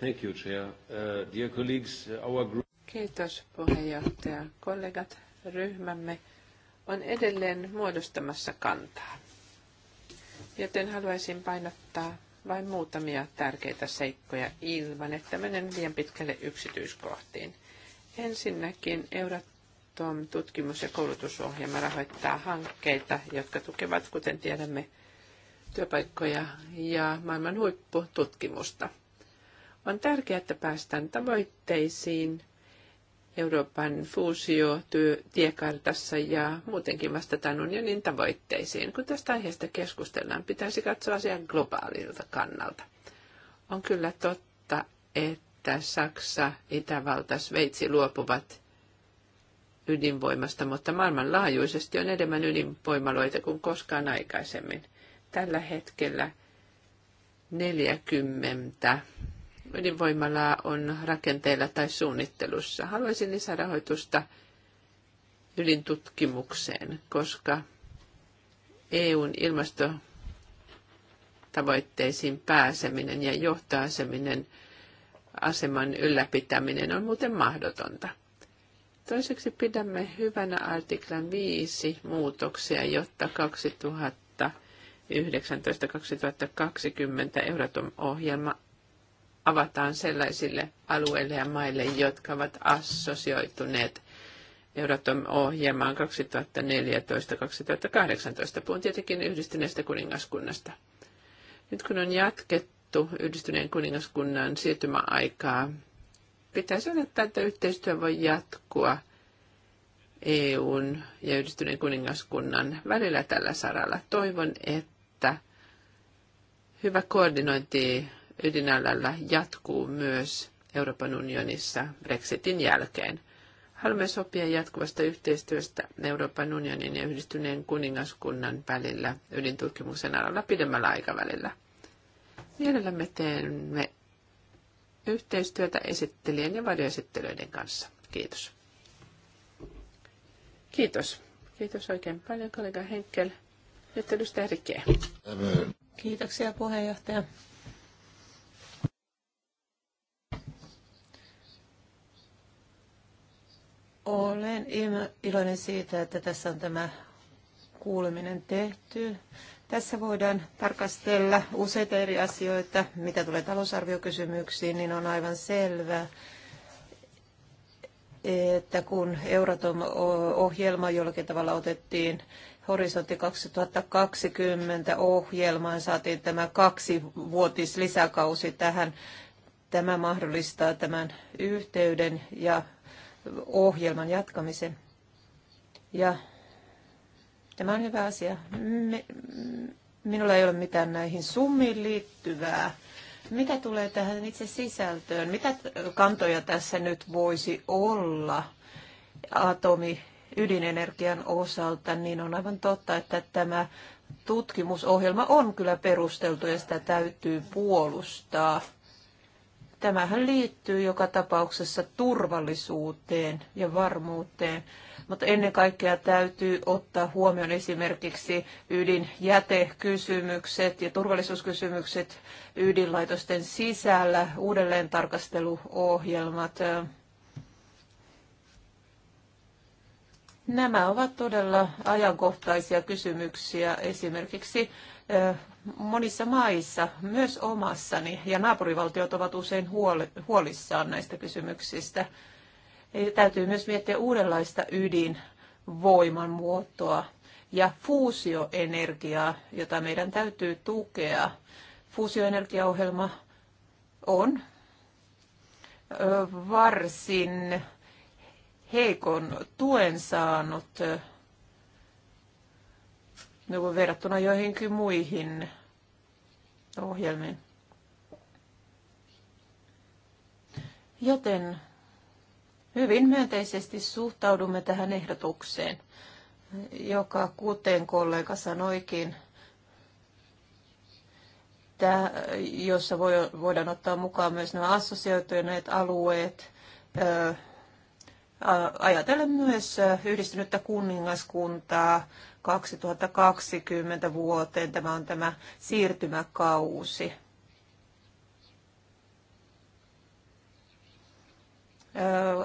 Thank you, Chair. Uh, dear colleagues, uh, our group... Kiitos puheenjohtaja. Kollegat, ryhmämme on edelleen muodostamassa kantaa. Joten haluaisin painottaa vain muutamia tärkeitä seikkoja ilman, että menen liian pitkälle yksityiskohtiin. Ensinnäkin Euratom tutkimus- ja koulutusohjelma rahoittaa hankkeita, jotka tukevat, kuten tiedämme, työpaikkoja ja maailman huippututkimusta. On tärkeää, että päästään tavoitteisiin Euroopan fuusiotiekartassa ja muutenkin vastataan unionin tavoitteisiin. Kun tästä aiheesta keskustellaan, pitäisi katsoa asian globaalilta kannalta. On kyllä totta, että Saksa, Itävalta, Sveitsi luopuvat ydinvoimasta, mutta maailmanlaajuisesti on enemmän ydinvoimaloita kuin koskaan aikaisemmin. Tällä hetkellä 40 ydinvoimalaa on rakenteilla tai suunnittelussa. Haluaisin lisärahoitusta ydintutkimukseen, koska EUn ilmastotavoitteisiin pääseminen ja johtoaseminen aseman ylläpitäminen on muuten mahdotonta. Toiseksi pidämme hyvänä artiklan 5 muutoksia, jotta 2019-2020 Euratom-ohjelma avataan sellaisille alueille ja maille, jotka ovat assosioituneet Euratom-ohjelmaan 2014-2018. Puhun tietenkin yhdistyneestä kuningaskunnasta. Nyt kun on jatkettu yhdistyneen kuningaskunnan siirtymäaikaa, pitäisi odottaa, että yhteistyö voi jatkua EUn ja yhdistyneen kuningaskunnan välillä tällä saralla. Toivon, että hyvä koordinointi ydinalalla jatkuu myös Euroopan unionissa Brexitin jälkeen. Haluamme sopia jatkuvasta yhteistyöstä Euroopan unionin ja yhdistyneen kuningaskunnan välillä ydintutkimuksen alalla pidemmällä aikavälillä. Mielellämme teemme yhteistyötä esittelijän ja varjoesittelijöiden kanssa. Kiitos. Kiitos. Kiitos oikein paljon kollega Henkel. Nyt edustaja Rike. Kiitoksia puheenjohtaja. Olen iloinen siitä, että tässä on tämä kuuleminen tehty. Tässä voidaan tarkastella useita eri asioita. Mitä tulee talousarviokysymyksiin, niin on aivan selvää, että kun Euratom-ohjelma jollakin tavalla otettiin Horisontti 2020 ohjelmaan, saatiin tämä vuotis lisäkausi tähän. Tämä mahdollistaa tämän yhteyden ja ohjelman jatkamisen. Ja tämä on hyvä asia. Me, minulla ei ole mitään näihin summiin liittyvää. Mitä tulee tähän itse sisältöön? Mitä kantoja tässä nyt voisi olla atomi ydinenergian osalta, niin on aivan totta, että tämä tutkimusohjelma on kyllä perusteltu ja sitä täytyy puolustaa. Tämähän liittyy joka tapauksessa turvallisuuteen ja varmuuteen, mutta ennen kaikkea täytyy ottaa huomioon esimerkiksi ydinjätekysymykset ja turvallisuuskysymykset ydinlaitosten sisällä, uudelleen tarkasteluohjelmat. Nämä ovat todella ajankohtaisia kysymyksiä esimerkiksi monissa maissa, myös omassani, ja naapurivaltiot ovat usein huolissaan näistä kysymyksistä. täytyy myös miettiä uudenlaista ydinvoiman muotoa ja fuusioenergiaa, jota meidän täytyy tukea. Fuusioenergiaohjelma on varsin heikon tuen saanut No, verrattuna joihinkin muihin ohjelmiin. Joten hyvin myönteisesti suhtaudumme tähän ehdotukseen, joka kuten kollega sanoikin, että jossa voidaan ottaa mukaan myös nämä assosioituneet alueet, ajatellen myös yhdistynyttä kuningaskuntaa 2020 vuoteen. Tämä on tämä siirtymäkausi.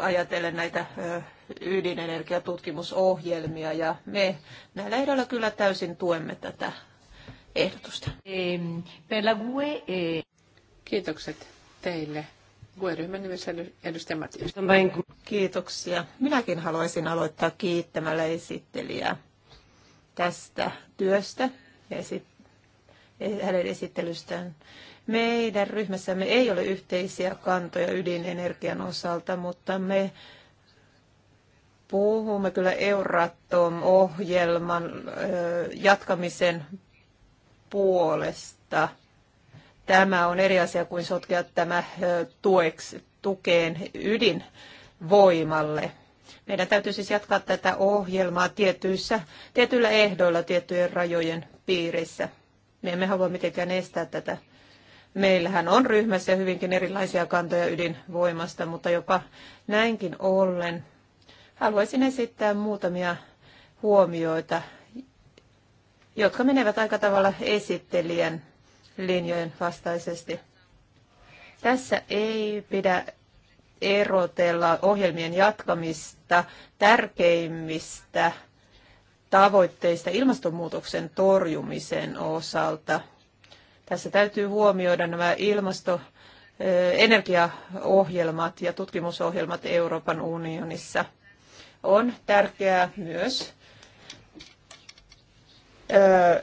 ajatellen näitä ydinenergiatutkimusohjelmia ja me näillä ehdoilla kyllä täysin tuemme tätä ehdotusta. E, eh. Kiitokset teille Ryhmän nimissä edustaja Matias. Kiitoksia. Minäkin haluaisin aloittaa kiittämällä esittelijää tästä työstä ja e- hänen esittelystään. Meidän ryhmässämme ei ole yhteisiä kantoja ydinenergian osalta, mutta me puhumme kyllä Euratom-ohjelman jatkamisen puolesta – Tämä on eri asia kuin sotkea tämä tueksi, tukeen ydinvoimalle. Meidän täytyy siis jatkaa tätä ohjelmaa tietyissä, tietyillä ehdoilla tiettyjen rajojen piirissä. Me emme halua mitenkään estää tätä. Meillähän on ryhmässä hyvinkin erilaisia kantoja ydinvoimasta, mutta jopa näinkin ollen haluaisin esittää muutamia huomioita, jotka menevät aika tavalla esittelijän linjojen vastaisesti. Tässä ei pidä erotella ohjelmien jatkamista tärkeimmistä tavoitteista ilmastonmuutoksen torjumisen osalta. Tässä täytyy huomioida nämä ilmasto energiaohjelmat ja tutkimusohjelmat Euroopan unionissa. On tärkeää myös,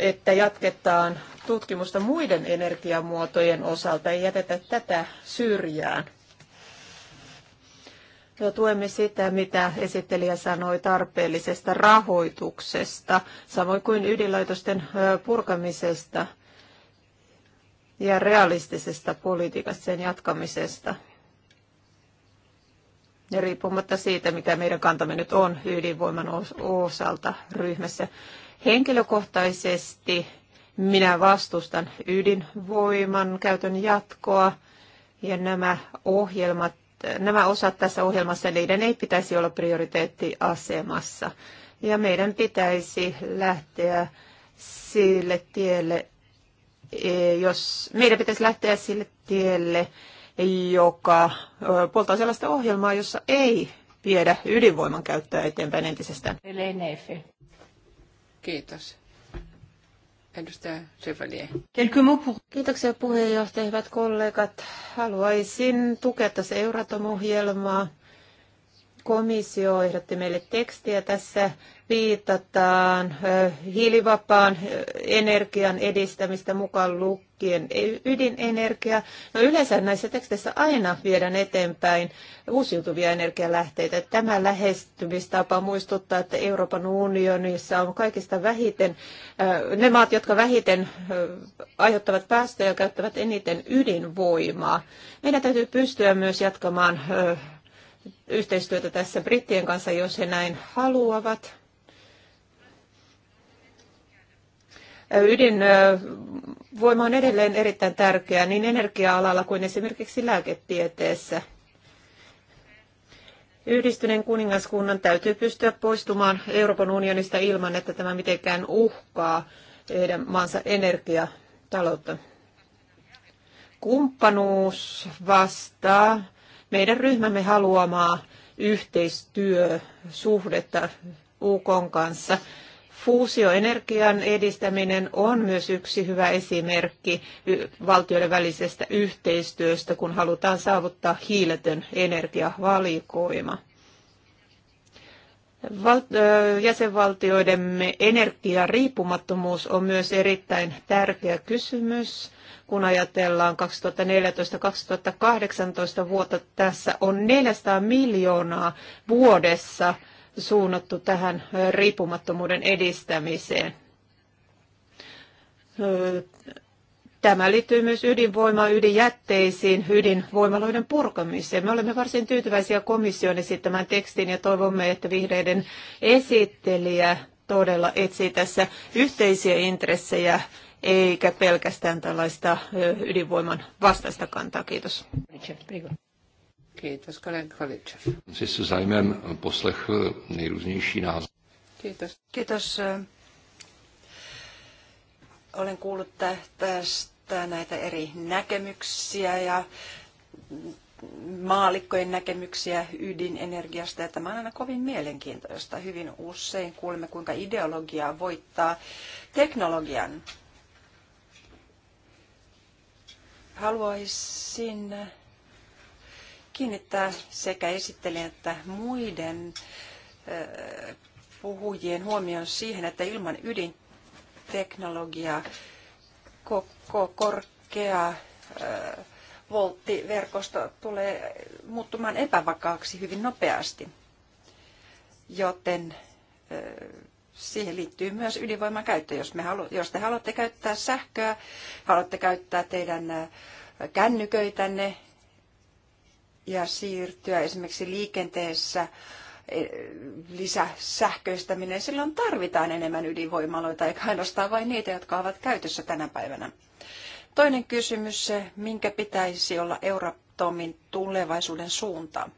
että jatketaan tutkimusta muiden energiamuotojen osalta, ei jätetä tätä syrjään. Ja no, tuemme sitä, mitä esittelijä sanoi tarpeellisesta rahoituksesta, samoin kuin ydinlaitosten purkamisesta ja realistisesta politiikasta sen jatkamisesta. Ja riippumatta siitä, mikä meidän kantamme nyt on ydinvoiman osalta ryhmässä. Henkilökohtaisesti minä vastustan ydinvoiman käytön jatkoa ja nämä ohjelmat, nämä osat tässä ohjelmassa, niiden ei pitäisi olla prioriteettiasemassa. Ja meidän pitäisi lähteä sille tielle, e, jos meidän pitäisi lähteä sille tielle, joka puoltaa sellaista ohjelmaa, jossa ei viedä ydinvoiman käyttöä eteenpäin entisestään. Kiitos. Edustaja Chevalier. Kiitoksia puheenjohtaja, hyvät kollegat. Haluaisin tukea tässä Euratom-ohjelmaa. Komissio ehdotti meille tekstiä tässä viitataan hiilivapaan energian edistämistä mukaan lukkien e, ydinenergia. No yleensä näissä teksteissä aina viedään eteenpäin uusiutuvia energialähteitä. Tämä lähestymistapa muistuttaa, että Euroopan unionissa on kaikista vähiten, ne maat, jotka vähiten aiheuttavat päästöjä ja käyttävät eniten ydinvoimaa. Meidän täytyy pystyä myös jatkamaan yhteistyötä tässä brittien kanssa, jos he näin haluavat. Ydinvoima on edelleen erittäin tärkeää niin energia-alalla kuin esimerkiksi lääketieteessä. Yhdistyneen kuningaskunnan täytyy pystyä poistumaan Euroopan unionista ilman, että tämä mitenkään uhkaa heidän maansa energiataloutta. Kumppanuus vastaa meidän ryhmämme haluamaa yhteistyösuhdetta UK kanssa. Fuusioenergian edistäminen on myös yksi hyvä esimerkki valtioiden välisestä yhteistyöstä, kun halutaan saavuttaa hiiletön energiavalikoima. Val- jäsenvaltioidemme energiariippumattomuus on myös erittäin tärkeä kysymys. Kun ajatellaan 2014-2018 vuotta, tässä on 400 miljoonaa vuodessa suunnattu tähän riippumattomuuden edistämiseen. Tämä liittyy myös ydinvoimaan, ydinjätteisiin, ydinvoimaloiden purkamiseen. Me olemme varsin tyytyväisiä komission esittämään tekstiin ja toivomme, että vihreiden esittelijä todella etsii tässä yhteisiä intressejä eikä pelkästään tällaista ydinvoiman vastaista kantaa. Kiitos. Kiitos, Kolen Kolitschev. Siis zájmem poslechl nejrůznější Kiitos. Kiitos. Olen kuullut tästä näitä eri näkemyksiä ja maalikkojen näkemyksiä ydinenergiasta ja tämä on aina kovin mielenkiintoista. Hyvin usein kuulemme, kuinka ideologia voittaa teknologian. Haluaisin kiinnittää sekä esittelijän että muiden puhujien huomion siihen, että ilman ydinteknologiaa koko korkea volttiverkosto tulee muuttumaan epävakaaksi hyvin nopeasti, joten siihen liittyy myös ydinvoiman käyttö. Jos, me halu, jos te haluatte käyttää sähköä, haluatte käyttää teidän kännyköitänne, ja siirtyä esimerkiksi liikenteessä e, lisäsähköistäminen, silloin tarvitaan enemmän ydinvoimaloita, eikä ainoastaan vain niitä, jotka ovat käytössä tänä päivänä. Toinen kysymys, se, minkä pitäisi olla Euratomin tulevaisuuden suunta.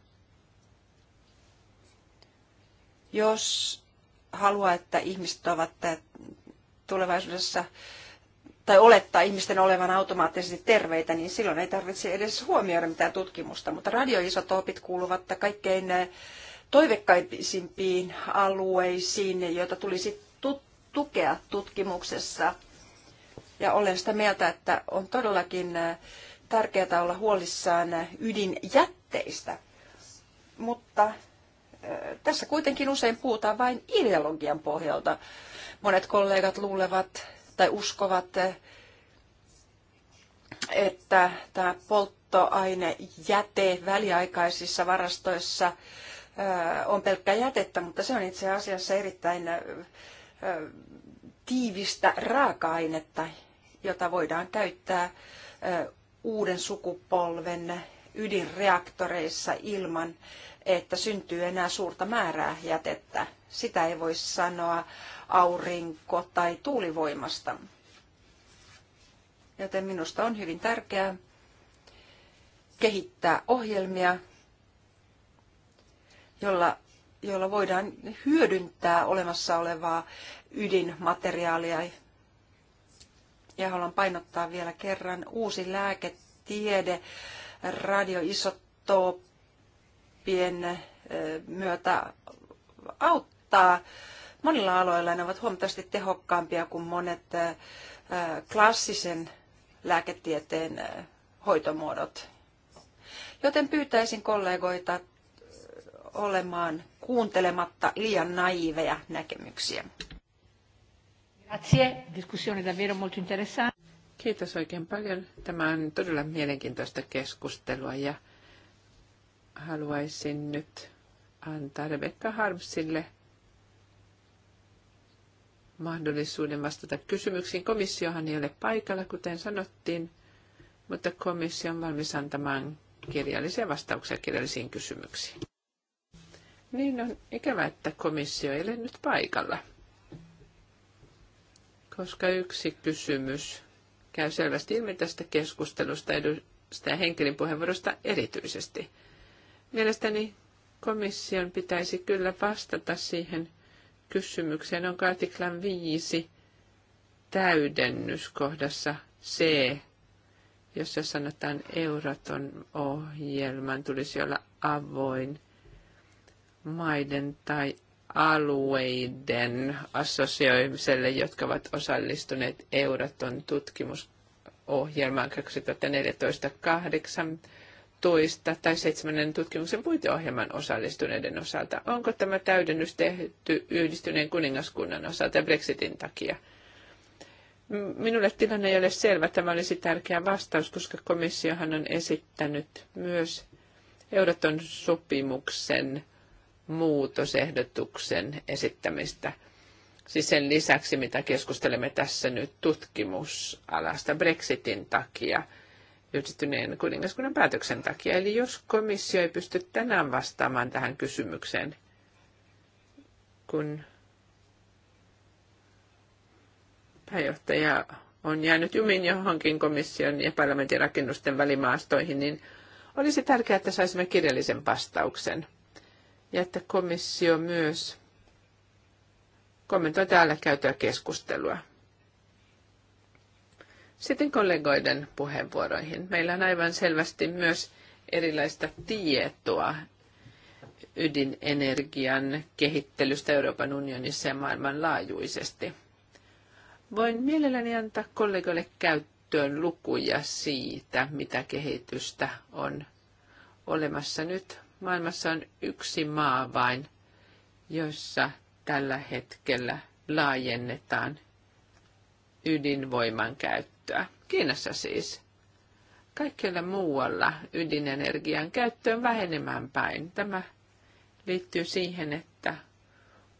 Jos haluaa, että ihmiset ovat tulevaisuudessa tai olettaa ihmisten olevan automaattisesti terveitä, niin silloin ei tarvitse edes huomioida mitään tutkimusta. Mutta radioisotoopit kuuluvat kaikkein eh, toivekkaimpiin alueisiin, joita tulisi tu- tukea tutkimuksessa. Ja olen sitä mieltä, että on todellakin eh, tärkeää olla huolissaan ydinjätteistä. Mutta eh, tässä kuitenkin usein puhutaan vain ideologian pohjalta. Monet kollegat luulevat, tai uskovat, että tämä polttoaine jäte väliaikaisissa varastoissa on pelkkä jätettä, mutta se on itse asiassa erittäin tiivistä raaka-ainetta, jota voidaan käyttää uuden sukupolven ydinreaktoreissa ilman, että syntyy enää suurta määrää jätettä. Sitä ei voi sanoa aurinko- tai tuulivoimasta. Joten minusta on hyvin tärkeää kehittää ohjelmia, jolla, jolla voidaan hyödyntää olemassa olevaa ydinmateriaalia. Ja haluan painottaa vielä kerran uusi lääketiede, radioisotooppi, oppien myötä auttaa monilla aloilla. Ne ovat huomattavasti tehokkaampia kuin monet klassisen lääketieteen hoitomuodot. Joten pyytäisin kollegoita olemaan kuuntelematta liian naiveja näkemyksiä. Grazie, discussione davvero molto interessante. Kiitos oikein paljon. Tämä on todella mielenkiintoista keskustelua ja haluaisin nyt antaa Rebecca Harmsille mahdollisuuden vastata kysymyksiin. Komissiohan ei ole paikalla, kuten sanottiin, mutta komissio on valmis antamaan kirjallisia vastauksia kirjallisiin kysymyksiin. Niin on ikävä, että komissio ei ole nyt paikalla, koska yksi kysymys käy selvästi ilmi tästä keskustelusta edustaja Henkelin puheenvuorosta erityisesti – Mielestäni komission pitäisi kyllä vastata siihen kysymykseen, onko artiklan viisi täydennys kohdassa C, jossa sanotaan Euraton ohjelman tulisi olla avoin maiden tai alueiden assosioimiselle, jotka ovat osallistuneet Euraton tutkimusohjelmaan 2014 kahdeksan toista tai seitsemännen tutkimuksen puiteohjelman osallistuneiden osalta? Onko tämä täydennys tehty yhdistyneen kuningaskunnan osalta Brexitin takia? Minulle tilanne ei ole selvä. Tämä olisi tärkeä vastaus, koska komissiohan on esittänyt myös euroton sopimuksen muutosehdotuksen esittämistä. Siis sen lisäksi, mitä keskustelemme tässä nyt tutkimusalasta Brexitin takia – yhdistyneen kuningaskunnan päätöksen takia. Eli jos komissio ei pysty tänään vastaamaan tähän kysymykseen, kun pääjohtaja on jäänyt jumiin johonkin komission ja parlamentin rakennusten välimaastoihin, niin olisi tärkeää, että saisimme kirjallisen vastauksen. Ja että komissio myös kommentoi täällä käytyä keskustelua. Sitten kollegoiden puheenvuoroihin. Meillä on aivan selvästi myös erilaista tietoa ydinenergian kehittelystä Euroopan unionissa ja maailmanlaajuisesti. Voin mielelläni antaa kollegoille käyttöön lukuja siitä, mitä kehitystä on olemassa nyt. Maailmassa on yksi maa vain, jossa tällä hetkellä laajennetaan ydinvoiman käyttöä käyttöä. Kiinassa siis. Kaikkialla muualla ydinenergian käyttö on vähenemään päin. Tämä liittyy siihen, että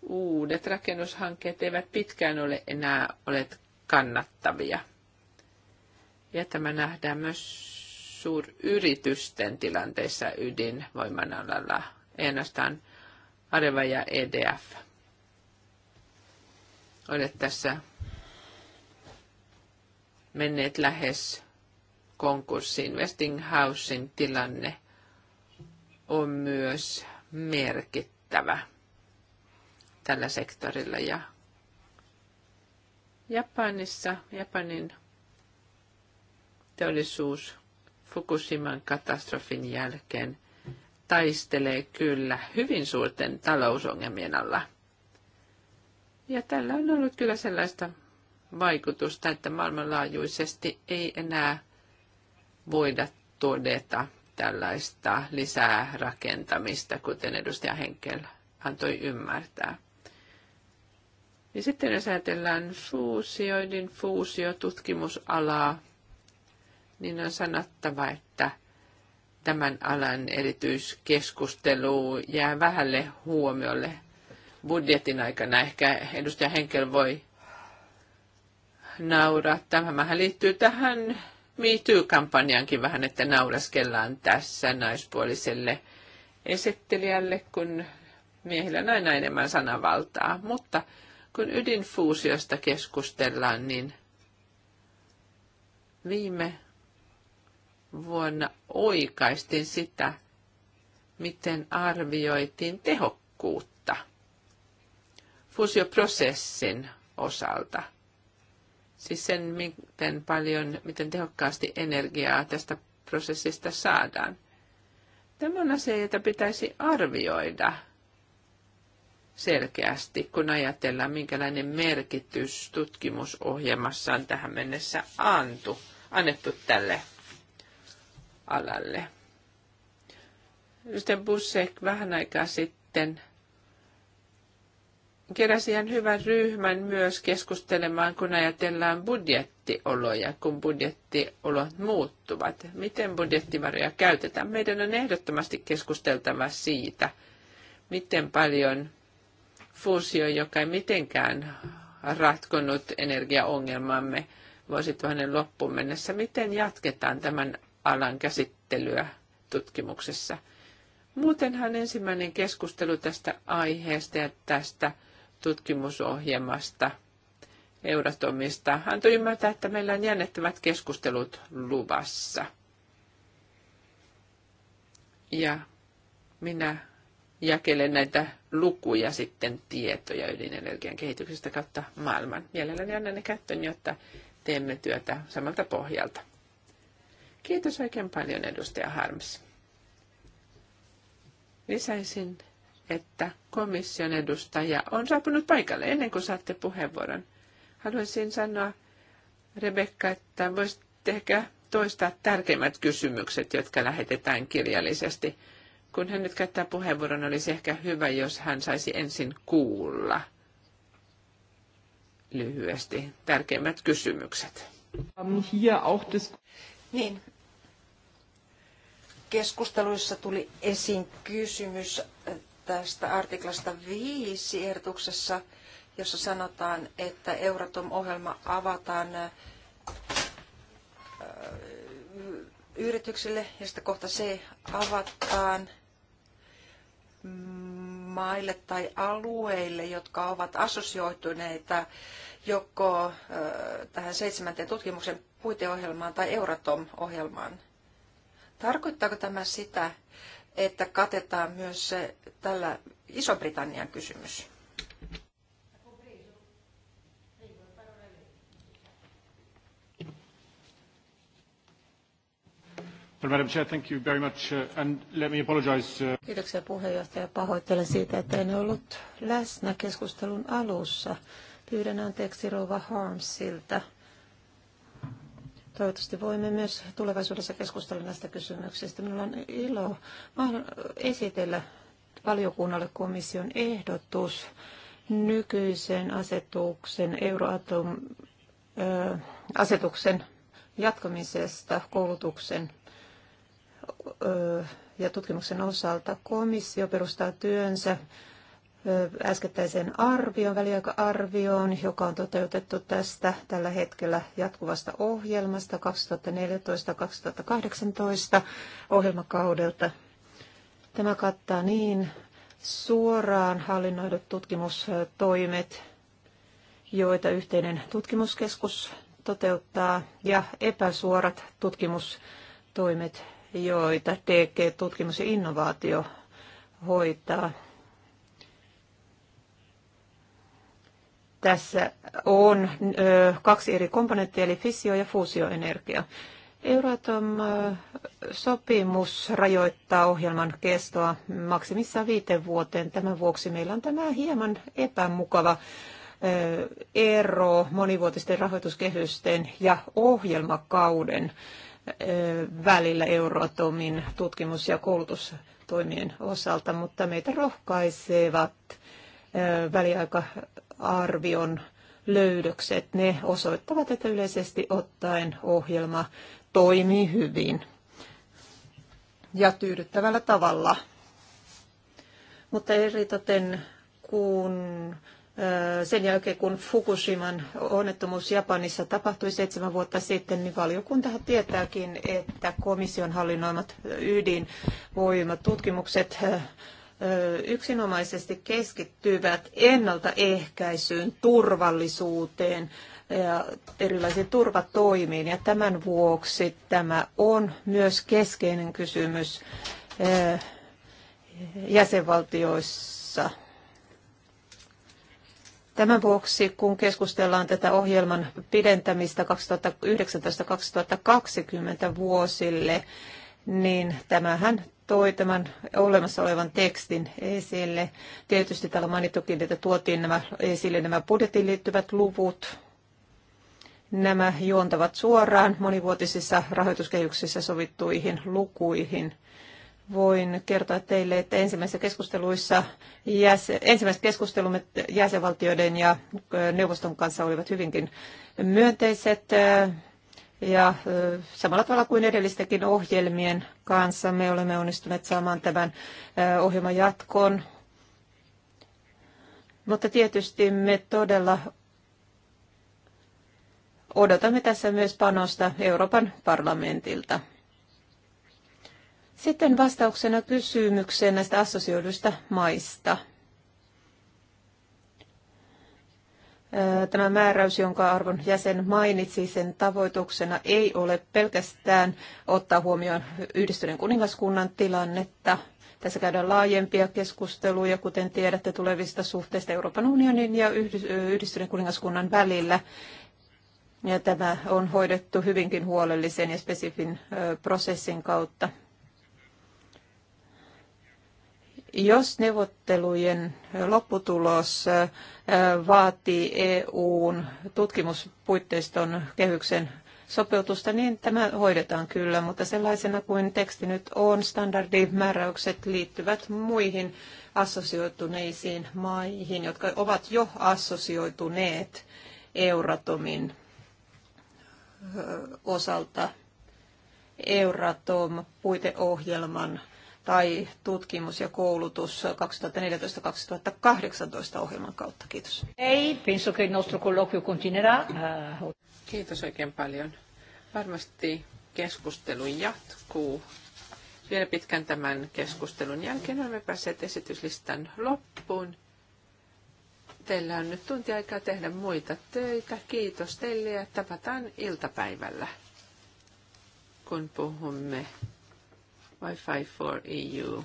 uudet rakennushankkeet eivät pitkään ole enää ole kannattavia. Ja tämä nähdään myös suuryritysten tilanteissa ydinvoiman alalla, ei ainoastaan Areva ja EDF. Olet tässä menneet lähes konkurssiin. Westinghousein tilanne on myös merkittävä tällä sektorilla ja Japanissa, Japanin teollisuus Fukushiman katastrofin jälkeen taistelee kyllä hyvin suurten talousongelmien alla. Ja tällä on ollut kyllä sellaista vaikutusta, että maailmanlaajuisesti ei enää voida todeta tällaista lisää rakentamista, kuten edustaja Henkel antoi ymmärtää. Ja sitten jos ajatellaan fuusioiden fuusiotutkimusalaa, niin on sanottava, että tämän alan erityiskeskustelu jää vähälle huomiolle budjetin aikana. Ehkä edustaja Henkel voi nauraa. Tämähän liittyy tähän MeToo-kampanjaankin vähän, että nauraskellaan tässä naispuoliselle esittelijälle, kun miehillä on aina enemmän sanavaltaa. Mutta kun ydinfuusiosta keskustellaan, niin viime vuonna oikaistin sitä, miten arvioitiin tehokkuutta fusioprosessin osalta – Siis sen, miten paljon, miten tehokkaasti energiaa tästä prosessista saadaan. Tämä on asia, jota pitäisi arvioida selkeästi, kun ajatellaan, minkälainen merkitys tutkimusohjelmassa on tähän mennessä antu, annettu tälle alalle. Sitten Bussek vähän aikaa sitten keräsi ihan hyvän ryhmän myös keskustelemaan, kun ajatellaan budjettioloja, kun budjettiolot muuttuvat. Miten budjettivaroja käytetään? Meidän on ehdottomasti keskusteltava siitä, miten paljon fuusio, joka ei mitenkään ratkonut energiaongelmamme vuosituhannen loppuun mennessä, miten jatketaan tämän alan käsittelyä tutkimuksessa. Muutenhan ensimmäinen keskustelu tästä aiheesta ja tästä – tutkimusohjelmasta Euratomista antoi ymmärtää, että meillä on jännittävät keskustelut luvassa. Ja minä jakelen näitä lukuja sitten tietoja ydinenergian kehityksestä kautta maailman. Mielelläni annan ne käyttöön, jotta teemme työtä samalta pohjalta. Kiitos oikein paljon, edustaja Harms. Lisäisin että komission edustaja on saapunut paikalle ennen kuin saatte puheenvuoron. Haluaisin sanoa, Rebekka, että voisitte ehkä toistaa tärkeimmät kysymykset, jotka lähetetään kirjallisesti. Kun hän nyt käyttää puheenvuoron, olisi ehkä hyvä, jos hän saisi ensin kuulla lyhyesti tärkeimmät kysymykset. Niin. Keskusteluissa tuli esiin kysymys tästä artiklasta 5 ehdotuksessa, jossa sanotaan, että Euratom-ohjelma avataan yrityksille ja sitten kohta C avataan maille tai alueille, jotka ovat assosioituneita joko tähän seitsemänteen tutkimuksen puiteohjelmaan tai Euratom-ohjelmaan. Tarkoittaako tämä sitä, että katetaan myös tällä Iso-Britannian kysymys? Madam Chair, thank you very much, uh, and let me apologize. Uh, Kiitoksia puheenjohtaja. Pahoittelen siitä, että en ollut läsnä keskustelun alussa. Pyydän anteeksi Rova Harmsilta. Toivottavasti voimme myös tulevaisuudessa keskustella näistä kysymyksistä. Minulla on ilo esitellä valiokunnalle komission ehdotus nykyisen asetuksen Euroatom asetuksen jatkamisesta koulutuksen ja tutkimuksen osalta komissio perustaa työnsä äskettäiseen arvioon, väliaikaarvioon, joka on toteutettu tästä tällä hetkellä jatkuvasta ohjelmasta 2014-2018 ohjelmakaudelta. Tämä kattaa niin suoraan hallinnoidut tutkimustoimet, joita yhteinen tutkimuskeskus toteuttaa, ja epäsuorat tutkimustoimet, joita tg Tutkimus ja innovaatio hoitaa Tässä on kaksi eri komponenttia, eli fissio- ja fuusioenergia. Euratom-sopimus rajoittaa ohjelman kestoa maksimissaan viiteen vuoteen. Tämän vuoksi meillä on tämä hieman epämukava ero monivuotisten rahoituskehysten ja ohjelmakauden välillä Euratomin tutkimus- ja koulutustoimien osalta, mutta meitä rohkaisevat väliaikaarvion löydökset, ne osoittavat, että yleisesti ottaen ohjelma toimii hyvin ja tyydyttävällä tavalla. Mutta eritoten kun sen jälkeen, kun Fukushiman onnettomuus Japanissa tapahtui seitsemän vuotta sitten, niin valiokunta tietääkin, että komission hallinnoimat ydinvoimatutkimukset yksinomaisesti keskittyvät ennaltaehkäisyyn, turvallisuuteen ja erilaisiin turvatoimiin. Ja tämän vuoksi tämä on myös keskeinen kysymys jäsenvaltioissa. Tämän vuoksi, kun keskustellaan tätä ohjelman pidentämistä 2019-2020 vuosille, niin tämähän toi tämän olemassa olevan tekstin esille. Tietysti täällä mainittukin, että tuotiin nämä, esille nämä budjetin liittyvät luvut. Nämä juontavat suoraan monivuotisissa rahoituskehyksissä sovittuihin lukuihin. Voin kertoa teille, että ensimmäisissä keskusteluissa jäsen, ensimmäiset keskustelumme jäsenvaltioiden ja neuvoston kanssa olivat hyvinkin myönteiset ja samalla tavalla kuin edellistenkin ohjelmien kanssa me olemme onnistuneet saamaan tämän ohjelman jatkoon. Mutta tietysti me todella odotamme tässä myös panosta Euroopan parlamentilta. Sitten vastauksena kysymykseen näistä assosioiduista maista – Tämä määräys, jonka arvon jäsen mainitsi, sen tavoituksena ei ole pelkästään ottaa huomioon yhdistyneen kuningaskunnan tilannetta. Tässä käydään laajempia keskusteluja, kuten tiedätte, tulevista suhteista Euroopan unionin ja yhdistyneen kuningaskunnan välillä. Ja tämä on hoidettu hyvinkin huolellisen ja spesifin prosessin kautta. Jos neuvottelujen lopputulos vaatii EUn tutkimuspuitteiston kehyksen sopeutusta, niin tämä hoidetaan kyllä, mutta sellaisena kuin teksti nyt on, standardimääräykset liittyvät muihin assosioituneisiin maihin, jotka ovat jo assosioituneet Euratomin osalta Euratom-puiteohjelman tai tutkimus ja koulutus 2014-2018 ohjelman kautta. Kiitos. Ei, penso che il nostro colloquio continuerà. Eh, Kiitos oikein paljon. Varmasti keskustelu jatkuu. Vielä pitkän tämän keskustelun jälkeen olemme päässeet esityslistan loppuun. Teillä on nyt tunti aikaa tehdä muita töitä. Kiitos teille ja tapataan iltapäivällä, kun puhumme Wi-Fi for EU